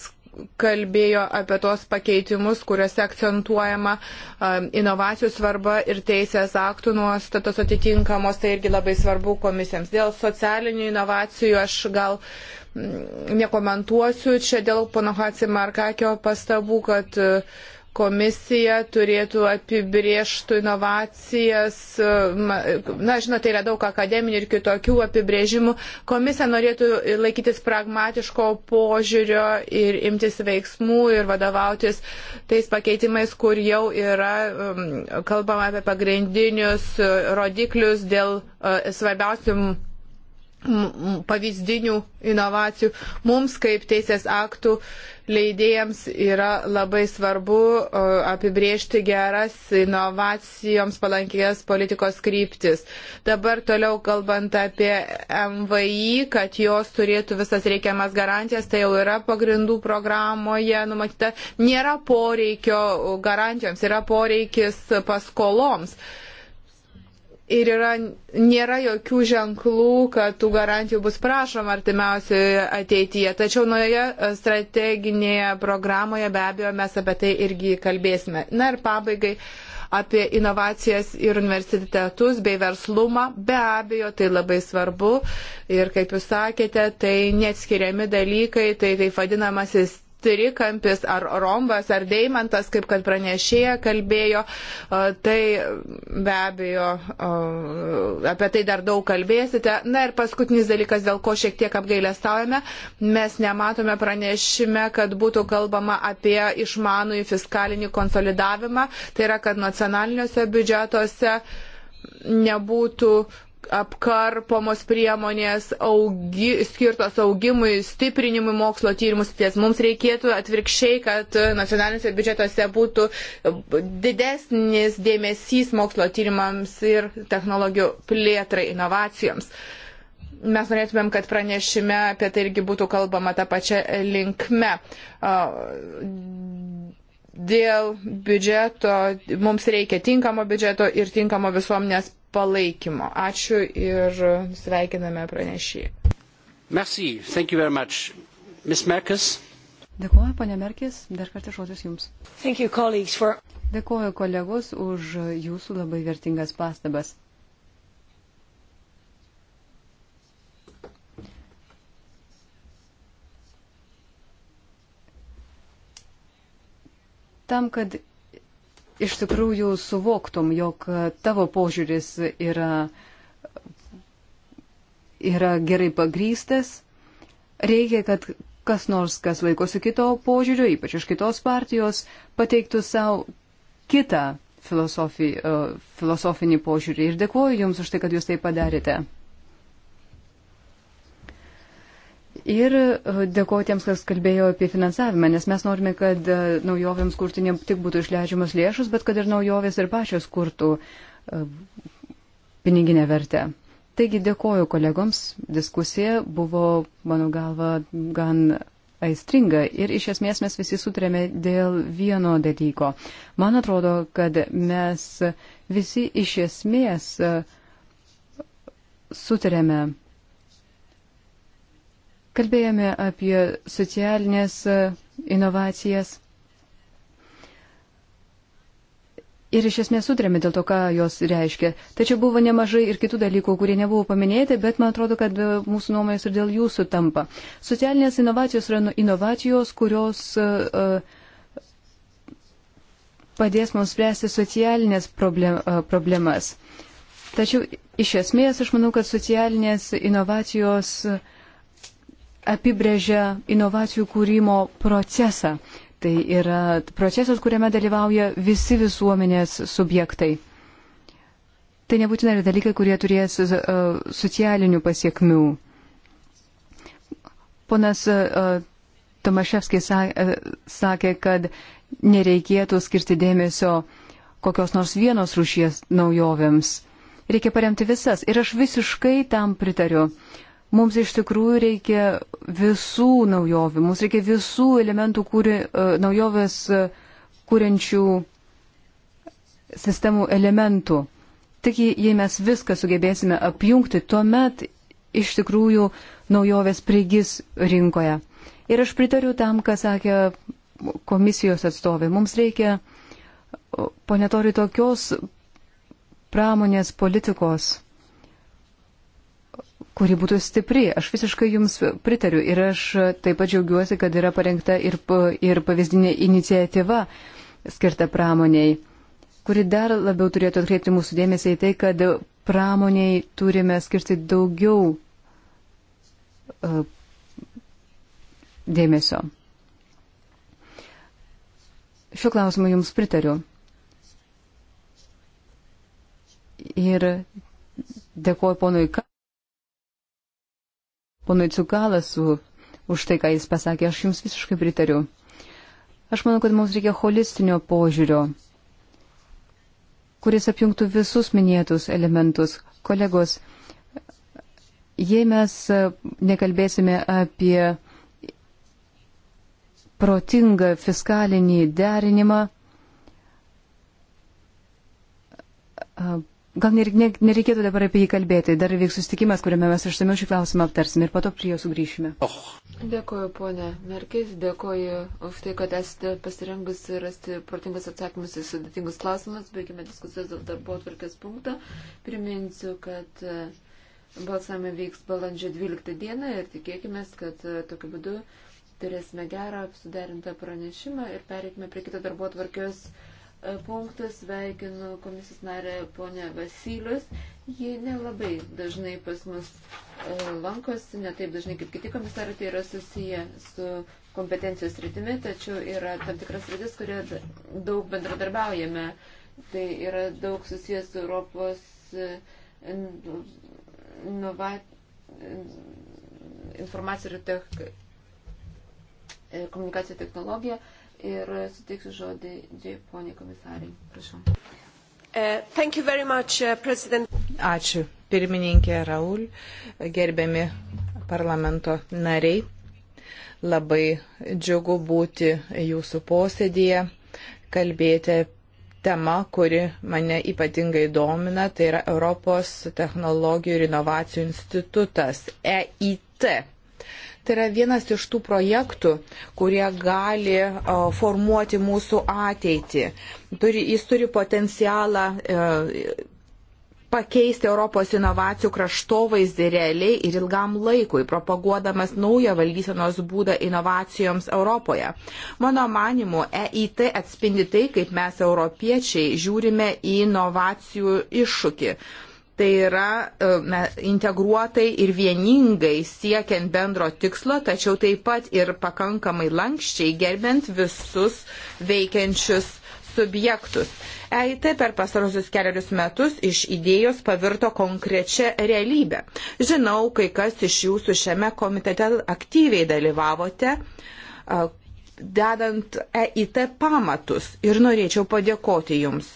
kalbėjo apie tos pakeitimus, kuriuose akcentuojama um, inovacijų svarba ir teisės aktų nuostatos atitinkamos, tai irgi labai svarbu komisijams. Dėl socialinių inovacijų aš gal mm, nekomentuosiu čia dėl pono Hatsi Markakio pastabų, kad uh, komisija turėtų apibrieštų inovacijas. Na, žinote, yra daug akademinių ir kitokių apibrėžimų. Komisija norėtų laikytis pragmatiško požiūrio ir imtis veiksmų ir vadovautis tais pakeitimais, kur jau yra um, kalbama apie pagrindinius rodiklius dėl uh, svarbiausių pavyzdinių inovacijų. Mums kaip teisės aktų leidėjams yra labai svarbu apibriežti geras inovacijoms palankės politikos kryptis. Dabar toliau kalbant apie MVI, kad jos turėtų visas reikiamas garantijas, tai jau yra pagrindų programoje numatyta. Nėra poreikio garantijoms, yra poreikis paskoloms ir yra, nėra jokių ženklų, kad tų garantijų bus prašoma artimiausioje ateityje. Tačiau nuoje e, strateginėje programoje be abejo mes apie tai irgi kalbėsime. Na ir pabaigai apie inovacijas ir universitetus bei verslumą. Be abejo, tai labai svarbu ir, kaip jūs sakėte, tai neatskiriami dalykai, tai taip vadinamasis trikampis ar rombas ar deimantas, kaip kad pranešėja kalbėjo, tai be abejo apie tai dar daug kalbėsite. Na ir paskutinis dalykas, dėl ko šiek tiek apgailę stavome, mes nematome pranešime, kad būtų kalbama apie išmanųjį fiskalinį konsolidavimą, tai yra, kad nacionaliniuose biudžetuose nebūtų apkarpomos priemonės augi, skirtos augimui, stiprinimui mokslo tyrimus. Ties mums reikėtų atvirkščiai, kad nacionaliniuose biudžetuose būtų didesnis dėmesys mokslo tyrimams ir technologijų plėtrai, inovacijoms. Mes norėtumėm, kad pranešime apie tai irgi būtų kalbama tą pačią linkme dėl biudžeto, mums reikia tinkamo biudžeto ir tinkamo visuomenės palaikymo. Ačiū ir sveikiname pranešį. Merci, thank you very much. Ms. Merkis. Dėkuoju, ponė Merkis, dar kartą žodis Jums. Thank you, colleagues, for... Dėkuoju kolegos už Jūsų labai vertingas pastabas. tam, kad iš tikrųjų suvoktum, jog tavo požiūris yra, yra gerai pagrystas, reikia, kad kas nors, kas laikosi kito požiūrio, ypač iš kitos partijos, pateiktų savo kitą e, filosofinį požiūrį. Ir dėkuoju Jums už tai, kad Jūs tai padarėte. Ir uh, dėkoju tiems, kas kalbėjo apie finansavimą, nes mes norime, kad uh, naujovėms kurti ne tik būtų išleidžiamas lėšus, bet kad ir naujovės ir pačios kurtų uh, piniginę vertę. Taigi dėkoju kolegoms, diskusija buvo, mano galva, gan aistringa ir iš esmės mes visi sutrėme dėl vieno dalyko. Man atrodo, kad mes visi iš esmės sutrėme Kalbėjome apie socialinės e, inovacijas. Ir iš esmės sutrėmė dėl to, ką jos reiškia. Tačiau buvo nemažai ir kitų dalykų, kurie nebuvo paminėti, bet man atrodo, kad e, mūsų nuomonės ir dėl jų sutampa. Socialinės inovacijos yra nu, inovacijos, kurios uh, padės mums spręsti socialinės problem, uh, problemas. Tačiau iš esmės aš manau, kad socialinės inovacijos uh, apibrėžia inovacijų kūrimo procesą. Tai yra procesas, kuriame dalyvauja visi visuomenės subjektai. Tai nebūtinai yra dalykai, kurie turės e, socialinių pasiekmių. Ponas e, Tomaševskis e, sakė, kad nereikėtų skirti dėmesio kokios nors vienos rušies naujovėms. Reikia paremti visas. Ir aš visiškai tam pritariu. Uh, Mums iš tikrųjų reikia visų naujovių, mums reikia visų elementų kūri, e, naujovės e, kūrenčių sistemų elementų. Tik jei mes viską sugebėsime apjungti, tuomet iš tikrųjų naujovės prigis rinkoje. Ir aš pritariu tam, ką sakė komisijos atstovai. Mums reikia, ponetori, tokios pramonės politikos, kuri būtų stipri. Aš visiškai jums pritariu ir aš taip pat džiaugiuosi, kad yra parengta ir, ir pavyzdinė iniciatyva skirta pramoniai, kuri dar labiau turėtų atkreipti mūsų dėmesį į tai, kad pramoniai turime skirti daugiau uh, dėmesio. Šiuo klausimu jums pritariu. Ir dėkuoju ponui Ką ponui Cukalasu už tai, ką jis pasakė. Aš jums visiškai pritariu. Aš manau, kad mums reikia holistinio požiūrio, kuris apjungtų visus minėtus elementus. Kolegos, jei mes nekalbėsime apie protingą fiskalinį derinimą, Gal nereikėtų dabar apie jį kalbėti. Dar vyks susitikimas, kuriame mes išsameu šį klausimą aptarsime ir po to prie jo sugrįšime. Oh. Dėkuoju, ponė Merkis, dėkuoju už tai, kad esate pasirengusi rasti protingus atsakymus į sudėtingus klausimus. Baigime diskusijas dėl darbo atvarkės punkto. Priminsiu, kad e, balsame vyks balandžio 12 dieną ir tikėkime, kad e, tokiu būdu turėsime gerą, suderintą pranešimą ir pereikime prie kito darbo atvarkės punkto punktus. Sveikinu komisijos narę ponę Vasilius. Ji nelabai dažnai pas mus e, lankosi, netaip dažnai kaip kiti komisarai, tai yra susiję su kompetencijos rytimi, tačiau yra tam tikras rytis, kurioje daug bendradarbiaujame. Tai yra daug susijęs su Europos e, inovat... informacijų ir tech... E, komunikacijų technologija. Uh, ir suteiksiu žodį poniai komisariai. Prašau. Uh, much, uh, Ačiū, pirmininkė Raul, gerbiami parlamento nariai. Labai džiugu būti jūsų posėdėje, kalbėti tema, kuri mane ypatingai domina, tai yra Europos technologijų ir inovacijų institutas EIT. Tai yra vienas iš tų projektų, kurie gali formuoti mūsų ateitį. Turi, jis turi potencialą e, pakeisti Europos inovacijų kraštovaizdį realiai ir ilgam laikui, propaguodamas naują valdysenos būdą inovacijoms Europoje. Mano manimu, EIT atspindi tai, kaip mes europiečiai žiūrime į inovacijų iššūkį. Tai yra e, integruotai ir vieningai siekiant bendro tikslo, tačiau taip pat ir pakankamai lankščiai gerbent visus veikiančius subjektus. EIT per pasarosius keliarius metus iš idėjos pavirto konkrečią realybę. Žinau, kai kas iš jūsų šiame komitete aktyviai dalyvavote, e, dedant EIT pamatus ir norėčiau padėkoti jums.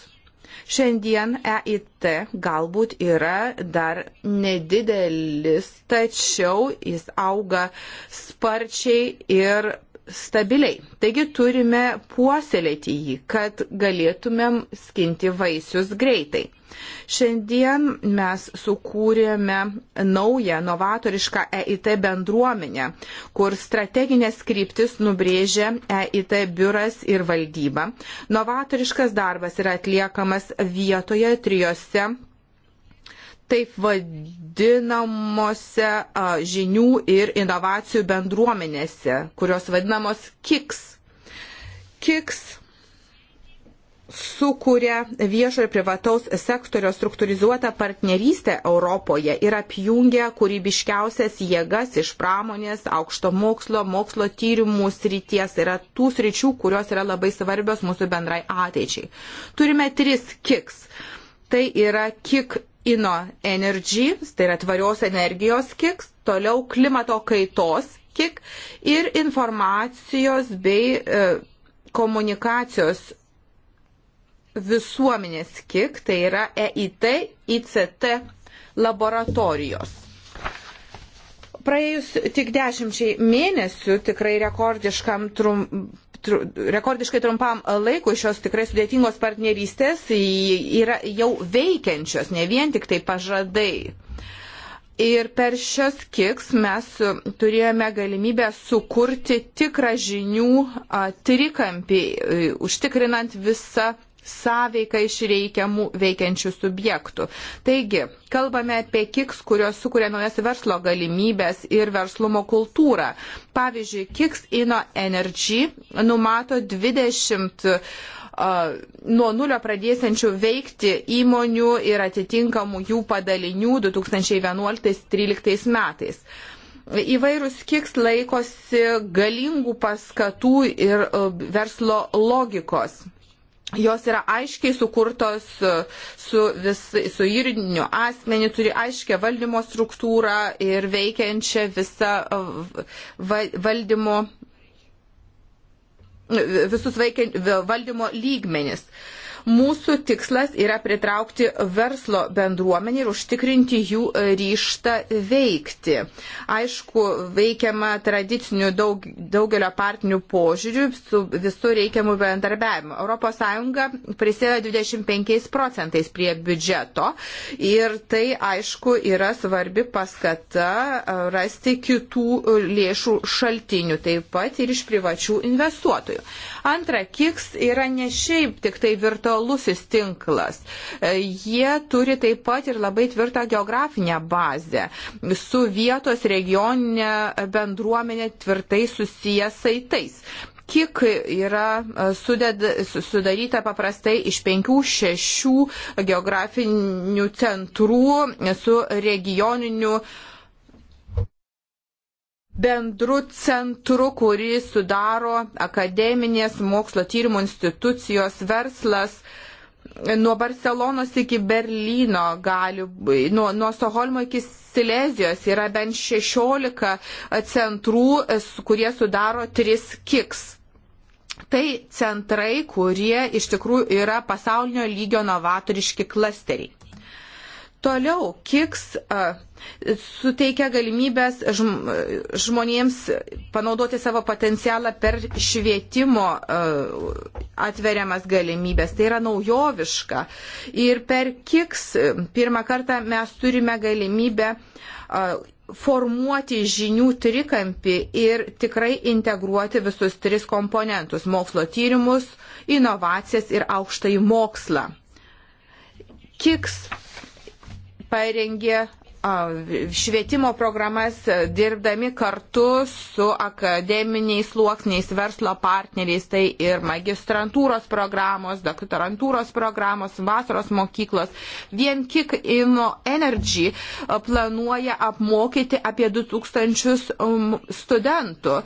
Šiandien EIT galbūt yra dar nedidelis, tačiau jis auga sparčiai ir stabiliai. Taigi turime puoselėti jį, kad galėtumėm skinti vaisius greitai. Šiandien mes sukūrėme naują novatorišką EIT bendruomenę, kur strateginės kryptis nubrėžė EIT biuras ir valdyba. Novatoriškas darbas yra atliekamas vietoje trijose taip vadinamose žinių ir inovacijų bendruomenėse, kurios vadinamos KIKS. KIKS sukuria viešo ir privataus sektorio struktūrizuotą partnerystę Europoje ir apjungia kūrybiškiausias jėgas iš pramonės, aukšto mokslo, mokslo tyrimų srities. Yra tų sričių, kurios yra labai svarbios mūsų bendrai ateičiai. Turime tris kiks. Tai yra kik Ino Energy, tai yra tvarios energijos kiks, toliau klimato kaitos kik ir informacijos bei e, komunikacijos visuomenės kik, tai yra EIT, ICT laboratorijos. Praėjus tik dešimčiai mėnesių, tikrai rekordiškam trum, tru, rekordiškai trumpam laikui šios tikrai sudėtingos partnerystės yra jau veikiančios, ne vien tik tai pažadai. Ir per šios kiks mes turėjome galimybę sukurti tikrą žinių trikampį, e, užtikrinant visą sąveiką iš reikiamų veikiančių subjektų. Taigi, kalbame apie kiks, kurios sukuria naujas verslo galimybės ir verslumo kultūrą. Pavyzdžiui, kiks Ino Energy numato 20 nuo nulio pradėsiančių veikti įmonių ir atitinkamų jų padalinių 2011-2013 metais. Įvairūs kiks laikosi galingų paskatų ir verslo logikos. Jos yra aiškiai sukurtos e, su, vis, su juridiniu asmeniu, turi aiškę valdymo struktūrą ir veikiančią visą e, valdymo e, visus veikiant, valdymo lygmenis. Mūsų tikslas yra pritraukti verslo bendruomenį ir užtikrinti jų e, ryštą veikti. Aišku, veikiama tradicinių daug, daugelio partinių požiūrių su visų reikiamų bendarbiavimu. ES prisėda 25 procentais prie biudžeto ir tai, aišku, yra svarbi paskata e, rasti kitų e, lėšų šaltinių, taip pat ir iš privačių investuotojų. Antra, kiks yra ne šiaip tik tai virtualus horizontalusis tinklas. E, jie turi taip pat ir labai tvirtą geografinę bazę su vietos regioninė bendruomenė tvirtai susijęs saitais kiek yra e, suded, sudaryta paprastai iš penkių, šešių geografinių centrų su regioniniu uh, bendru centru, kurį sudaro akademinės mokslo tyrimų institucijos verslas. Nuo Barcelonos iki Berlyno gali, nuo, nuo Stoholmo iki Silezijos yra bent 16 centrų, kurie sudaro 3 kiks. Tai centrai, kurie iš tikrųjų yra pasaulinio lygio novatoriški klasteriai. Toliau, kiks suteikia galimybės žmonėms panaudoti savo potencialą per švietimo atveriamas galimybės. Tai yra naujoviška. Ir per kiks pirmą kartą mes turime galimybę formuoti žinių trikampį ir tikrai integruoti visus tris komponentus - mokslo tyrimus, inovacijas ir aukštąjį mokslą. Kiks parengė švietimo programas e, dirbdami kartu su akademiniais sluoksniais verslo partneriais, tai ir magistrantūros programos, doktorantūros programos, vasaros mokyklos. Vien kiek Inno Energy e, planuoja apmokyti apie 2000 um, studentų,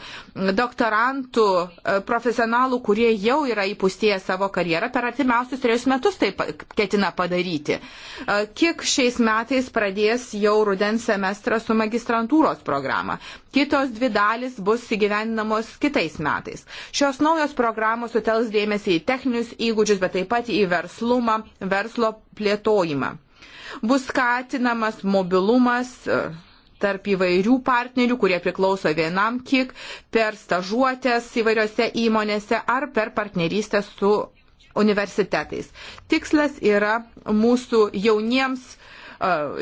doktorantų, e, profesionalų, kurie jau yra įpustėję savo karjerą, per artimiausius trejus metus tai ketina padaryti. Kiek šiais metais pradės jau jau rudens semestrą su magistrantūros programa. Kitos dvi dalis bus įgyvendinamos kitais metais. Šios naujos programos sutels dėmesį į techninius įgūdžius, bet taip pat į verslumą, verslo plėtojimą. Bus skatinamas mobilumas, e, tarp įvairių partnerių, kurie priklauso vienam kiek, per stažuotės įvairiose įmonėse ar per partnerystę su universitetais. Tikslas yra mūsų jauniems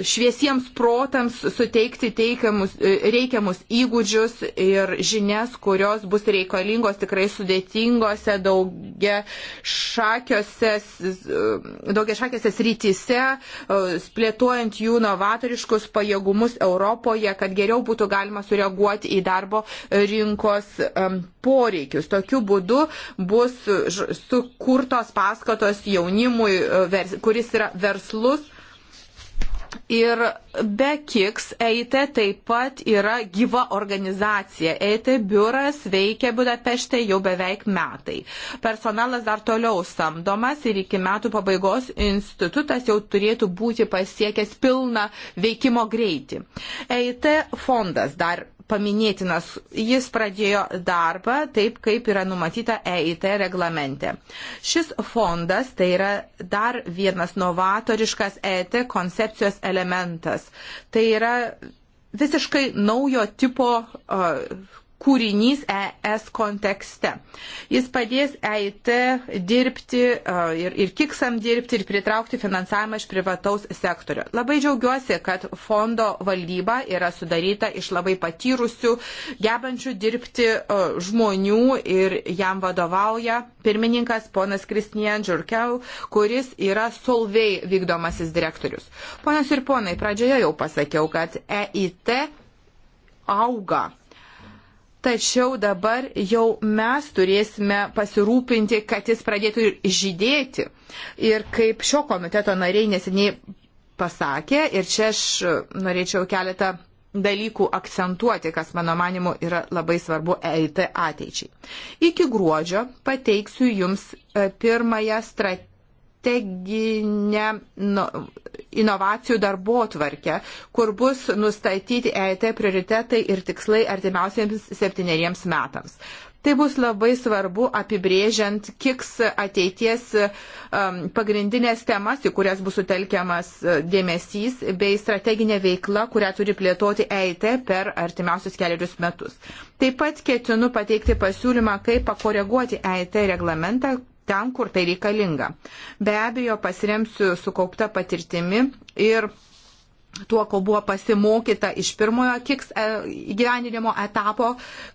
šviesiems protams suteikti teikiamus, e, reikiamus įgūdžius ir žinias, kurios bus reikalingos tikrai sudėtingose daugia šakiose, e, daugia šakiose srityse, e, splėtuojant jų novatoriškus pajėgumus Europoje, kad geriau būtų galima sureaguoti į darbo rinkos poreikius. Tokiu būdu bus sukurtos paskatos jaunimui, kuris yra verslus Ir be KIKS EIT taip pat yra gyva organizacija. EIT biuras veikia Budapešte jau beveik metai. Personalas dar toliau samdomas ir iki metų pabaigos institutas jau turėtų būti pasiekęs pilną veikimo greitį. EIT fondas dar paminėtinas. Jis pradėjo darbą taip, kaip yra numatyta EIT reglamente. Šis fondas tai yra dar vienas novatoriškas EIT koncepcijos elementas. Tai yra visiškai naujo tipo uh, kūrinys ES kontekste. Jis padės EIT dirbti e, ir, ir kiksam dirbti ir pritraukti finansavimą iš privataus sektorio. Labai džiaugiuosi, kad fondo valdyba yra sudaryta iš labai patyrusių, gebančių dirbti e, žmonių ir jam vadovauja pirmininkas ponas Kristijan Džurkiau, kuris yra Solvei vykdomasis direktorius. Ponas ir ponai, pradžioje jau pasakiau, kad EIT auga Tačiau dabar jau mes turėsime pasirūpinti, kad jis pradėtų žydėti. Ir kaip šio komiteto nariai neseniai pasakė, ir čia aš norėčiau keletą dalykų akcentuoti, kas mano manimu yra labai svarbu EIT ateičiai. Iki gruodžio pateiksiu Jums e, pirmąją strategiją strateginę nu, inovacijų darbo tvarkę, kur bus nustatyti EIT prioritetai ir tikslai artimiausiems septyneriems metams. Tai bus labai svarbu apibrėžiant, kiks ateities um, pagrindinės temas, į kurias bus sutelkiamas uh, dėmesys, bei strateginė veikla, kurią turi plėtoti EIT per artimiausius keliarius metus. Taip pat ketinu pateikti pasiūlymą, kaip pakoreguoti EIT reglamentą, ten, kur tai reikalinga. Be abejo, pasiremsiu sukaupta patirtimi ir tuo, ko buvo pasimokyta iš pirmojo kiks e, gyvenimo etapo,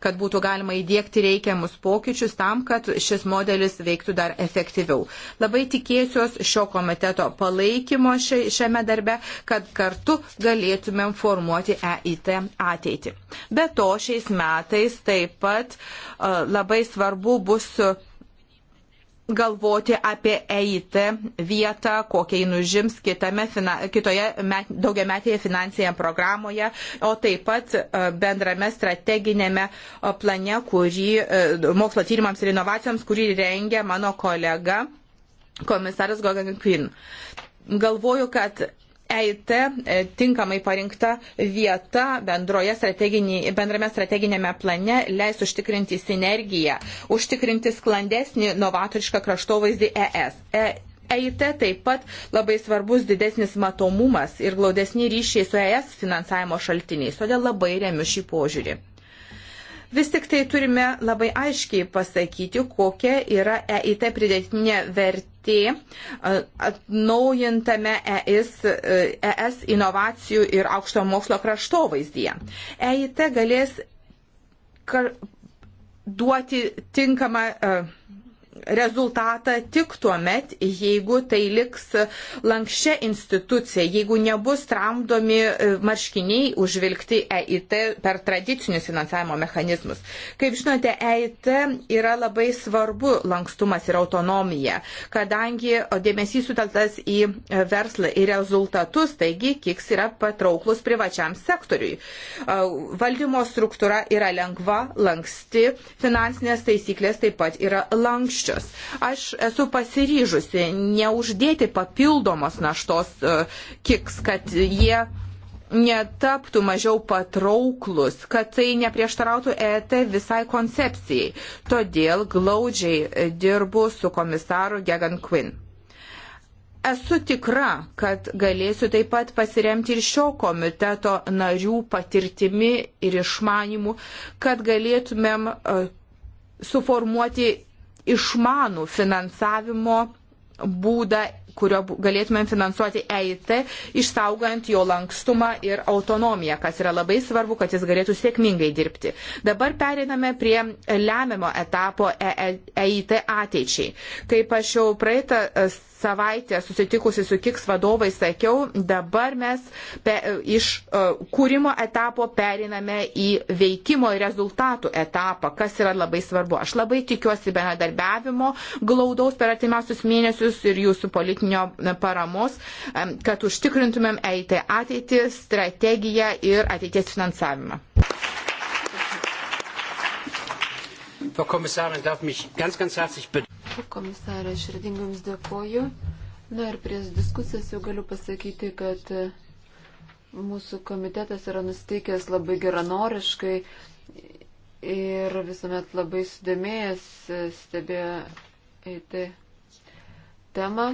kad būtų galima įdėkti reikiamus pokyčius tam, kad šis modelis veiktų dar efektyviau. Labai tikėsiuos šio komiteto palaikymo šiame darbe, kad kartu galėtumėm formuoti EIT ateitį. Be to, šiais metais taip pat e, labai svarbu bus galvoti apie EIT vietą, kokią jį nužims kitame, kitoje met, daugiametėje finansinėje programoje, o taip pat e, bendrame strateginėme e, plane, kurį e, mokslo tyrimams ir inovacijoms, kurį rengia mano kolega komisaras Gogan Quinn. Galvoju, kad EIT e, tinkamai parinkta vieta strateginė, bendrame strateginėme plane leis užtikrinti sinergiją, užtikrinti sklandesnį novatorišką kraštovaizdį ES. E EIT e taip pat labai svarbus didesnis matomumas ir glaudesni ryšiai su ES finansavimo šaltiniais, todėl labai remiu šį požiūrį. Vis tik tai turime labai aiškiai pasakyti, kokia yra EIT pridėtinė vertė T atnaujintame ES, ES e inovacijų ir aukšto mokslo kraštovaizdyje. EIT galės kar, duoti tinkamą uh, rezultatą tik tuo met, jeigu tai liks lankščia institucija, jeigu nebus tramdomi e, marškiniai užvilgti EIT per tradicinius finansavimo mechanizmus. Kaip žinote, EIT yra labai svarbu lankstumas ir autonomija, kadangi dėmesys suteltas į e, verslą ir rezultatus, taigi kiks yra patrauklus privačiam sektoriui. E, valdymo struktūra yra lengva, lanksti, finansinės taisyklės taip pat yra lankščios tuščios. Aš esu pasiryžusi neuždėti papildomos naštos e, kiks, kad jie netaptų mažiau patrauklus, kad tai neprieštarautų ET visai koncepcijai. Todėl glaudžiai e, dirbu su komisaru Gegan Quinn. Esu tikra, kad galėsiu taip pat pasiremti ir šio komiteto narių patirtimi ir išmanimu, kad galėtumėm e, suformuoti išmanų finansavimo būdą, kurio galėtumėm finansuoti EIT, išsaugant jo lankstumą ir autonomiją, kas yra labai svarbu, kad jis galėtų sėkmingai dirbti. Dabar pereiname prie lemiamo etapo EIT ateičiai. Kaip aš jau praeitą savaitę susitikusi su KIKS vadovai sakiau, dabar mes pe, iš e, kūrimo etapo periname į veikimo ir rezultatų etapą, kas yra labai svarbu. Aš labai tikiuosi bendradarbiavimo glaudaus per artimiausius mėnesius ir jūsų politinio paramos, e, kad užtikrintumėm EIT ateitį, strategiją ir ateities finansavimą. Frau Kommissarin, darf mich ganz, ganz herzlich bedanken komisarė Širdinga, jums dėkoju. Na ir prieš diskusijas jau galiu pasakyti, kad mūsų komitetas yra nusteikęs labai geranoriškai ir visuomet labai sudėmėjęs stebėjo eiti temą.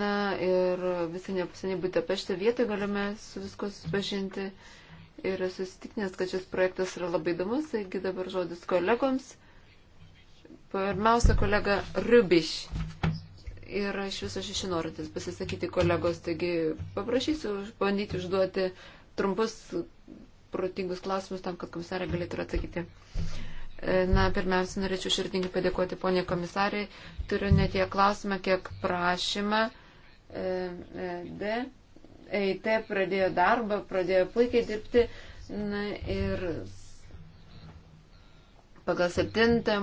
Na ir visai nepasiniai Budapešte vietoje galime su visko susipažinti ir susitikinęs, kad šis projektas yra labai įdomus, taigi dabar žodis kolegoms. Pirmiausia, kolega Rubiš. Ir iš viso šešinorintis pasisakyti kolegos, taigi paprašysiu bandyti užduoti trumpus protingus klausimus tam, kad komisarė galėtų atsakyti. E, na, pirmiausia, norėčiau širdingai padėkoti ponė komisarė. Turiu ne tiek klausimą, kiek prašymą. E, e, D. EIT pradėjo darbą, pradėjo puikiai dirbti. Na, ir pagal septintą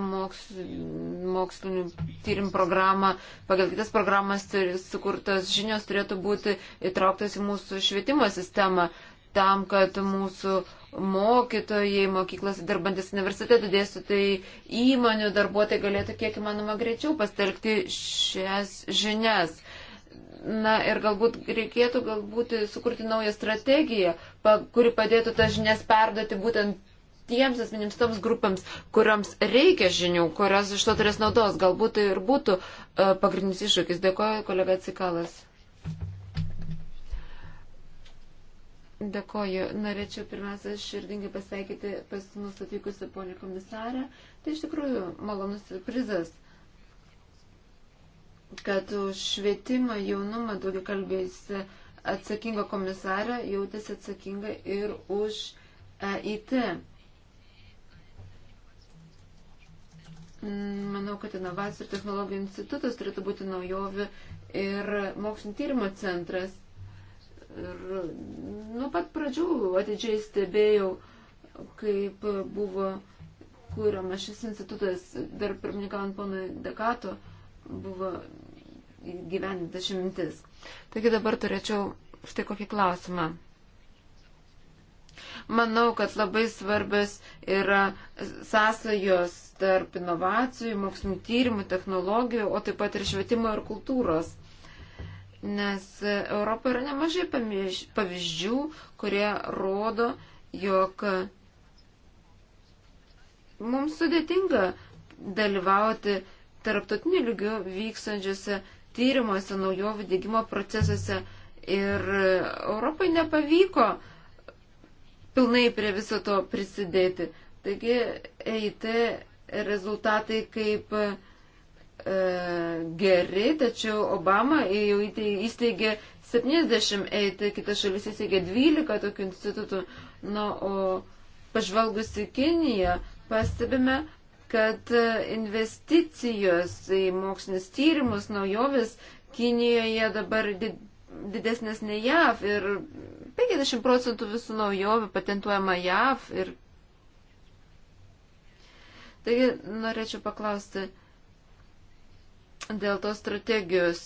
mokslinių tyrimų programą, pagal kitas programas sukurtos žinios turėtų būti įtrauktos į mūsų švietimo sistemą tam, kad mūsų mokytojai, mokyklas dirbantis universitetų dėstytojai, įmonių darbuotojai galėtų kiek įmanoma greičiau pastelgti šias žinias. Na ir galbūt reikėtų galbūt sukurti naują strategiją, pa, kuri padėtų tas žinias perduoti būtent tiems asmenims, toms grupėms, kuriams reikia žinių, kurios iš to turės naudos. Galbūt tai ir būtų e, pagrindinis iššūkis. Dėkoju, kolega Cikalas. Dėkoju. Norėčiau pirmiausia širdingai pasveikyti pas mus atvykusią ponį komisarę. Tai iš tikrųjų malonus prizas kad už švietimą jaunumą daugia kalbėjusi atsakinga komisarė jautėsi atsakinga ir už EIT. Manau, kad inovacijų ir technologijų institutas turėtų būti naujovių ir mokslinio tyrimo centras. Ir nuo pat pradžių atidžiai stebėjau, kaip buvo kūriamas šis institutas, dar pirmininkavant ponui Dekato, buvo gyveninta ši mintis. Taigi dabar turėčiau štai kokį klausimą. Manau, kad labai svarbės yra sąsajos tarp inovacijų, mokslinių tyrimų, technologijų, o taip pat ir švietimo ir kultūros. Nes Europoje yra nemažai pavyzdžių, kurie rodo, jog mums sudėtinga dalyvauti tarptautiniu lygiu vykstančiuose tyrimuose, naujovių dėgymo procesuose. Ir Europai nepavyko pilnai prie viso to prisidėti. Taigi EIT rezultatai kaip e, geri, tačiau Obama jau įsteigė 70, tai kitas šalis įsteigė 12 tokių institutų. Na, o pažvalgus į Kiniją, pastebime, kad e, investicijos į mokslinis tyrimus, naujovis Kinijoje dabar didesnės nei JAV ir 50 procentų visų naujovių patentuojama JAV ir Taigi norėčiau paklausti dėl tos strategijos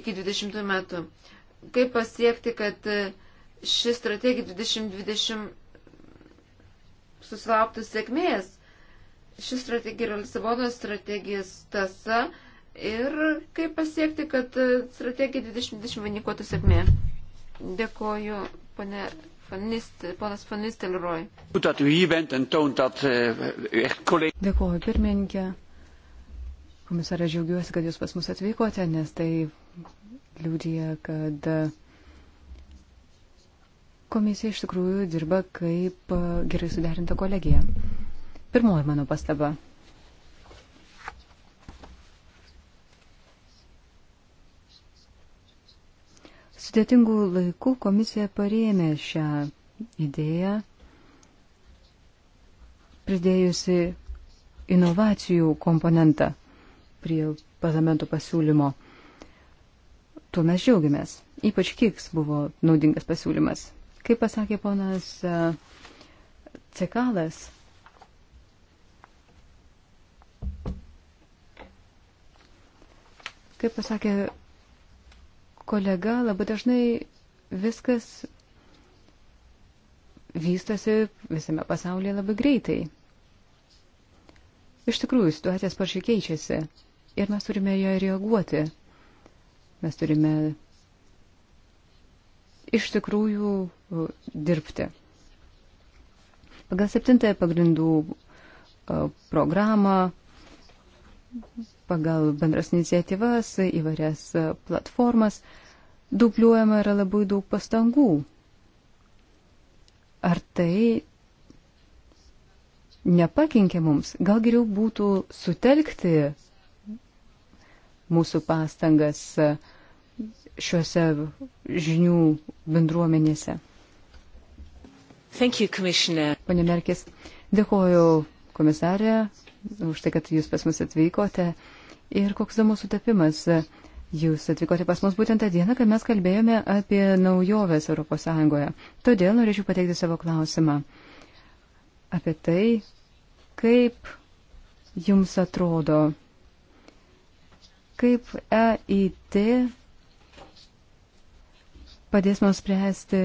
iki 20 metų. Kaip pasiekti, kad ši strategija 2020 susilauktų sėkmės? Ši strategija yra Lisabonos strategijos tasa ir kaip pasiekti, kad strategija 2020 vainikuotų sėkmė. Dėkoju, pane van Nistelrooy. Eh, Dėkuoju pirmininkė. Komisarė, džiaugiuosi, kad jūs pas mus atvykote, nes tai liūdija, kad komisija iš tikrųjų dirba kaip eh, gerai suderinta kolegija. Pirmoji mano pastaba. Sudėtingų laikų komisija parėmė šią idėją, pridėjusi inovacijų komponentą prie parlamento pasiūlymo. Tuo mes džiaugiamės. Ypač kiks buvo naudingas pasiūlymas. Kaip pasakė ponas Cekalas, kaip pasakė kolega, labai dažnai viskas vystosi visame pasaulyje labai greitai. Iš tikrųjų, situacija sparčiai keičiasi ir mes turime ją reaguoti. Mes turime iš tikrųjų uh, dirbti. Pagal septintąją pagrindų uh, programą pagal bendras iniciatyvas, įvairias e, platformas, dubliuojama yra labai daug pastangų. Ar tai nepakenkė mums? Gal geriau būtų sutelkti mūsų pastangas e, šiuose žinių bendruomenėse? Thank you, Pane Merkis, dėkoju komisarė už tai, kad jūs pas mus atvykote. Ir koks įdomus sutapimas. Jūs atvykote pas mus būtent tą dieną, kai mes kalbėjome apie naujoves ES. Todėl norėčiau pateikti savo klausimą apie tai, kaip jums atrodo, kaip EIT padės mums spręsti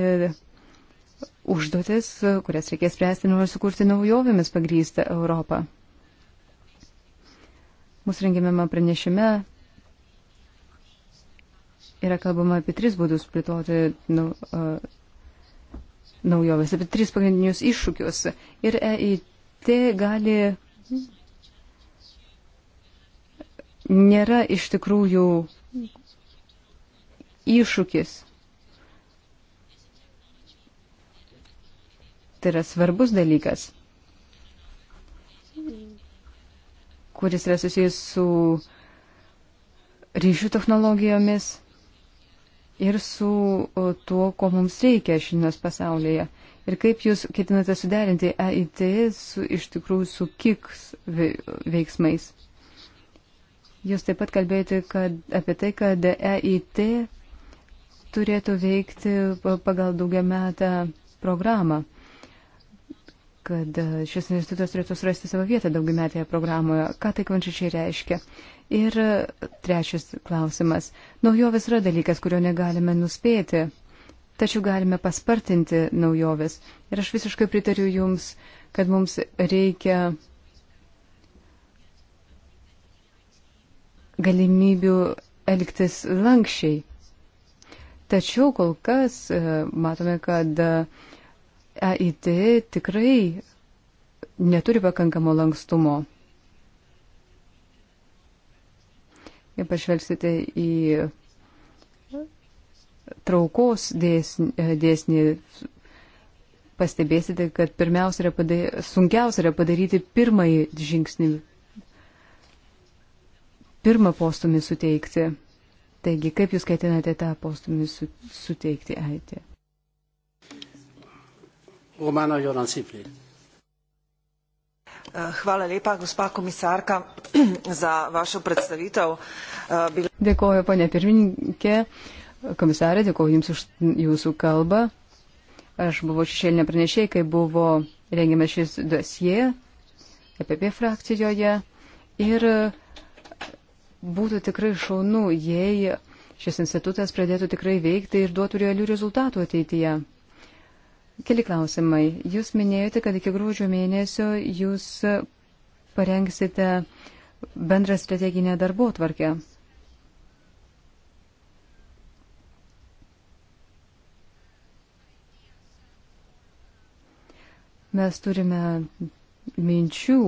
užduotis, kurias reikės spręsti, norint sukurti naujovėmis pagrystą Europą. Mūsų rengiamame pranešime yra kalbama apie tris būdus plėtoti nu, uh, naujoves, apie tris pagrindinius iššūkius. Ir EIT gali. Nėra iš tikrųjų iššūkis. Tai yra svarbus dalykas. kuris yra susijęs su ryšių technologijomis ir su tuo, ko mums reikia šiandienos pasaulyje. Ir kaip jūs ketinate suderinti EIT su, iš tikrųjų su KIKS veiksmais? Jūs taip pat kalbėjote kad, apie tai, kad EIT turėtų veikti pagal daugiametę programą kad e, šis institutas turėtų surasti savo vietą daugiametėje programoje. Ką tai konkrečiai reiškia? Ir e, trečias klausimas. Naujovės yra dalykas, kurio negalime nuspėti, tačiau galime paspartinti naujovės. Ir aš visiškai pritariu Jums, kad mums reikia galimybių elgtis lankščiai. Tačiau kol kas e, matome, kad uh, EIT tikrai neturi pakankamo lankstumo. Jei pažvelgsite į traukos dėsnį, e, dėsnį pastebėsite, kad pirmiausia yra padaryti, sunkiausia yra padaryti pirmąjį žingsnį, pirmą postumį suteikti. Taigi, kaip jūs ketinate tą postumį su, suteikti ateitį? E Romana Jordan Sipli. Hvala lepa, gospa komisarka, za vašo predstavitev. Eh, dėkoju, ponė pirmininkė. Komisarė, dėkoju Jums už Jūsų kalbą. Aš buvau šešėlinė pranešėja, kai buvo rengiamas šis dosie EPP frakcijoje. Ir būtų tikrai šaunu, jei šis institutas pradėtų tikrai veikti ir duotų realių rezultatų ateityje. Keli klausimai. Jūs minėjote, kad iki gruodžio mėnesio jūs parengsite bendrą strateginę darbo tvarkę. Mes turime minčių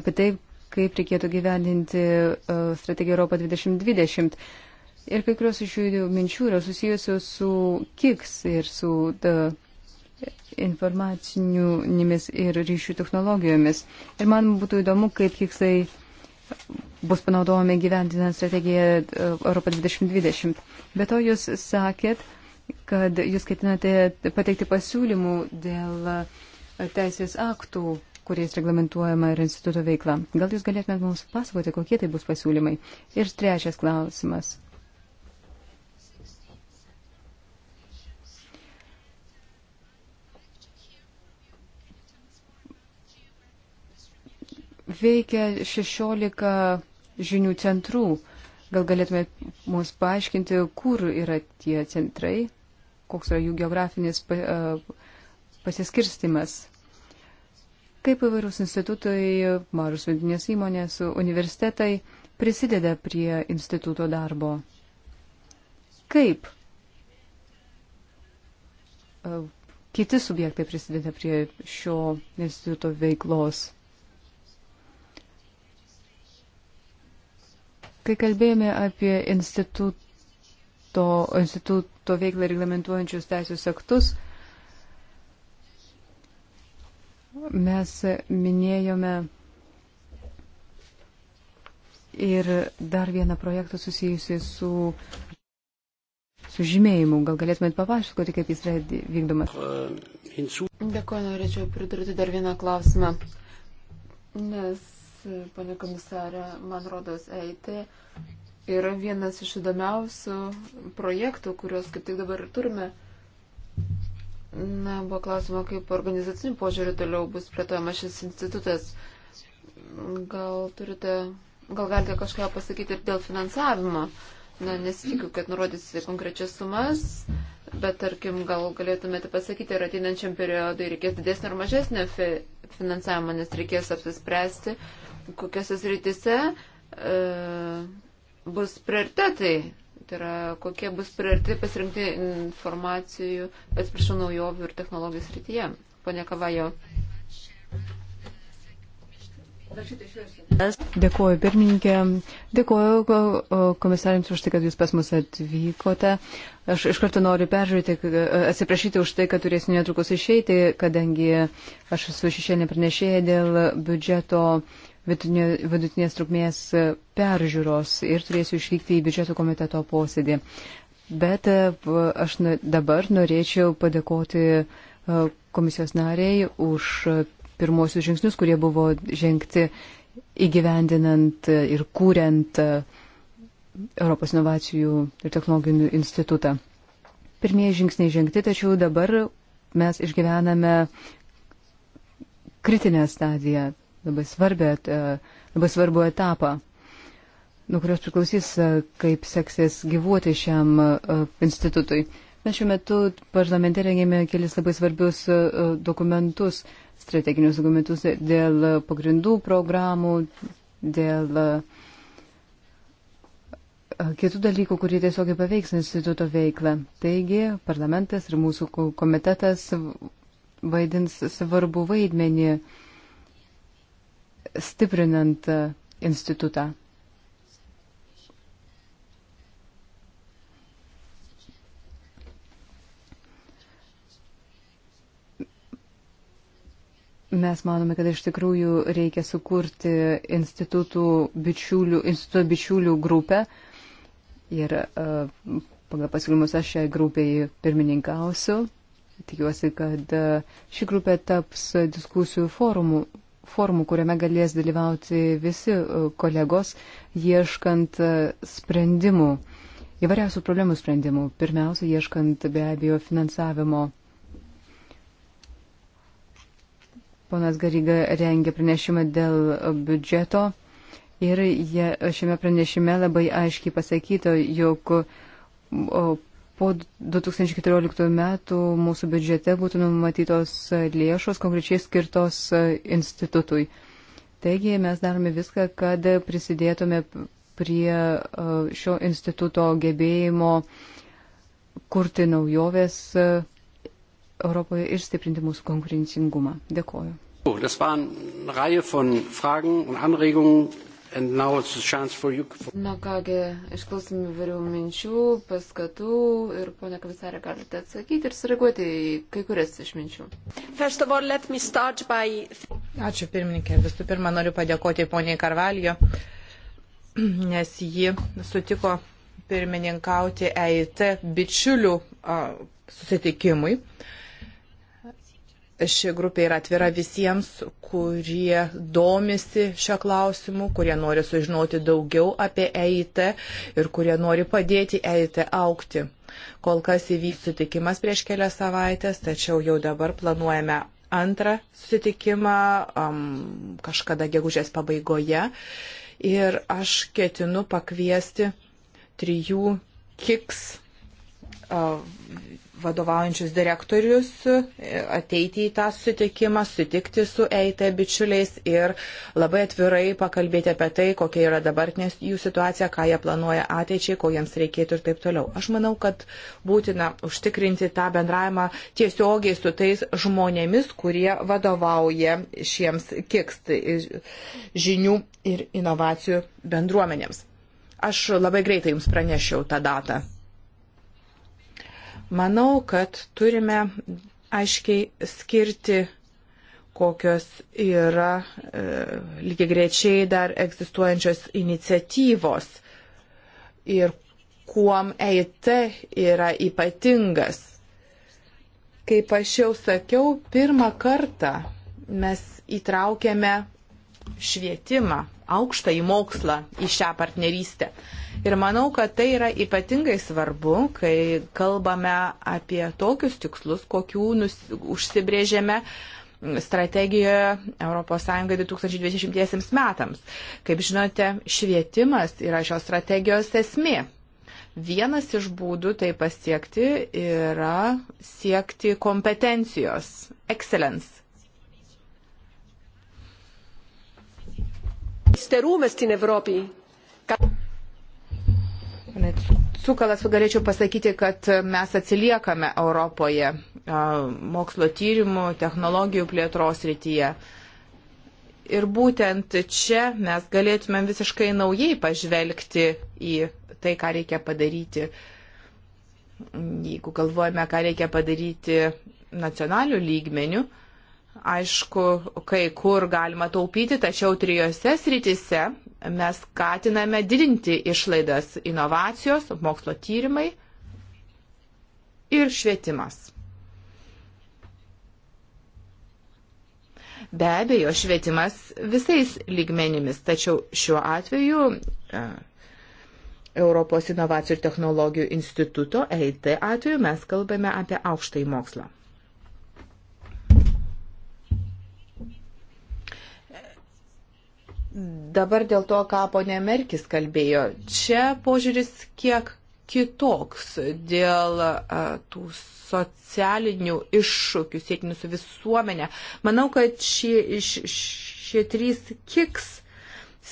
apie tai, kaip reikėtų gyvendinti e, strategiją Europą 2020. Ir kai kurios iš jų minčių yra susijusios su KIKS ir su uh, informacinėmis ir ryšių technologijomis. Ir man būtų įdomu, kaip tikslai bus panaudojami gyvendinant strategiją e, Europą 2020. Be to jūs sakėt, kad jūs ketinate pateikti pasiūlymų dėl e, teisės aktų, kuriais reglamentuojama ir instituto veikla. Gal jūs galėtumėte mums pasakoti, kokie tai bus pasiūlymai? Ir trečias klausimas. veikia 16 žinių centrų. Gal galėtume mums paaiškinti, kur yra tie centrai, koks yra jų geografinis pasiskirstimas. Kaip įvairūs institutai, mažos vidinės įmonės, universitetai prisideda prie instituto darbo. Kaip kiti subjektai prisideda prie šio instituto veiklos. Kai kalbėjome apie instituto, instituto veiklą reglamentuojančius teisės aktus, mes minėjome ir dar vieną projektą susijusi su, su žymėjimu. Gal galėtumėt papasakoti, kaip jis yra vykdomas? Dėkuoju, norėčiau pridurti dar vieną klausimą. Nes pane komisarė, man rodos, EIT yra vienas iš įdomiausių projektų, kuriuos kaip tik dabar ir turime. Na, buvo klausima, kaip organizacinių požiūrių toliau bus plėtojamas šis institutas. Gal turite, gal galite kažką pasakyti ir dėl finansavimo? Na, nesitikiu, kad nurodysite konkrečias sumas, bet tarkim, gal galėtumėte pasakyti, ar ateinančiam periodui reikės didesnio ar mažesnio fi finansavimo, nes reikės apsispręsti, kokiose sritise e, bus prioritetai, tai yra kokie bus prioritetai pasirinkti informacijų, atsiprašau, naujovių ir technologijų srityje. Pone Kavajo. Dėkuoju pirmininkė, dėkuoju komisarėms už tai, kad jūs pas mus atvykote. Aš iš karto noriu peržiūrėti, e, atsiprašyti už tai, kad turėsiu netrukus išeiti, kadangi aš esu šešėlė pranešėja dėl biudžeto uh, vidutinės trukmės e, peržiūros ir turėsiu išvykti į biudžeto komiteto posėdį. Bet e, aš dabar norėčiau padėkoti e, komisijos nariai už pirmosius žingsnius, kurie buvo žengti įgyvendinant ir kūrent Europos inovacijų ir technologijų institutą. Pirmieji žingsniai žengti, tačiau dabar mes išgyvename kritinę stadiją labai, svarbę, e, labai svarbu etapą, nuo kurios priklausys, e, kaip seksis gyvuoti šiam e, institutui. Mes šiuo metu parlamente rengėme kelis labai svarbius dokumentus, strateginius dokumentus dėl pagrindų programų, dėl kitų dalykų, kurie tiesiogiai paveiks instituto veiklą. Taigi, parlamentas ir mūsų komitetas vaidins svarbų vaidmenį uh, stiprinant e, institutą. Mes manome, kad iš tikrųjų reikia sukurti institutų bičiulių, instituto bičiulių grupę ir uh, pagal pasiūlymus aš šiai grupiai pirmininkausiu. Tikiuosi, kad e, ši grupė taps diskusijų forumu, formų, kuriame galės dalyvauti visi e, kolegos, ieškant e, sprendimų, įvairiausių problemų sprendimų. Pirmiausia, ieškant be abejo finansavimo. Ponas Garyga rengia pranešimą dėl biudžeto ir jie, šiame pranešime labai aiškiai pasakyto, jog po 2014 metų mūsų biudžete būtų numatytos lėšos konkrečiai skirtos institutui. Taigi mes darome viską, kad prisidėtume prie e, šio instituto gebėjimo kurti naujoves e, Europoje ir stiprinti mūsų konkurencingumą. Dėkoju. Das waren eine Reihe von Fragen und Anregungen Na kągi, išklausom įvairių minčių, paskatų ir ponia komisarė galite atsakyti ir sureaguoti į kai kurias iš minčių. All, by... Ačiū pirmininkė. Visų pirma, noriu padėkoti poniai Karvalijo, nes ji sutiko pirmininkauti EIT bičiulių susitikimui. Uh, Ši grupė yra atvira visiems, kurie domisi šio klausimu, kurie nori sužinoti daugiau apie EIT ir kurie nori padėti EIT aukti. Kol kas įvyks sutikimas prieš kelias savaitės, tačiau jau dabar planuojame antrą susitikimą um, kažkada gegužės pabaigoje. Ir aš ketinu pakviesti trijų kiks uh, vadovaujančius direktorius e, ateiti į tą sutikimą, sutikti su EIT bičiuliais ir labai atvirai pakalbėti apie tai, kokia yra dabartinė jų situacija, ką jie planuoja ateičiai, ko jiems reikėtų ir taip toliau. Aš manau, kad būtina užtikrinti tą bendravimą tiesiogiai su tais žmonėmis, kurie vadovauja šiems kikst žinių ir inovacijų bendruomenėms. Aš labai greitai jums pranešiau tą datą. Manau, kad turime aiškiai skirti, kokios yra e, lygiai grečiai dar egzistuojančios iniciatyvos ir kuom EIT yra ypatingas. Kaip aš jau sakiau, pirmą kartą mes įtraukėme švietimą, aukštą į mokslą, į šią partnerystę. Ir manau, kad tai yra ypatingai svarbu, kai kalbame apie tokius tikslus, kokių nus, užsibrėžėme strategijoje ES 2020 metams. Kaip žinote, švietimas yra šios strategijos esmė. Vienas iš būdų tai pasiekti yra siekti kompetencijos, excellence Στερούμε στην Ευρώπη. Cukalas galėčiau pasakyti, kad mes atsiliekame Europoje mokslo tyrimų, technologijų plėtros rytyje. Ir būtent čia mes galėtumėm visiškai naujai pažvelgti į tai, ką reikia padaryti, jeigu galvojame, ką reikia padaryti nacionalių lygmenių. Aišku, kai kur galima taupyti, tačiau trijose sritise mes skatiname didinti išlaidas inovacijos, mokslo tyrimai ir švietimas. Be abejo, švietimas visais lygmenimis, tačiau šiuo atveju e, Europos inovacijų ir technologijų instituto EIT atveju mes kalbame apie aukštąjį mokslą. Dabar dėl to, ką ponė Merkis kalbėjo, čia požiūris kiek kitoks dėl uh, tų socialinių iššūkių siekinių su visuomenė. Manau, kad šie, šie trys kiks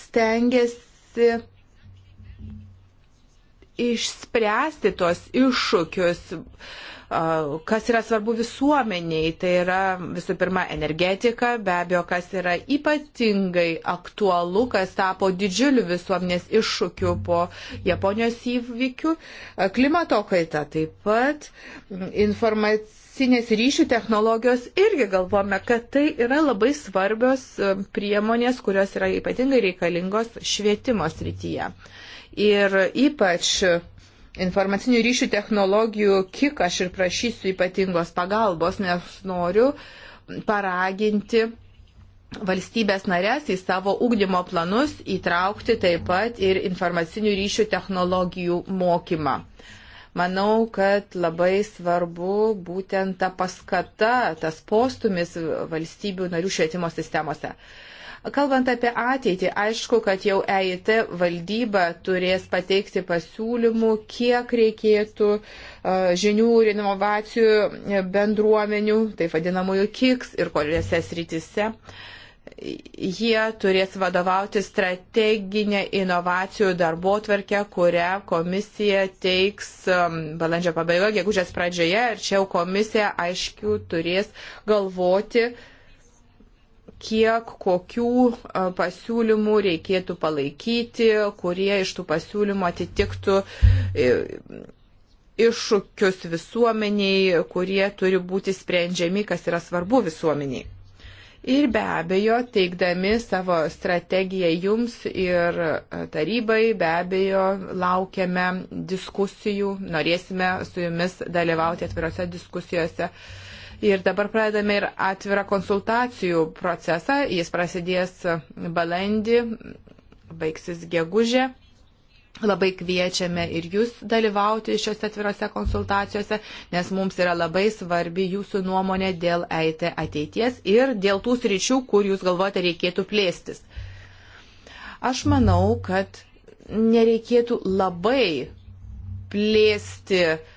stengiasi išspręsti tos iššūkius. Uh, kas yra svarbu visuomeniai. Tai yra visų pirma energetika, be abejo, kas yra ypatingai aktualu, kas tapo didžiuliu visuomenės iššūkiu po Japonijos įvykių. Klimato kaita taip pat informacija informacinės ryšių technologijos irgi galvome, kad tai yra labai svarbios priemonės, kurios yra ypatingai reikalingos švietimo srityje. Ir ypač informacinių ryšių technologijų kiek aš ir prašysiu ypatingos pagalbos, nes noriu paraginti valstybės narės į savo ugdymo planus įtraukti taip pat ir informacinių ryšių technologijų mokymą. Manau, kad labai svarbu būtent ta paskata, tas postumis valstybių narių švietimo sistemose. Uh, Kalbant apie ateitį, aišku, kad jau EIT valdyba turės pateikti pasiūlymų, kiek reikėtų e, žinių ir inovacijų bendruomenių, tai vadinamųjų KIKS ir kuriuose srityse jie turės vadovauti strateginę inovacijų darbo tvarkę, kurią komisija teiks um, balandžio pabaigoje, gegužės pradžioje ir čia jau komisija aiškiai turės galvoti, uh, kiek, kokių e, pasiūlymų reikėtų palaikyti, kurie iš tų pasiūlymų atitiktų e, iššūkius visuomeniai, kurie turi būti sprendžiami, kas yra svarbu visuomeniai. Ir be abejo, teikdami savo strategiją jums ir e, tarybai, be abejo, laukiame diskusijų, norėsime su jumis dalyvauti atvirose diskusijose. Uh, Ir dabar pradedame ir atvirą konsultacijų procesą. Jis prasidės balandį, baigsis gegužė. Labai kviečiame ir jūs dalyvauti šiuose atvirose konsultacijose, nes mums yra labai svarbi jūsų nuomonė dėl EIT ateities ir dėl tų sričių, kur jūs galvojate reikėtų plėstis. Aš manau, kad nereikėtų labai plėsti uh,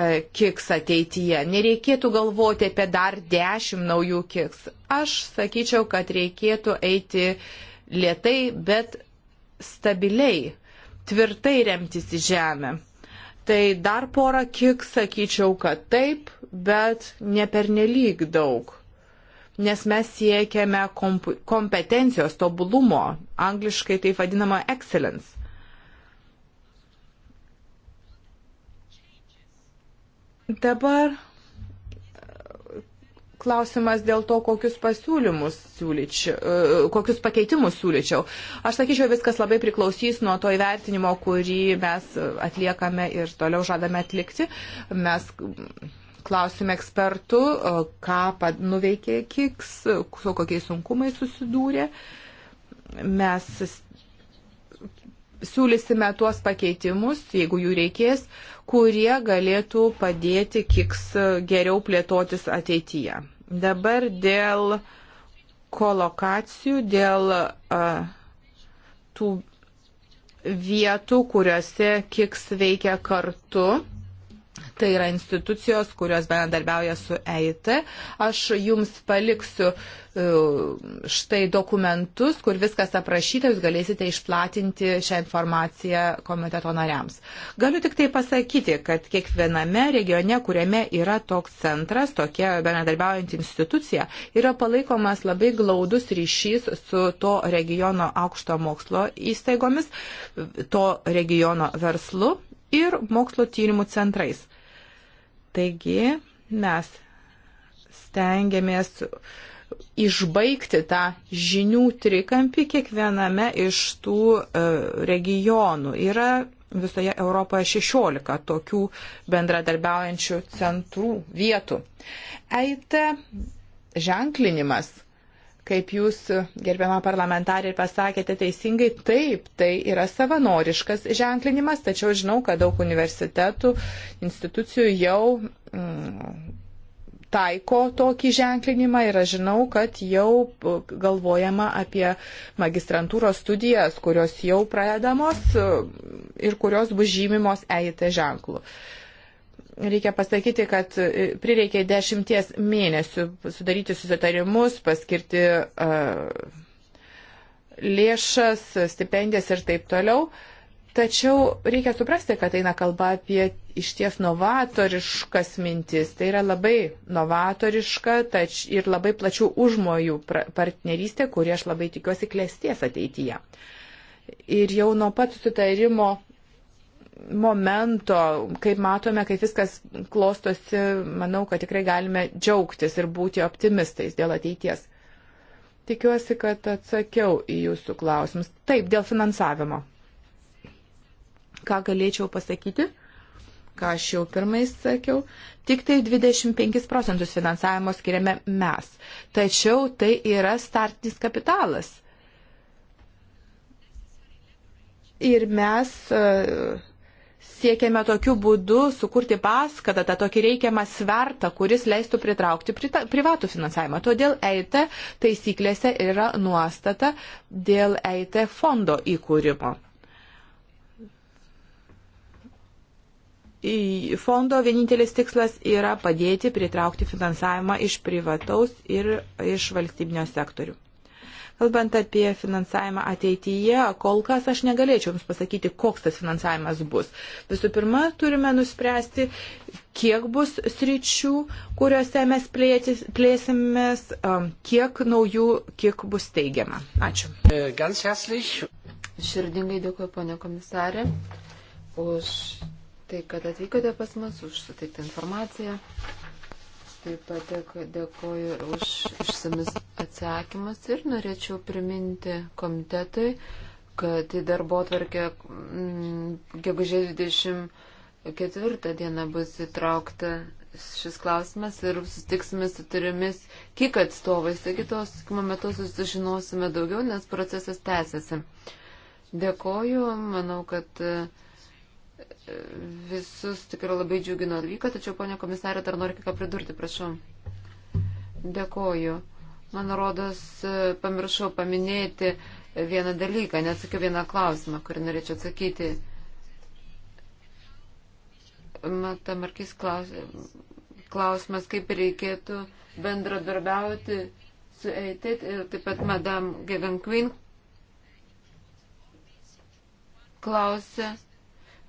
E, kiks ateityje. Nereikėtų galvoti apie dar dešimt naujų kiks. Aš sakyčiau, kad reikėtų eiti lietai, bet stabiliai, tvirtai remtis į žemę. Tai dar porą kiek sakyčiau, kad taip, bet ne pernelyg daug. Nes mes siekiame kompetencijos tobulumo, angliškai tai vadinama excellence. Dabar klausimas dėl to, kokius pasiūlymus siūlyčiau, e, kokius pakeitimus siūlyčiau. Aš sakyčiau, viskas labai priklausys nuo to įvertinimo, kurį mes atliekame ir toliau žadame atlikti. Mes klausime ekspertų, e, ką nuveikė Kiks, su kokiais sunkumais susidūrė. Mes siūlysime tuos pakeitimus, jeigu jų reikės, uh, kurie galėtų padėti kiks geriau plėtotis ateityje. Dabar dėl kolokacijų, dėl uh, tų vietų, kuriuose kiks veikia kartu. Tai yra institucijos, kurios bendarbiauja su EIT. Aš jums paliksiu e, štai dokumentus, kur viskas aprašyta, jūs galėsite išplatinti šią informaciją komiteto nariams. Galiu tik tai pasakyti, kad kiekviename regione, kuriame yra toks centras, tokia bendradarbiaujanti institucija, yra palaikomas labai glaudus ryšys su to regiono aukšto mokslo įstaigomis, to regiono verslu ir mokslo tyrimų centrais. Taigi mes stengiamės išbaigti tą žinių trikampį kiekviename iš tų e, regionų. Yra visoje Europoje 16 tokių bendradarbiaujančių centrų vietų. EIT ženklinimas – Kaip jūs, gerbiama parlamentarė, pasakėte teisingai, taip, tai yra savanoriškas ženklinimas, tačiau žinau, kad daug universitetų, institucijų jau mm, taiko tokį ženklinimą ir aš žinau, kad jau galvojama apie magistrantūros studijas, kurios jau pradedamos mm, ir kurios bus žymimos EIT ženklu. Uh, reikia pasakyti, kad e, prireikė dešimties mėnesių sudaryti susitarimus, paskirti uh, lėšas, stipendijas ir taip toliau. Tačiau reikia suprasti, kad eina kalba apie išties novatoriškas mintis. Tai yra labai novatoriška tač, ir labai plačių užmojų partnerystė, kuri aš labai tikiuosi klėsties ateityje. Ir jau nuo pat sutarimo momento, kaip matome, kaip viskas klostosi, manau, kad tikrai galime džiaugtis ir būti optimistais dėl ateities. Tikiuosi, kad atsakiau į jūsų klausimus. Taip, dėl finansavimo. Ką galėčiau pasakyti? Ką aš jau pirmais sakiau, tik tai 25 procentus finansavimo skiriame mes. Tačiau tai yra startinis kapitalas. Ir mes uh, siekiame tokiu būdu sukurti paskatą, tą tokį reikiamą svertą, kuris leistų pritraukti prita, privatų finansavimą. Todėl EIT taisyklėse yra nuostata dėl EIT fondo įkūrimo. Į fondo vienintelis tikslas yra padėti pritraukti finansavimą iš privataus ir iš valstybinio sektorių. Kalbant apie finansavimą ateityje, kol kas aš negalėčiau Jums pasakyti, koks tas finansavimas bus. Visų pirma, turime nuspręsti, kiek bus sričių, kuriuose mes plėtis, plėsimės, um, kiek naujų, kiek bus teigiama. Ačiū. E, ganz herzlich. Širdingai dėkuoju, ponė komisarė, už tai, kad atvykote pas mus, už suteiktą informaciją taip pat dėkoju už išsamis atsakymus ir norėčiau priminti komitetui, kad į darbo atvarkę mm, gegužės 24 dieną bus įtraukta šis klausimas ir susitiksime su turimis kik atstovais. Taigi tos susitikimo metu susižinosime daugiau, nes procesas tęsiasi. Dėkoju, manau, kad uh, visus tikrai labai džiugino dalyką, tačiau, ponė komisarė, dar noriu ką pridurti, prašau. Dėkoju. Man rodos, pamiršau paminėti vieną dalyką, neatsakiau vieną klausimą, kurį norėčiau atsakyti. Mata Markis klausimas, kaip reikėtų bendradarbiauti su EITIT ir taip pat Madame Gegan Queen klausė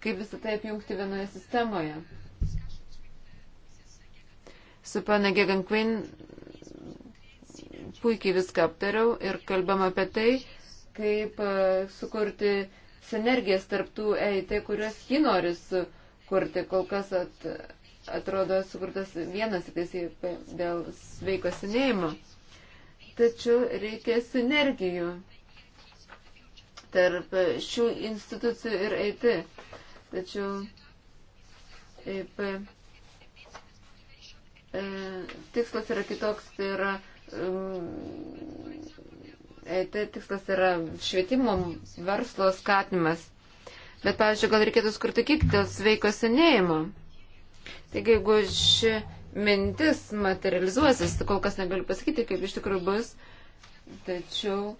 kaip visą tai apjungti vienoje sistemoje. Su pana Gegan Quinn puikiai viską aptariau ir kalbam apie tai, kaip e, sukurti sinergijas tarptų EIT, kurias ji nori sukurti. Kol kas at, atrodo sukurtas vienas tik tai dėl sveiko senėjimo. Tačiau reikia sinergijų tarp šių institucijų ir EIT. Tačiau EP e, tikslas yra kitoks, tai yra um, EIT tikslas yra švietimo verslo skatimas. Bet, pavyzdžiui, gal reikėtų skurti kitą sveiko senėjimo. Taigi, jeigu ši mintis materializuosis, tai kol kas negaliu pasakyti, kaip iš tikrųjų bus, tačiau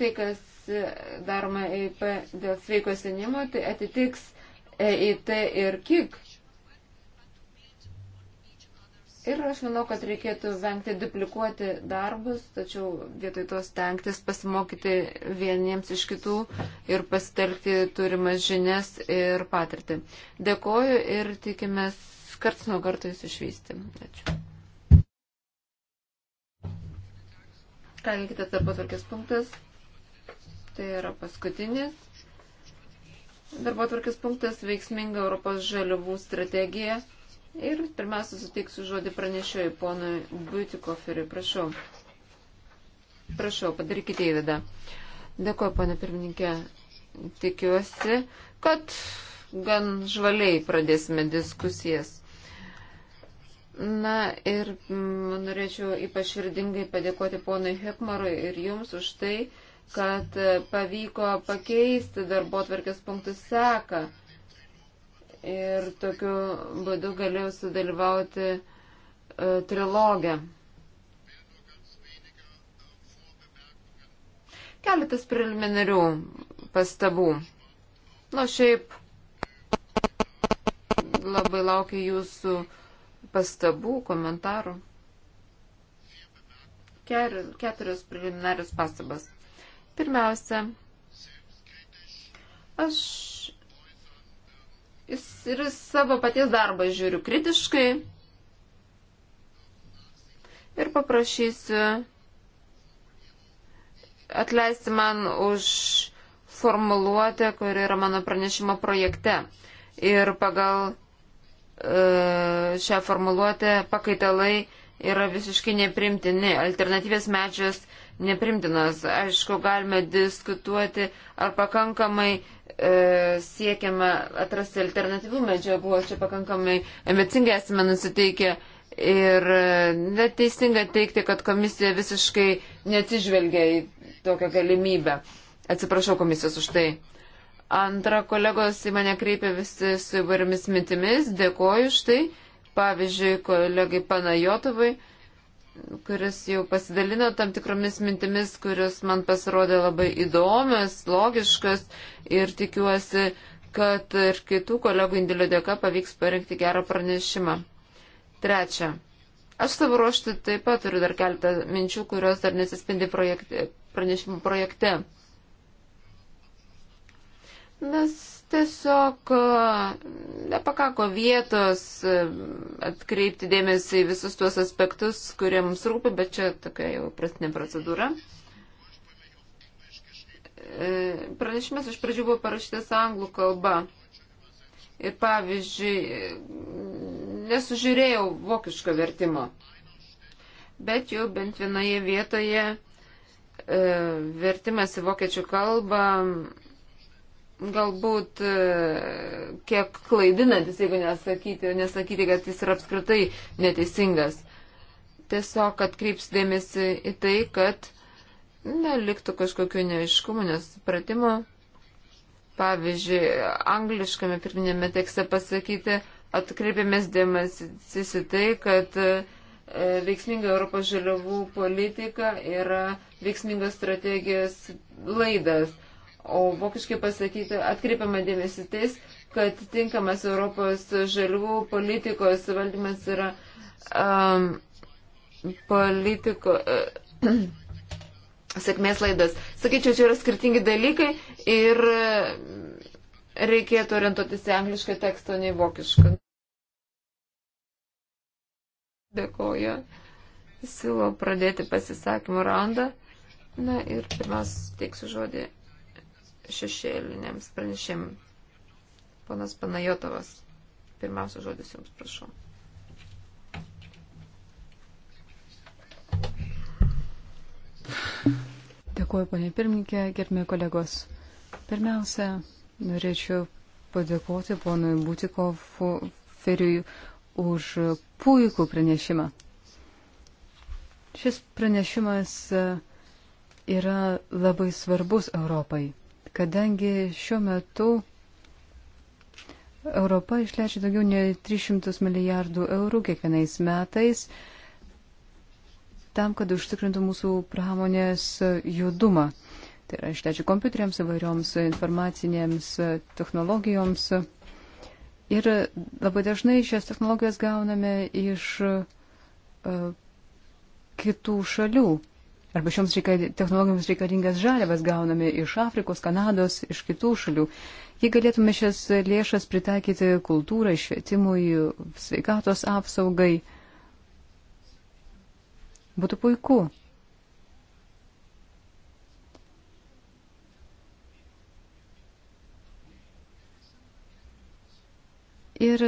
tai, kas daroma EIP dėl sveiko senimo, tai atitiks EIT ir KIK. Ir aš manau, kad reikėtų vengti duplikuoti darbus, tačiau vietoj to stengtis pasimokyti vieniems iš kitų ir pasitelkti turimas žinias ir patirtį. Dėkoju ir tikimės karts nuo karto jūs išvysti. Ačiū. Ką kitas darbo tvarkės punktas? Tai yra paskutinis darbo tvarkės punktas veiksminga Europos žaliavų strategija. Ir pirmiausia, suteiksiu žodį pranešėjui ponui Butikoferiui. Prašau. Prašau, padarykite įvedą. Dėkuoju, pane pirmininkė. Tikiuosi, kad gan žvaliai pradėsime diskusijas. Na ir m, mm, norėčiau ypač širdingai padėkoti ponui Hekmarui ir jums už tai, kad e, pavyko pakeisti darbo tvarkės punktų seką. Ir tokiu būdu galėjau sudalyvauti e, trilogę. Keletas preliminarių pastabų. Na, šiaip labai laukia jūsų pastabų, komentarų. Keturios preliminarius pastabas. Pirmiausia, aš jis ir savo paties darbą žiūriu kritiškai ir paprašysiu atleisti man už formuluotę, kuri yra mano pranešimo projekte. Ir pagal e, šią formuluotę pakaitalai yra visiškai neprimtini. Alternatyvės medžios e, neprimtinos. Aišku, galime diskutuoti, ar pakankamai e, siekiama atrasti alternatyvių medžiagų, aš čia pakankamai emocingai esame nusiteikę. Ir e, neteisinga teikti, kad komisija visiškai neatsižvelgia į tokią galimybę. Atsiprašau komisijos už tai. Antra, kolegos į mane kreipia visi su įvairiomis mintimis. Dėkoju už tai. Pavyzdžiui, kolegai Panajotovai. E, kuris jau pasidalino tam tikromis mintimis, kurios man pasirodė labai įdomios, logiškas ir tikiuosi, kad ir kitų kolegų indėlio dėka pavyks parengti gerą pranešimą. Trečia. Aš savo ruoštų taip pat turiu dar keletą minčių, kurios dar nesispindi projekte, pranešimų projekte. Nes tiesiog e, nepakako vietos e, atkreipti dėmesį į visus tuos aspektus, kurie mums rūpi, bet čia tokia jau prastinė procedūra. E, pranešimas iš pradžių buvo parašytas anglų kalba. Ir pavyzdžiui, nesužiūrėjau vokiško vertimo. Bet jau bent vienoje vietoje e, vertimas į vokiečių kalbą galbūt e, kiek klaidinantis, jeigu nesakyti, nesakyti, kad jis yra apskritai neteisingas. Tiesiog atkreips dėmesį į tai, kad neliktų kažkokiu neaiškumu, nesupratimu. Pavyzdžiui, angliškame pirminėme tekste pasakyti, atkreipėmės dėmesį į tai, kad e, veiksminga Europos žaliavų politika yra veiksmingos strategijos laidas O vokiškai pasakyti, atkreipiama dėmesį tais, kad tinkamas Europos žalių politikos valdymas yra um, politiko. Uh, Sėkmės laidas. Sakyčiau, čia yra skirtingi dalykai ir e, reikėtų orientuotis į anglišką tekstą, nei vokišką. Dėkoju. Siūlau pradėti pasisakymų randą. Na ir pirmiausia, teiksiu žodį šešėliniams pranešim. Ponas Panajotovas, pirmiausia žodis jums prašau. Dėkuoju, ponė pirmininkė, gerbimi kolegos. Pirmiausia, norėčiau padėkoti ponui Butikovu Feriui už puikų pranešimą. Šis pranešimas yra labai svarbus Europai kadangi šiuo metu Europa išleidžia daugiau nei 300 milijardų eurų kiekvienais metais tam, kad užtikrintų mūsų pramonės judumą. Tai yra išleidžia kompiuteriams, įvairioms informacinėms technologijoms. Ir labai dažnai šias technologijas gauname iš uh, kitų šalių arba šioms reikali, technologijoms reikalingas žaliavas gauname iš Afrikos, Kanados, iš kitų šalių. Jei galėtume šias lėšas pritaikyti kultūrai, švietimui, sveikatos apsaugai, būtų puiku. Ir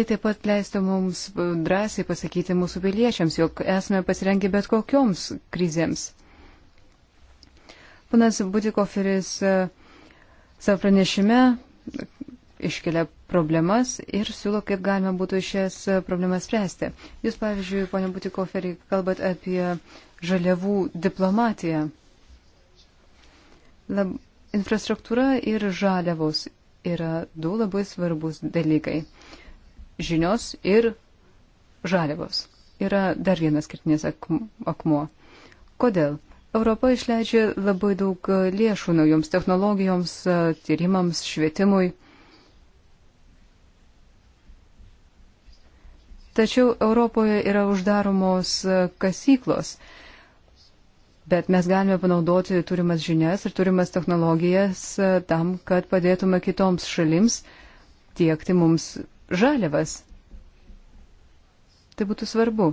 Tai taip pat leistų mums drąsiai pasakyti mūsų piliečiams, jog esame pasirengę bet kokioms krizėms. Panas Butikoferis e, savo pranešime iškelia problemas ir siūlo, kaip galima būtų šias e, problemas spręsti. Jūs, pavyzdžiui, ponia Butikoferi, kalbat apie žaliavų diplomatiją. Lab, infrastruktūra ir žaliavos yra du labai svarbus dalykai žinios ir žaliavos yra dar vienas skirtinis akmuo. Kodėl? Europa išleidžia labai daug e, lėšų naujoms technologijoms, e, tyrimams, švietimui. Tačiau Europoje yra uždaromos e, kasyklos, bet mes galime panaudoti turimas žinias ir turimas technologijas tam, kad padėtume kitoms šalims tiekti mums žaliavas. Tai būtų svarbu.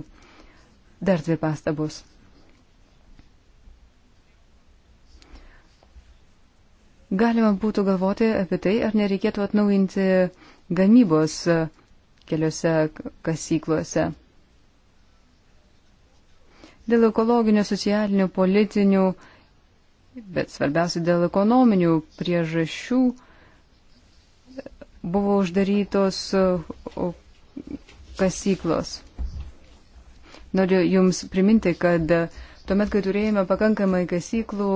Dar dvi pastabos. Galima būtų galvoti apie tai, ar nereikėtų atnaujinti gamybos keliose kasyklose. Dėl ekologinių, socialinių, politinių, bet svarbiausia dėl ekonominių priežasčių buvo uždarytos e, kasyklos. Noriu Jums priminti, kad tuomet, kai turėjome pakankamai kasyklų,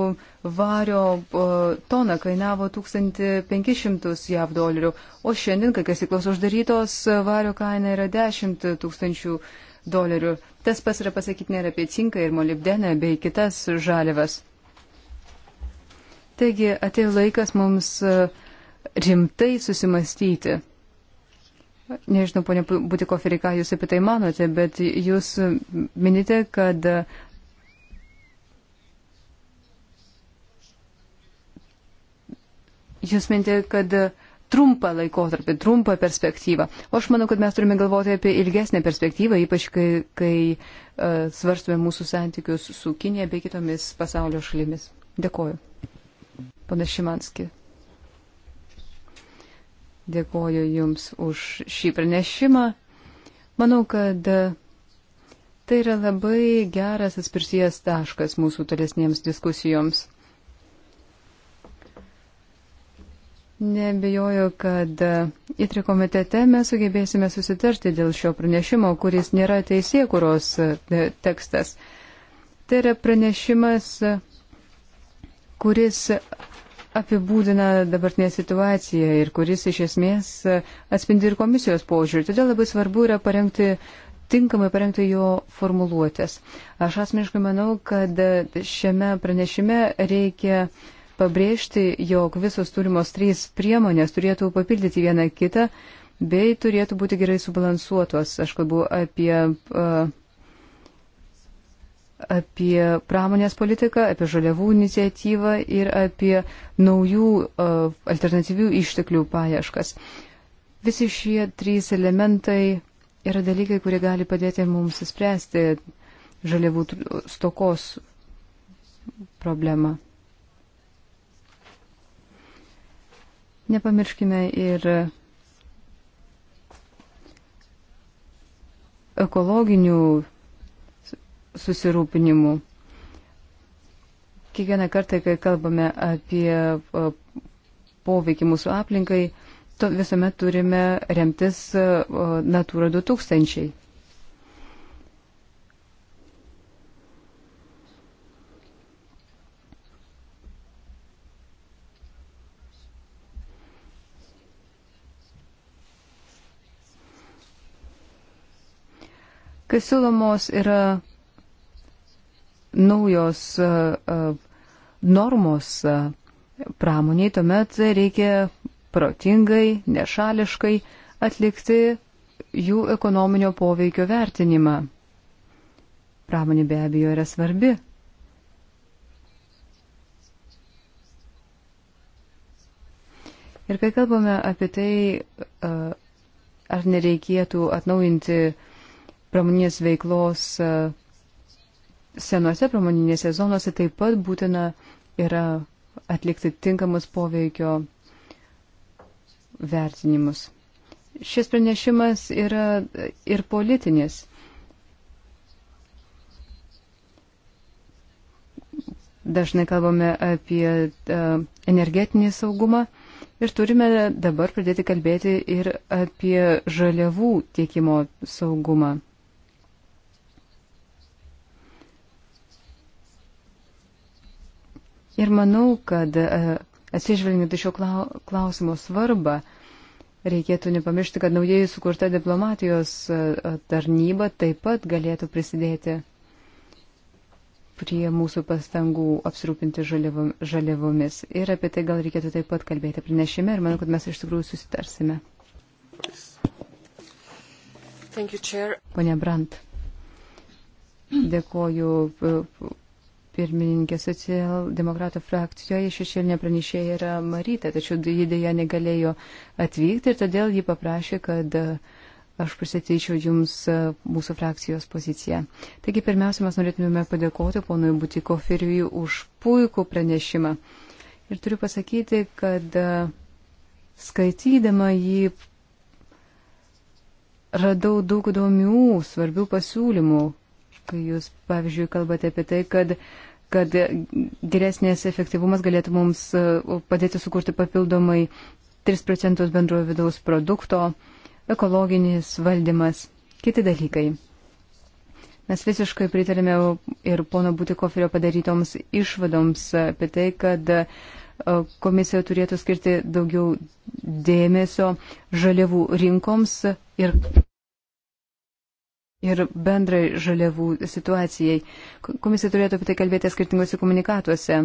vario e, tona kainavo 1500 JAV dolerių, o šiandien, kai kasyklos uždarytos, vario kaina yra 10 tūkstančių dolerių. Tas pas yra pasakyti nėra apie cinką ir molibdeną bei kitas žalivas. Taigi atėjo laikas mums uh, rimtai susimastyti. Nežinau, ponia Butikoferį, ką jūs apie tai manote, bet jūs minite, kad jūs minite, kad trumpą laikotarpį, trumpą perspektyvą. O aš manau, kad mes turime galvoti apie ilgesnę perspektyvą, ypač kai, kai uh, e, svarstume mūsų santykius su Kinė bei kitomis pasaulio šalimis. Dėkoju. Pana Šimanski. Dėkoju Jums už šį pranešimą. Manau, kad tai yra labai geras atspirties taškas mūsų tolesniems diskusijoms. Nebejoju, kad įtri komitete mes sugebėsime susitarti dėl šio pranešimo, kuris nėra teisėkuros e, tekstas. Tai yra pranešimas, kuris apibūdina dabartinę situaciją ir kuris iš esmės e, atspindi ir komisijos požiūrį. Todėl labai svarbu yra parengti, tinkamai parengti jo formuluotės. Aš asmeniškai manau, kad e, šiame pranešime reikia pabrėžti, jog visos turimos trys priemonės turėtų papildyti vieną kitą bei turėtų būti gerai subalansuotos. Aš kalbu apie. Uh, apie pramonės politiką, apie žaliavų iniciatyvą ir apie naujų e, alternatyvių išteklių paieškas. Visi šie trys elementai yra dalykai, kurie gali padėti mums spręsti žaliavų stokos problemą. Nepamirškime ir ekologinių susirūpinimu. Kiekvieną kartą, kai kalbame apie poveikį mūsų aplinkai, to visuomet turime remtis Natūra 2000. kai siūlomos yra naujos normos pramoniai, tuomet reikia protingai, nešališkai atlikti jų ekonominio poveikio vertinimą. Pramonė be abejo yra svarbi. Ir kai kalbame apie tai, ar nereikėtų atnaujinti pramonės veiklos senose pramoninėse zonose taip pat būtina yra atlikti tinkamus poveikio vertinimus. Šis pranešimas yra ir politinis. Dažnai kalbame apie e, energetinį saugumą ir turime dabar pradėti kalbėti ir apie žaliavų tiekimo saugumą. Ir manau, kad e, atsižvelgiant į šio klausimo svarbą, reikėtų nepamiršti, kad naujai sukurta diplomatijos e, e, tarnyba taip pat galėtų prisidėti prie mūsų pastangų apsirūpinti žaliavomis. Ir apie tai gal reikėtų taip pat kalbėti pranešime ir manau, kad mes iš tikrųjų susitarsime. You, Pone Brant, dėkoju pirmininkė socialdemokratų frakcijoje šešėlinė pranešėja yra Marytė, tačiau ji dėja negalėjo atvykti ir todėl ji paprašė, kad e, aš pristatyčiau jums e, mūsų frakcijos poziciją. Taigi pirmiausia, mes norėtumėme padėkoti ponui Butiko Firiui už puikų pranešimą. Ir turiu pasakyti, kad e, skaitydama jį radau daug įdomių, svarbių pasiūlymų, kai jūs, pavyzdžiui, kalbate apie tai, kad kad geresnės efektyvumas galėtų mums uh, padėti sukurti papildomai 3 procentus bendrojo vidaus produkto, ekologinis valdymas, kiti dalykai. Mes visiškai pritarėme ir pono Butikoferio padarytoms išvadoms apie tai, kad uh, komisija turėtų skirti daugiau dėmesio žaliavų rinkoms ir ir bendrai žaliavų situacijai. Komisija turėtų apie tai kalbėti skirtingose komunikatuose.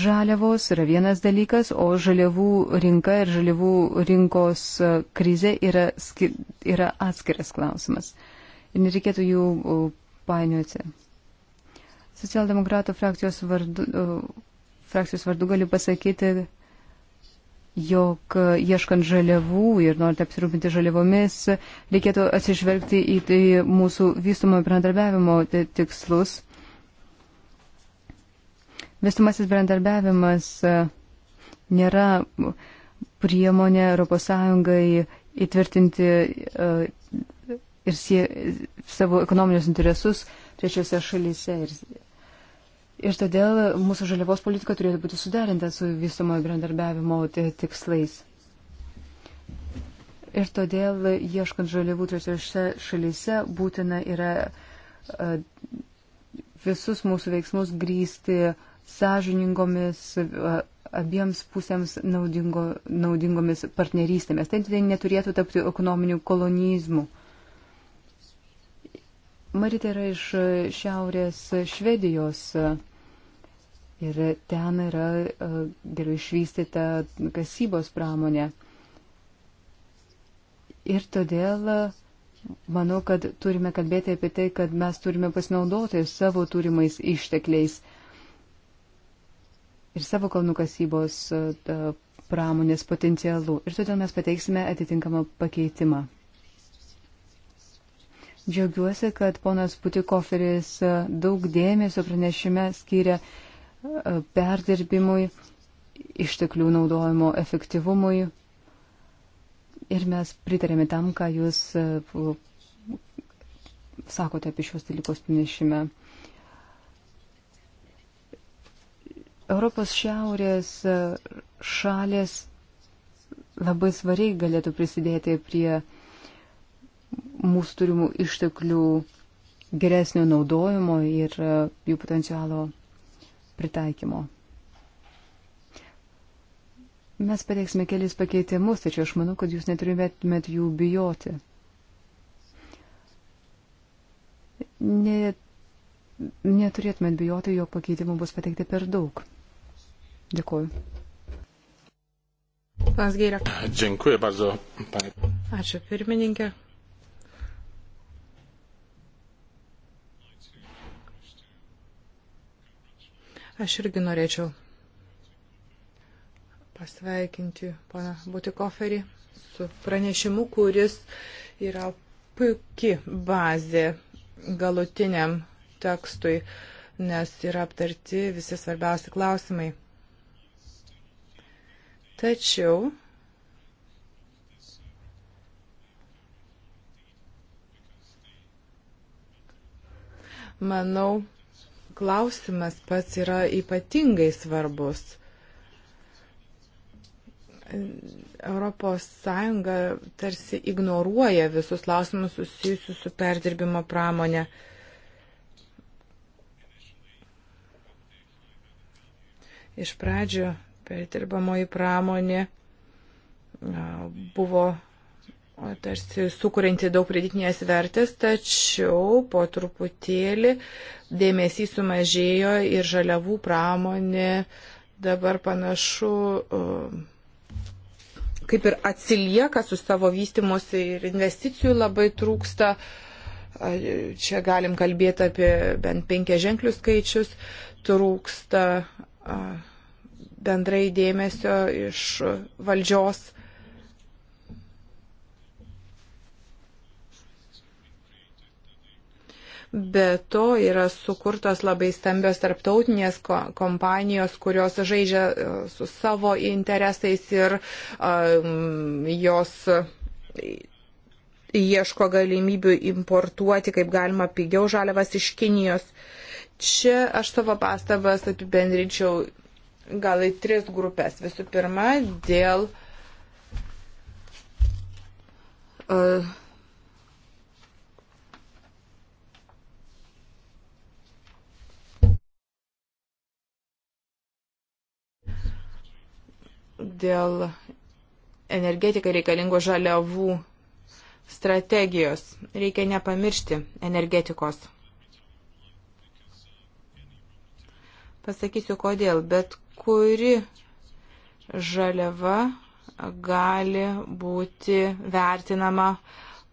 Žaliavos yra vienas dalykas, o žaliavų rinka ir žaliavų rinkos e, krizė yra, skir, yra atskiras klausimas. Ir nereikėtų jų painiuoti. Socialdemokratų frakcijos vardu, frakcijos vardu galiu pasakyti, jog e, ieškant žaliavų ir norint apsirūpinti žaliavomis, reikėtų atsižvelgti į tai mūsų vystumo bendradarbiavimo tikslus. Vystumasis bendradarbiavimas e, nėra priemonė ES įtvirtinti e, ir sie, savo ekonominius interesus trečiose šalyse. Ir Ir todėl mūsų žaliavos politika turėtų būti suderinta su vystumojo bendradarbiavimo tikslais. Ir todėl, ieškant žaliavų trečiose šalyse, būtina yra e, visus mūsų veiksmus grįsti sąžiningomis e, abiems pusėms naudingo, naudingomis partnerystėmis. Tai neturėtų tapti ekonominiu kolonizmu. Marita yra iš šiaurės Švedijos ir ten yra e, gerai išvystyta kasybos pramonė. Ir todėl e, manau, kad turime kalbėti apie tai, kad mes turime pasinaudoti savo turimais ištekliais ir savo kalnų kasybos e, pramonės potencialu. Ir todėl mes pateiksime atitinkamą pakeitimą. Džiaugiuosi, kad ponas Putikoferis e, daug dėmesio pranešime skiria e, perdirbimui, išteklių naudojimo efektyvumui. Ir mes pritarėme tam, ką jūs e, sakote apie šios dalykus pranešime. Europos šiaurės šalės labai svariai galėtų prisidėti prie mūsų turimų išteklių geresnio naudojimo ir e, jų potencialo pritaikymo. Mes pateiksime kelis pakeitimus, tačiau aš manau, kad jūs neturėtumėt jų bijoti. Ne, neturėtumėt bijoti, jog pakeitimų bus pateikti per daug. Dėkuoju. Dziękuję bardzo, panie. Ačiū pirmininkė. Aš irgi norėčiau pasveikinti pana Butikoferį su pranešimu, kuris yra puikia bazė galutiniam tekstui, nes yra aptarti visi svarbiausi klausimai. Tačiau manau, klausimas pats yra ypatingai svarbus. Europos Sąjunga tarsi ignoruoja visus klausimus susijusius su perdirbimo pramonė. Iš pradžių perdirbamoji pramonė buvo tarsi sukurianti daug pridėtinės vertės, tačiau po truputėlį dėmesys sumažėjo ir žaliavų pramonė dabar panašu. Uh, kaip ir atsilieka su savo vystimuose ir investicijų labai trūksta. Čia galim kalbėti apie bent penkia ženklius skaičius, trūksta bendrai dėmesio iš valdžios Be to yra sukurtos labai stambios tarptautinės kompanijos, kurios žaidžia e, su savo interesais ir um, jos ieško galimybių importuoti kaip galima pigiau žaliavas iš Kinijos. Čia aš savo pastabas apibendryčiau gal į tris grupės. Visų pirma, dėl uh, dėl energetikai reikalingų žaliavų strategijos. Reikia nepamiršti energetikos. Pasakysiu kodėl, bet kuri žaliava gali būti vertinama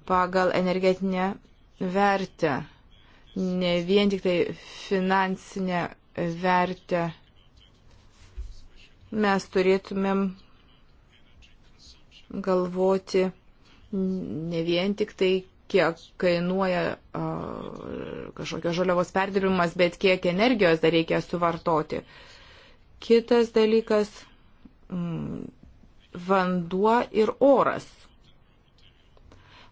pagal energetinę vertę, ne vien tik tai finansinę vertę mes turėtumėm galvoti ne vien tik tai, kiek kainuoja a, kažkokios žaliavos perdirbimas, bet kiek energijos dar reikia suvartoti. Kitas dalykas mm, - vanduo ir oras.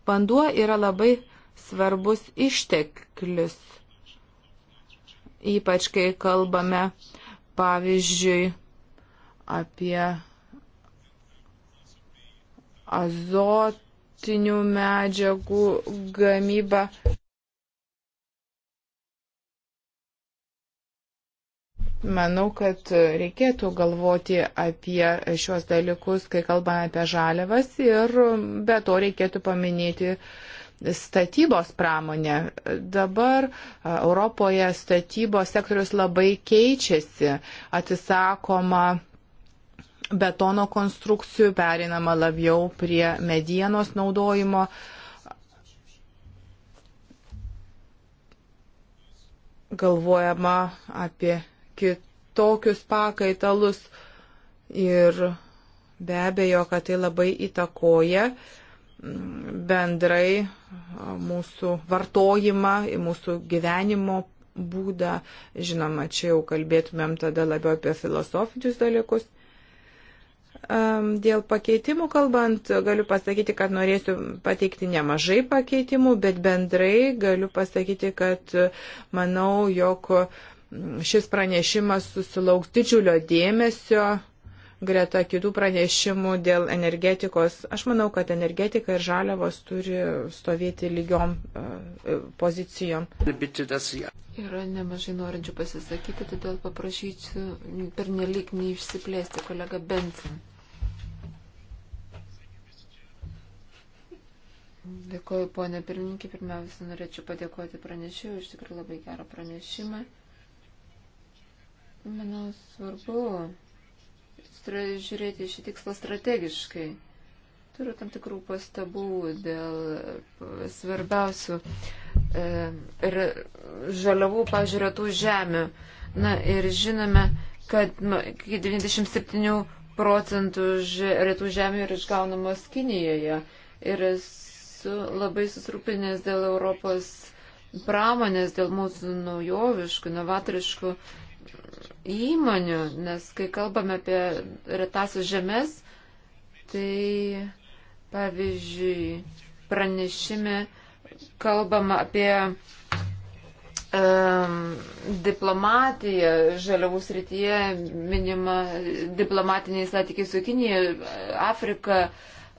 Vanduo yra labai svarbus išteklius, ypač kai kalbame, pavyzdžiui, apie azotinių medžiagų gamybą. Manau, kad reikėtų galvoti apie šios dalykus, kai kalbame apie žaliavas ir be to reikėtų paminėti statybos pramonę. Dabar Europoje statybos sektorius labai keičiasi, atsisakoma betono konstrukcijų, pereinama labiau prie medienos naudojimo. Galvojama apie kitokius pakaitalus ir be abejo, kad tai labai įtakoja bendrai mūsų vartojimą, mūsų gyvenimo būdą. Žinoma, čia jau kalbėtumėm tada labiau apie filosofinius dalykus. Dėl pakeitimų kalbant, galiu pasakyti, kad norėsiu pateikti nemažai pakeitimų, bet bendrai galiu pasakyti, kad manau, jog šis pranešimas susilauks didžiulio dėmesio greta kitų pranešimų dėl energetikos. Aš manau, kad energetika ir žaliavos turi stovėti lygiom e, pozicijom. Yra nemažai norinčių pasisakyti, todėl paprašysiu per nelik neišsiplėsti kolega Benson. Dėkuoju, ponė pirmininkė. Pirmiausia, norėčiau padėkoti pranešėjui, iš tikrųjų labai gerą pranešimą. Manau, svarbu žiūrėti šį tikslą strategiškai. Turiu tam tikrų pastabų dėl e, svarbiausių e, žaliavų, pažiūrė, tų žemių. Na ir žinome, kad nu, iki 97 procentų rytų žemių yra išgaunamos Kinijoje. Ir esu labai susirūpinęs dėl Europos pramonės, dėl mūsų naujoviškų, novatoriškų įmonių, nes kai kalbame apie retasias žemės, tai pavyzdžiui pranešime kalbama apie um, diplomatiją žaliavų srityje, minima diplomatiniai santykiai su Kinija, Afrika,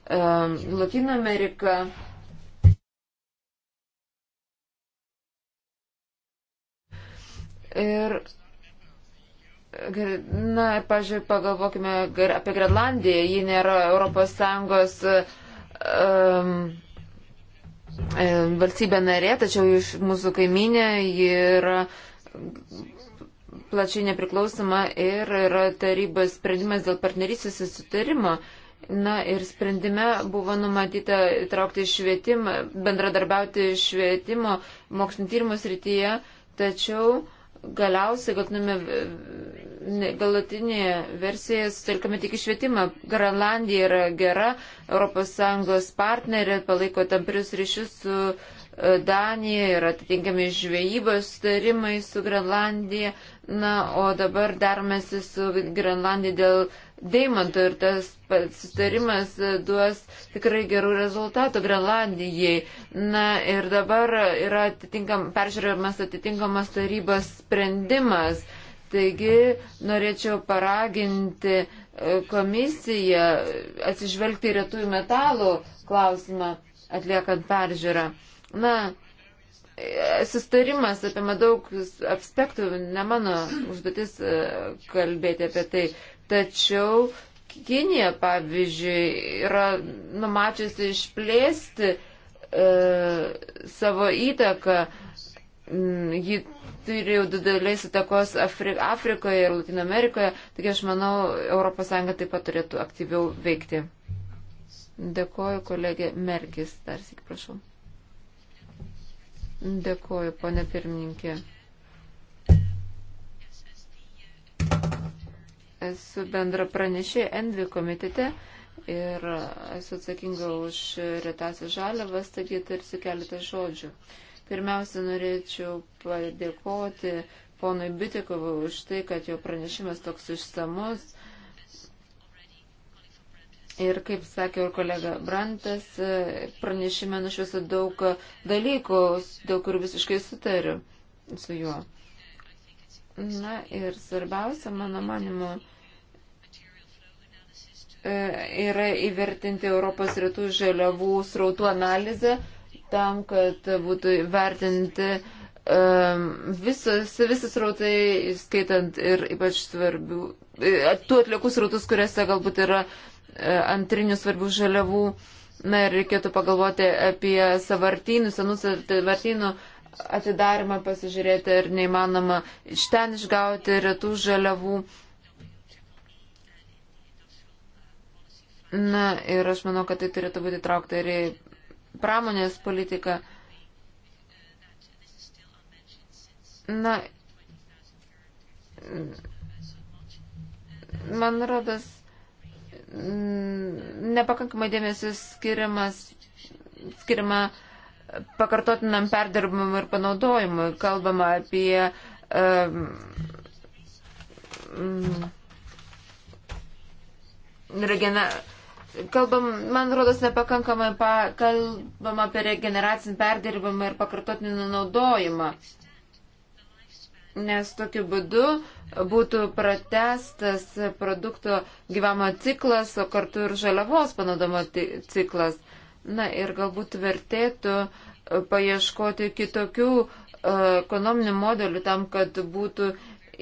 um, Latino Amerika. Ir Na, pažiūrėjau, pagalvokime apie Grenlandiją. Ji nėra ES um, um, valstybė narė, tačiau iš mūsų kaiminė ji yra plačiai nepriklausoma ir yra tarybos sprendimas dėl partnerystės susitarimo. Na ir sprendime buvo numatyta įtraukti švietimą, bendradarbiauti švietimo mokslinio tyrimų srityje, tačiau uh, galiausiai galutinėje versijoje sutelkame tik išvietimą. Grenlandija yra gera ES partnerė, palaiko tamprius ryšius su e, Danija ir atitinkami žvejybos starimai su Grenlandija. Na, o dabar daromėsi su Grenlandija dėl deimantų ir tas susitarimas duos tikrai gerų rezultatų Grenlandijai. Na ir dabar yra atitinkam, peržiūrimas atitinkamas tarybos sprendimas. Taigi norėčiau paraginti e, komisiją atsižvelgti į retųjų metalų klausimą atliekant peržiūrą. Na, sustarimas apima daug aspektų, ne mano užduotis e, kalbėti apie tai. Tačiau Kinija, pavyzdžiui, yra numačiusi išplėsti e, savo įtaką. Mm, ji turi jau dideliais įtakos Afri Afrikoje ir Latino Amerikoje, taigi aš manau, ES taip pat turėtų aktyviau veikti. Dėkoju, kolegė Merkis, dar sėk prašau. Dėkoju, ponė pirmininkė. Esu bendra pranešė Envi komitete ir esu atsakinga už retasias žaliavas, taigi tarsi keletą žodžių. Pirmiausia, norėčiau padėkoti ponui Bitikovui už tai, kad jo pranešimas toks išsamus. Ir kaip sakė ir kolega Brantas, pranešime nušviesa daug dalykų, dėl kurių visiškai sutariu su juo. Na ir svarbiausia, mano manimo, E, yra įvertinti Europos rytų žaliavų srautų analizę tam, kad būtų vertinti e, visas, visas rautai, skaitant ir ypač svarbių, e, tų atliekų srautus, kuriuose galbūt yra antrinių svarbių žaliavų. Na ir reikėtų pagalvoti apie savartynų, senų savartynų atidarimą, pasižiūrėti, ar neįmanoma iš ten išgauti retų žaliavų. Uh, Na ir aš manau, kad tai turėtų būti traukta ir į pramonės politiką. Na, man rodas, nepakankamai dėmesio skiriamas, skiriama pakartotinam perdirbimui ir panaudojimui. Kalbama apie um, regena, Kalbam, man rodos, nepakankamai pa, kalbam apie regeneracinį perdirbimą ir pakartotinį naudojimą, nes tokiu būdu būtų pratestas produkto gyvamo ciklas, o kartu ir žaliavos panaudojimo ciklas. Na ir galbūt vertėtų e, paieškoti kitokių e, ekonominių modelių tam, kad būtų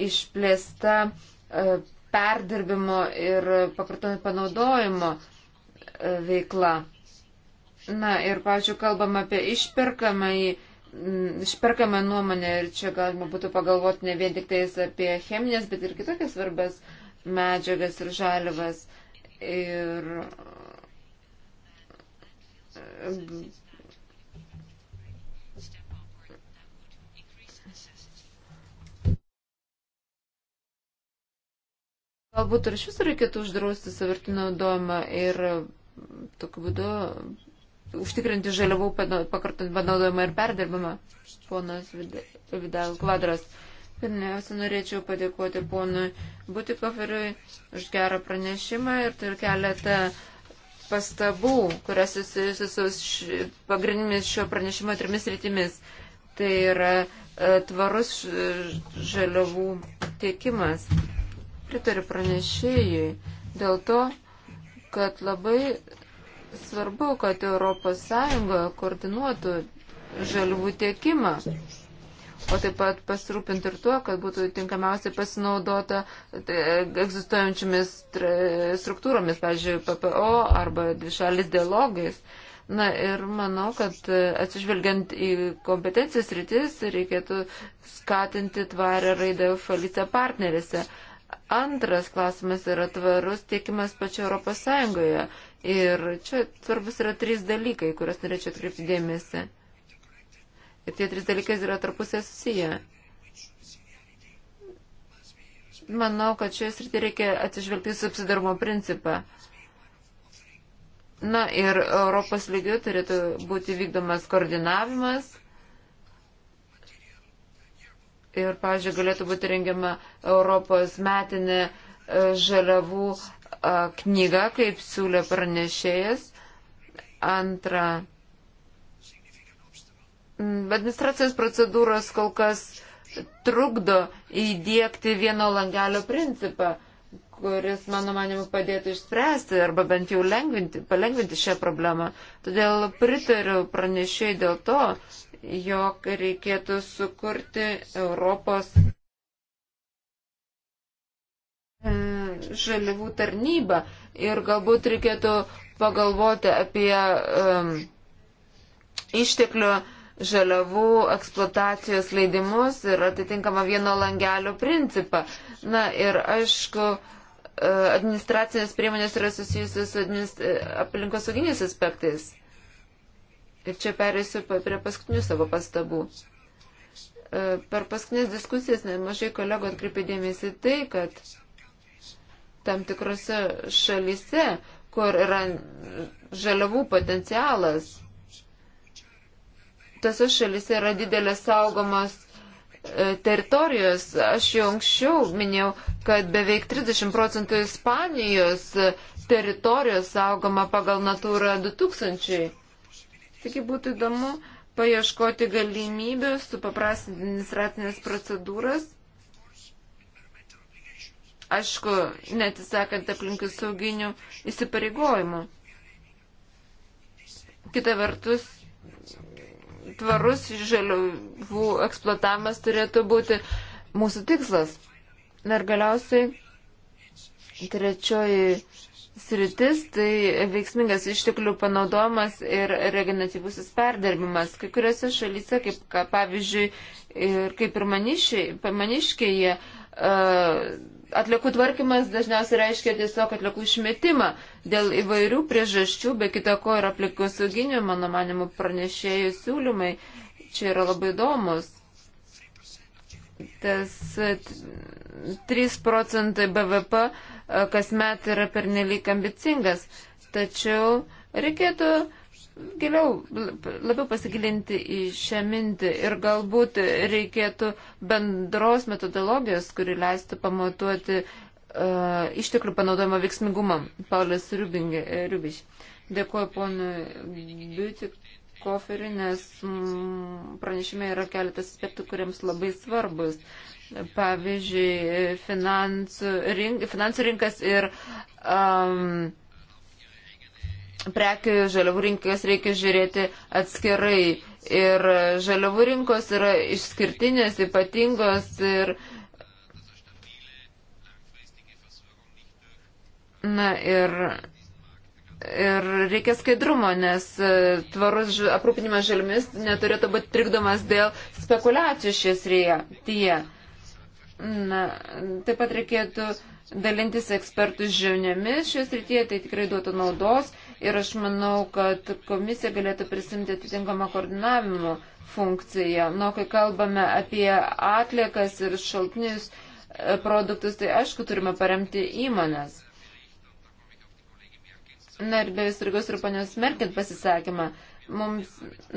išplėsta e, perdirbimo ir pakartotinio panaudojimo veikla. Na ir, pavyzdžiui, kalbam apie išperkamąjį mm, išperkama nuomonė ir čia galima būtų pagalvoti ne vien tik tais apie cheminės, bet ir kitokias svarbas medžiagas ir žalivas. Ir Galbūt ir šis reikėtų uždrausti savartinį naudojimą ir tokiu būdu užtikrinti žaliavų pakartot panaudojimą ir perdirbimą. Ponas Vidal Kvadras. Pirmiausia, norėčiau padėkoti ponui Butikoferiui už gerą pranešimą ir turiu keletą pastabų, kurias susijusiu su pagrindinėmis šio pranešimo trimis rytimis. Tai yra e, tvarus žaliavų tiekimas. Pritariu pranešėjui. Dėl to kad labai svarbu, kad ES koordinuotų žalvų tiekimą, o taip pat pasirūpinti ir tuo, kad būtų tinkamiausiai pasinaudota tai, e, egzistuojančiamis struktūromis, pavyzdžiui, PPO arba dvišalis dialogais. Na ir manau, kad e, atsižvelgiant į kompetencijos rytis reikėtų skatinti tvarę raidą šalyse partnerėse. Antras klausimas yra tvarus tiekimas pačio Europos Sąjungoje. Ir čia svarbus yra trys dalykai, kuriuos norėčiau atkreipti dėmesį. Ir tie trys dalykai yra tarpusė susiję. Manau, kad šioje srityje reikia atsižvelgti subsidarumo principą. Na ir Europos lygių turėtų būti vykdomas koordinavimas Ir, pavyzdžiui, galėtų būti rengiama Europos metinė e, žaliavų e, knyga, kaip siūlė pranešėjas. Antra. Administracijos procedūros kol kas trukdo įdėkti vieno langelio principą, kuris, mano manimu, padėtų išspręsti arba bent jau lengvinti, palengvinti šią problemą. Todėl pritariu pranešėjai dėl to, jog reikėtų sukurti Europos e, žaliavų tarnybą ir galbūt reikėtų pagalvoti apie um, išteklių žaliavų eksploatacijos leidimus ir atitinkamą vieno langelio principą. Na ir aišku, e, administracinės priemonės yra susijusios su administ... aplinkosauginiais aspektais. Ir čia perėsiu prie paskutinių savo pastabų. E, per paskutinės diskusijas nemažai kolegų atkreipė dėmesį tai, kad tam tikrose šalyse, kur yra žaliavų potencialas, tose šalyse yra didelės saugomos e, teritorijos. Aš jau anksčiau minėjau, kad beveik 30 procentų Ispanijos teritorijos saugoma pagal Natūra 2000. Taigi būtų įdomu paieškoti galimybę supaprastinti administracinės procedūras. Aišku, netisakant aplinkių sauginių įsipareigojimų. Kita vertus, tvarus žaliavų eksploatavimas turėtų būti mūsų tikslas. Ir galiausiai trečioji sritis, tai veiksmingas išteklių panaudojimas ir regeneratyvusis perdarbimas. Kai kuriuose šalyse, kaip ka, pavyzdžiui, ir kaip ir maniškėje, atliekų tvarkymas dažniausiai reiškia tiesiog atliekų išmetimą. Dėl įvairių priežasčių, be kita ko ir atliekų sauginio, mano manimu, pranešėjų siūlymai čia yra labai įdomus tas 3 procentai BVP E, kasmet yra pernelyg ambicingas, tačiau reikėtų giliau, labiau pasigilinti į šią mintį ir galbūt reikėtų bendros metodologijos, kuri leistų pamatuoti uh, išteklių panaudojimo veiksmingumą. Paulius e, Rubiš. Dėkuoju ponui Biutikoferiui, nes mm, pranešime yra keletas aspektų, kuriems labai svarbus. Uh, pavyzdžiui, finansų, rink, finansų rinkas ir um, prekių žaliavų rinkas reikia žiūrėti atskirai. Ir žaliavų rinkos yra išskirtinės, ypatingos ir. Na ir. Ir reikia skaidrumo, nes e, tvarus aprūpinimas žalmis neturėtų būti trikdomas dėl spekulacijų šies ryje. Na, taip pat reikėtų dalintis ekspertų žiniomis šios rytyje, tai tikrai duotų naudos ir aš manau, kad komisija galėtų prisimti atitinkamą koordinavimo funkciją. Na, kai kalbame apie atliekas ir šaltinius e, produktus, tai aišku, turime paremti įmonės. Na ir be visrigos ir panios Merkint pasisakymą. Mums,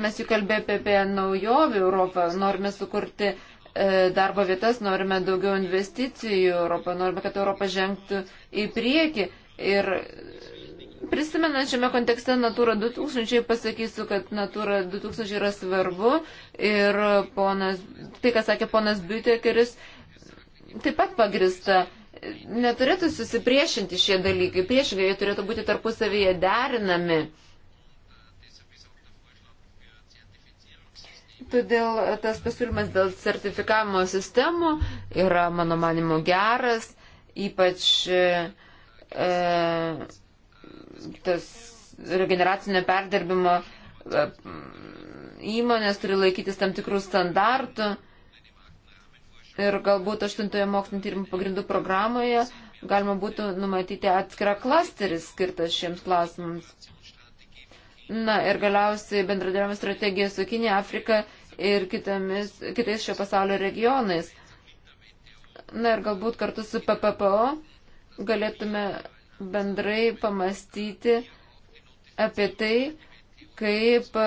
mes jau kalbėjome apie, apie naujovių Europą, norime sukurti uh, E, darbo vietas, norime daugiau investicijų Europą, norime, kad Europą žengtų į priekį. Ir prisimenant šiame kontekste Natūra 2000 pasakysiu, kad Natūra 2000 yra svarbu ir ponas, tai, ką sakė ponas Biutekeris, taip pat pagrista. Neturėtų susipriešinti šie dalykai, priešingai jie turėtų būti tarpusavyje derinami. Todėl tas pasiūlymas dėl sertifikavimo sistemų yra, mano manimu, geras, ypač e, e, tas regeneracinio perdirbimo e, įmonės turi laikytis tam tikrų standartų ir galbūt aštuntoje mokslinio tyrimų pagrindų programoje galima būtų numatyti atskirą klasterį skirtą šiems klausimams. Na ir galiausiai bendradarbiavimo strategija su Kinė Afrika ir kitomis, kitais šio pasaulio regionais. Na ir galbūt kartu su PPPO galėtume bendrai pamastyti apie tai, kaip e,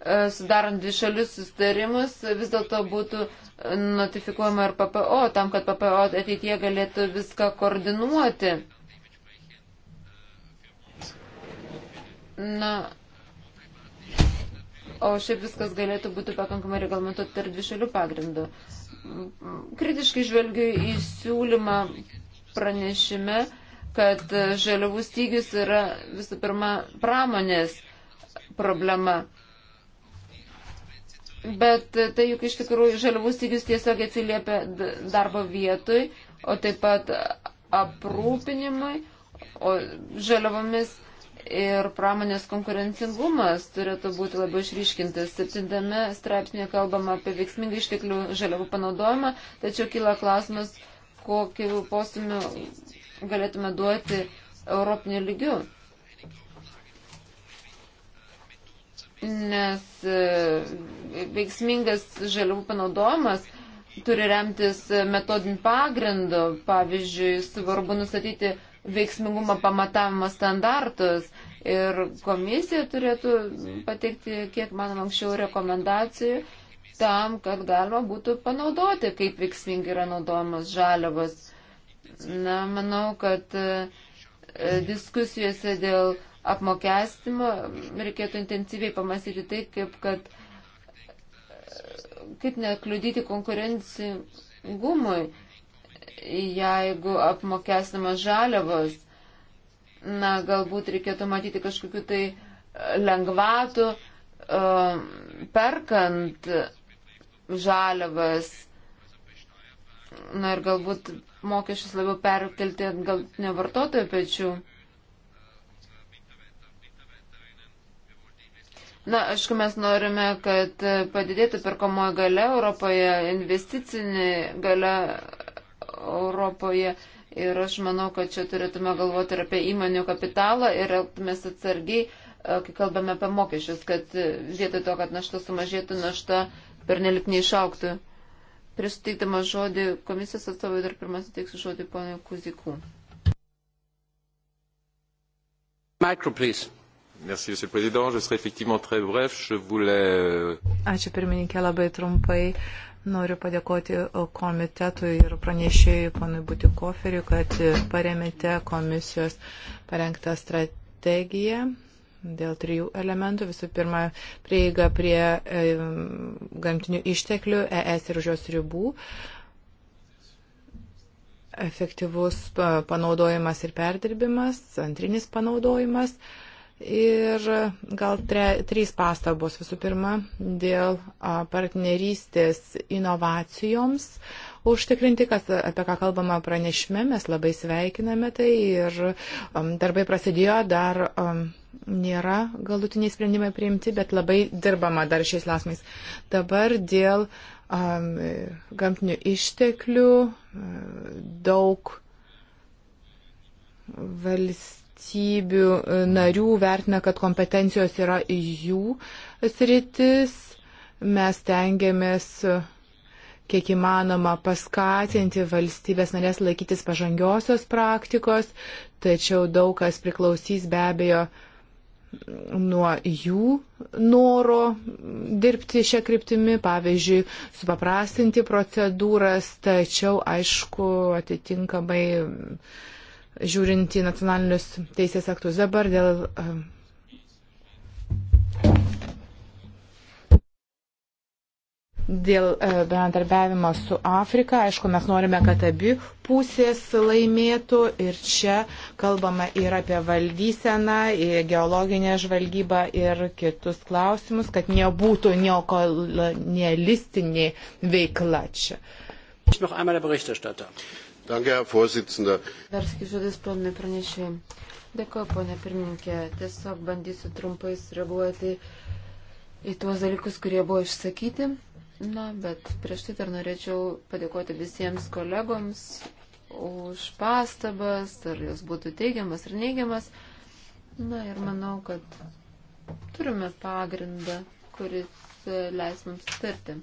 e, sudarant dvišalius sustarimus vis dėlto būtų notifikuojama ir PPO, tam, kad PPO ateitie galėtų viską koordinuoti. Na, o šiaip viskas galėtų būti pakankamai reglamentuoti tarp dvišalių pagrindų. Kritiškai žvelgiu į siūlymą pranešime, kad žaliavų stygius yra visų pirma pramonės problema. Bet tai juk iš tikrųjų žaliavų stygius tiesiog atsiliepia darbo vietui, o taip pat aprūpinimui, o žaliavomis ir pramonės konkurencingumas turėtų būti labiau išryškintas. Septintame straipsnėje kalbama apie veiksmingą išteklių žaliavų panaudojimą, tačiau kyla klausimas, kokiu postumiu galėtume duoti europiniu lygiu. Nes e, veiksmingas žaliavų panaudojimas turi remtis metodin pagrindu, pavyzdžiui, svarbu nustatyti veiksmingumo pamatavimo standartus ir komisija turėtų pateikti kiek manoma anksčiau rekomendacijų tam, kad galima būtų panaudoti, kaip veiksmingai yra naudojamos žaliavos. Na, manau, kad e, diskusijose dėl apmokestimo reikėtų intensyviai pamastyti tai, kaip, kad, e, kaip nekliudyti konkurencingumui jeigu apmokestinamas žaliavos, na, galbūt reikėtų matyti kažkokiu tai e, lengvatų, e, perkant žaliavas, na ir galbūt mokesčius labiau perkelti ant galtinio vartotojo pečių. Na, aišku, mes norime, kad padidėtų perkamoji gale Europoje, investicinė gale Europoje. Ir aš manau, kad čia turėtume galvoti ir apie įmonių kapitalą ir elgtumės atsargiai, e, kai kalbame apie mokesčius, kad e, vietoj to, kad našta sumažėtų, našta pernelik neišauktų. Prieš suteikdama žodį komisijos atstovui dar pirmas suteiksiu žodį ponui Kuzikų. Micro, please. Merci, Monsieur le Président. Je serai effectivement très bref. Je voulais. Euh, Ačiū pirmininkė, labai trumpai. Uh, Noriu padėkoti komitetui ir pranešėjui ponui Butikoferiui, kad paremėte komisijos parengtą strategiją dėl trijų elementų. Visų pirma, prieiga prie e, gamtinių išteklių ES ir už jos ribų, efektyvus panaudojimas ir perdirbimas, antrinis panaudojimas. E, Ir gal tre, trys pastabos. Visų pirma, dėl partnerystės inovacijoms užtikrinti, kas, apie ką kalbama pranešime, mes labai sveikiname tai ir um, darbai prasidėjo, dar um, nėra galutiniai sprendimai priimti, bet labai dirbama dar šiais lasmais. Dabar dėl um, gamtinių išteklių daug valstybės valstybių e, narių vertina, kad kompetencijos yra jų sritis. Mes tengiamės e, kiek įmanoma paskatinti valstybės narės laikytis pažangiosios praktikos, tačiau daug kas priklausys be abejo nuo jų noro dirbti šią kryptimį, pavyzdžiui, supaprastinti procedūras, tačiau, aišku, atitinkamai žiūrint į nacionalinius teisės aktus. Dabar dėl. E, dėl e, bendarbiavimo su Afrika, aišku, mes norime, kad abi pusės laimėtų ir čia kalbama ir apie valdyseną, ir geologinę žvalgybą ir kitus klausimus, kad nebūtų neokolonialistinė veikla čia. Ich noch einmal der Berichterstatter. Dar skaičiuodis planai pranešė. Dėkuoju, ponė pirmininkė. Tiesiog bandysiu trumpai sureaguoti į tuos dalykus, kurie buvo išsakyti. Na, bet prieš tai dar norėčiau padėkoti visiems kolegoms už pastabas, ar jos būtų teigiamas ar neigiamas. Na ir manau, kad turime pagrindą, kuris leis mums tarti.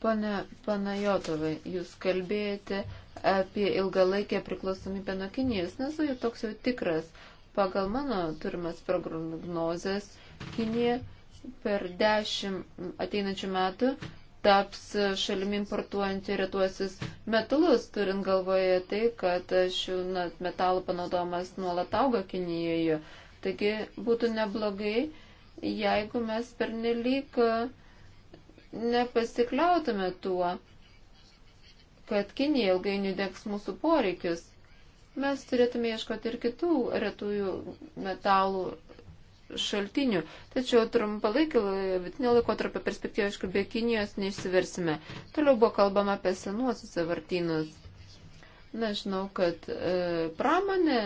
Pane Panajotovai, jūs kalbėjote apie ilgalaikę priklausomybę nuo Kinijos, nesu jau toks jau tikras. Pagal mano turimas prognozes, Kinija per dešimt ateinančių metų taps šalimi importuojantį retuosius metalus, turint galvoje tai, kad šių metalų panaudojimas nuolat auga Kinijoje. Taigi būtų neblogai, jeigu mes pernelyg uh, nepasikliautume tuo, kad Kinija ilgainiui degs mūsų poreikius. Mes turėtume ieškoti ir kitų retųjų metalų šaltinių. Tačiau trumpalaikį, vidutinio laikotarpio perspektyvą, aišku, be Kinijos neišsiversime. Toliau buvo kalbama apie senuosius savartynus. Na, žinau, kad e, pramonė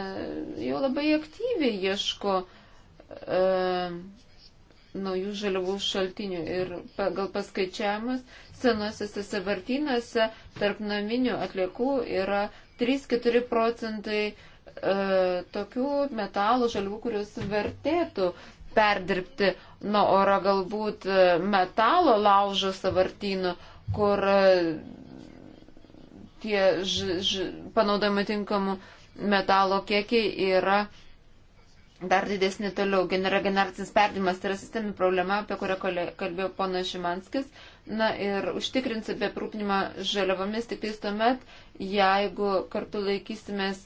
jau labai aktyviai ieško e, naujų žaliavų šaltinių. Ir pagal paskaičiavimus senosiuose savartynuose tarp naminių atliekų yra 3-4 procentai e, tokių metalų žaliavų, kuriuos vertėtų perdirbti nuo oro galbūt e, metalo laužo savartynų, kur e, tie ž, ž, panaudojami tinkamų metalo kiekiai yra dar didesnį toliau. Generacinis perdimas tai yra sisteminė problema, apie kurią kalbėjo pono Šimanskis. Na ir užtikrins apie prūpnimą žaliavomis tik tais tuomet, jeigu kartu laikysimės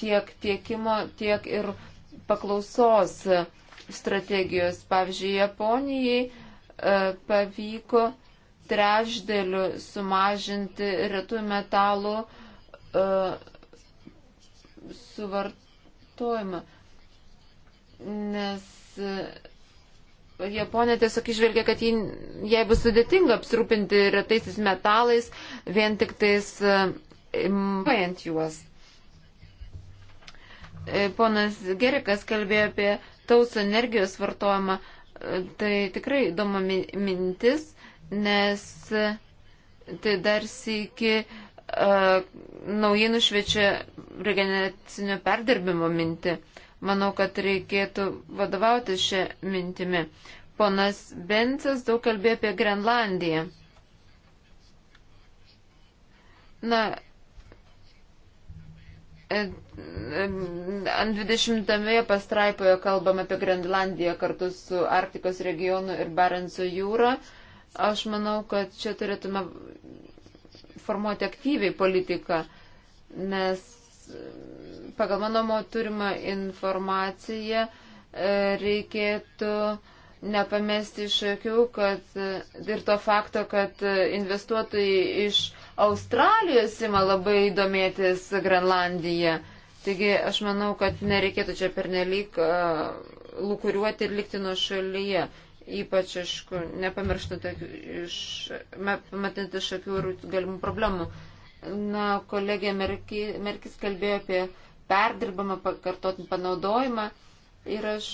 tiek tiekimo, tiek ir paklausos strategijos. Pavyzdžiui, Japonijai e, pavyko trešdėliu sumažinti retų metalų e, suvartojimą nes e, Japonija tiesiog išvelgia, kad jai, jai bus sudėtinga apsirūpinti retaisiais metalais, vien tik tais e, imant juos. E, ponas Gerikas kalbėjo apie tausų energijos vartojimą. Tai tikrai įdomu mintis, nes tai dar sėki uh, naujienų šviečia regeneracinio perdirbimo mintį. Uh, Manau, kad reikėtų vadovauti šią mintimį. Ponas Bencas daug kalbėjo apie Grenlandiją. Na, e, e, ant 20 pastraipoje kalbam apie Grenlandiją kartu su Arktikos regionu ir Barenco jūra. Aš manau, kad čia turėtume formuoti aktyviai politiką, nes pagal mano turimą informaciją e, reikėtų nepamesti iš akių, kad e, ir to fakto, kad e, investuotojai iš Australijos ima labai domėtis Grenlandiją. Taigi aš manau, kad nereikėtų čia pernelyg uh, lūkuriuoti ir likti nuo šalyje. Ypač, aišku, nepamirštant iš, matant iš akių ir galimų problemų. Uh, Na, kolegė Merkis kalbėjo apie perdirbamą, pakartotinį panaudojimą ir aš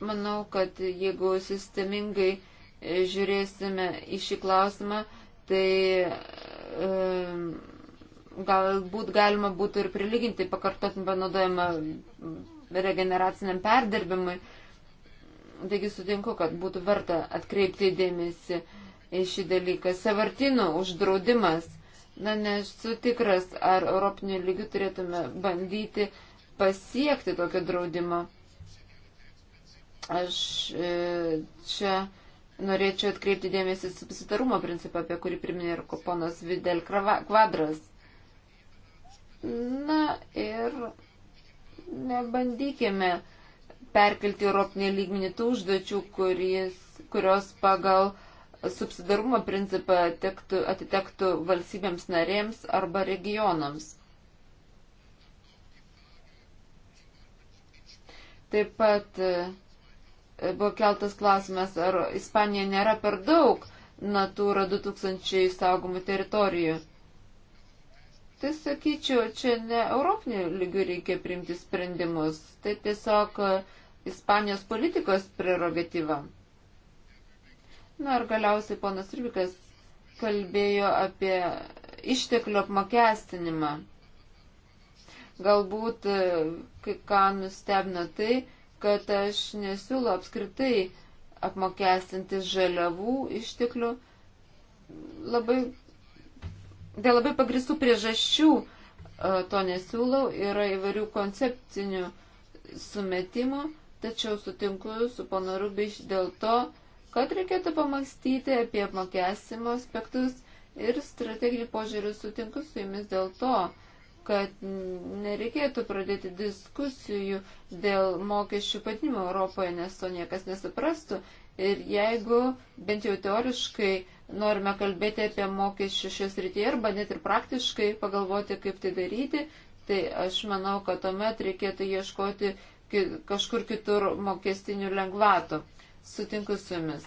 manau, kad jeigu sistemingai e, žiūrėsime į šį klausimą, tai e, galbūt galima būtų ir prilyginti pakartotinį panaudojimą regeneraciniam perdirbimui. Taigi sutinku, kad būtų verta atkreipti dėmesį į šį dalyką. Savartino uždraudimas Na, nesu tikras, ar europinių lygių turėtume bandyti pasiekti tokio draudimo. Aš e, čia norėčiau atkreipti dėmesį subsidarumo principą, apie kurį priminė ir ponas Videl Kvadras. Na ir nebandykime perkelti europinį lygmenį tų užduočių, kuris, kurios pagal uh, subsidarumo principą tektų, atitektų valstybėms narėms arba regionams. Taip pat e, buvo keltas klausimas, ar Ispanija nėra per daug Natūra 2000 saugomų teritorijų. Tai sakyčiau, čia ne Europinių lygių reikia priimti sprendimus, tai tiesiog Ispanijos politikos prerogatyva. Na ir galiausiai ponas Rybikas kalbėjo apie išteklių apmokestinimą. Galbūt e, kai ką nustebino tai, kad aš nesiūlau apskritai apmokestinti žaliavų išteklių labai, dėl labai pagristų priežasčių e, to nesiūlau, yra įvairių koncepcinių sumetimų, tačiau sutinku su panarubiš dėl to, kad reikėtų pamastyti apie apmokestimo aspektus ir strateginį požiūrį sutinku su jumis dėl to, kad nereikėtų pradėti diskusijų dėl mokesčių padinimo Europoje, nes to niekas nesuprastų. Ir jeigu bent jau teoriškai norime kalbėti apie mokesčių šios rytyje arba net ir praktiškai pagalvoti, kaip tai daryti, tai aš manau, kad tuomet reikėtų ieškoti kažkur kitur mokestinių lengvatų sutinku su jumis.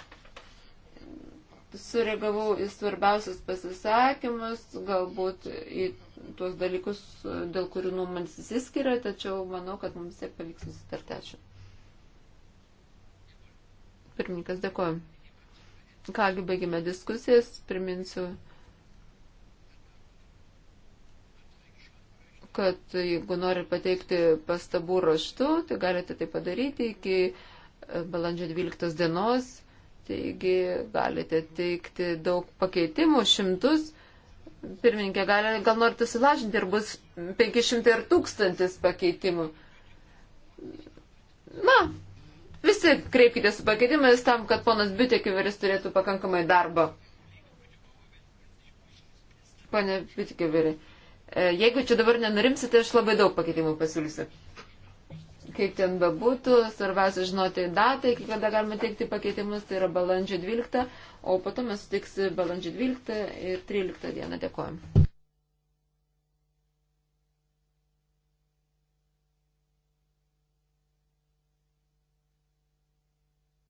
Sureagavau į svarbiausius pasisakymus, galbūt į tuos dalykus, dėl kurių nuomonės įsiskiria, tačiau manau, kad mums tiek pavyks susitarti. Ačiū. Pirmininkas, dėkoju. Kągi, baigime diskusijas. Priminsiu, kad jeigu norit pateikti pastabų raštu, tai galite tai padaryti iki balandžio 12 dienos, taigi galite teikti daug pakeitimų, šimtus. Pirmininkė, gal, gal norite sumažinti ir bus 500 ir 1000 pakeitimų. Na, visi kreipkite su pakeitimais tam, kad ponas Biutekiveris turėtų pakankamai darbo. Pane Biutekiveri, e, jeigu čia dabar nenurimsite, aš labai daug pakeitimų pasiūlysiu. Kaip ten bebūtų, svarbiausia žinoti datą, iki kada galima teikti pakeitimus, tai yra balandžio 12, o po to mes sutiks balandžio 12 ir 13 dieną. Dėkuoju.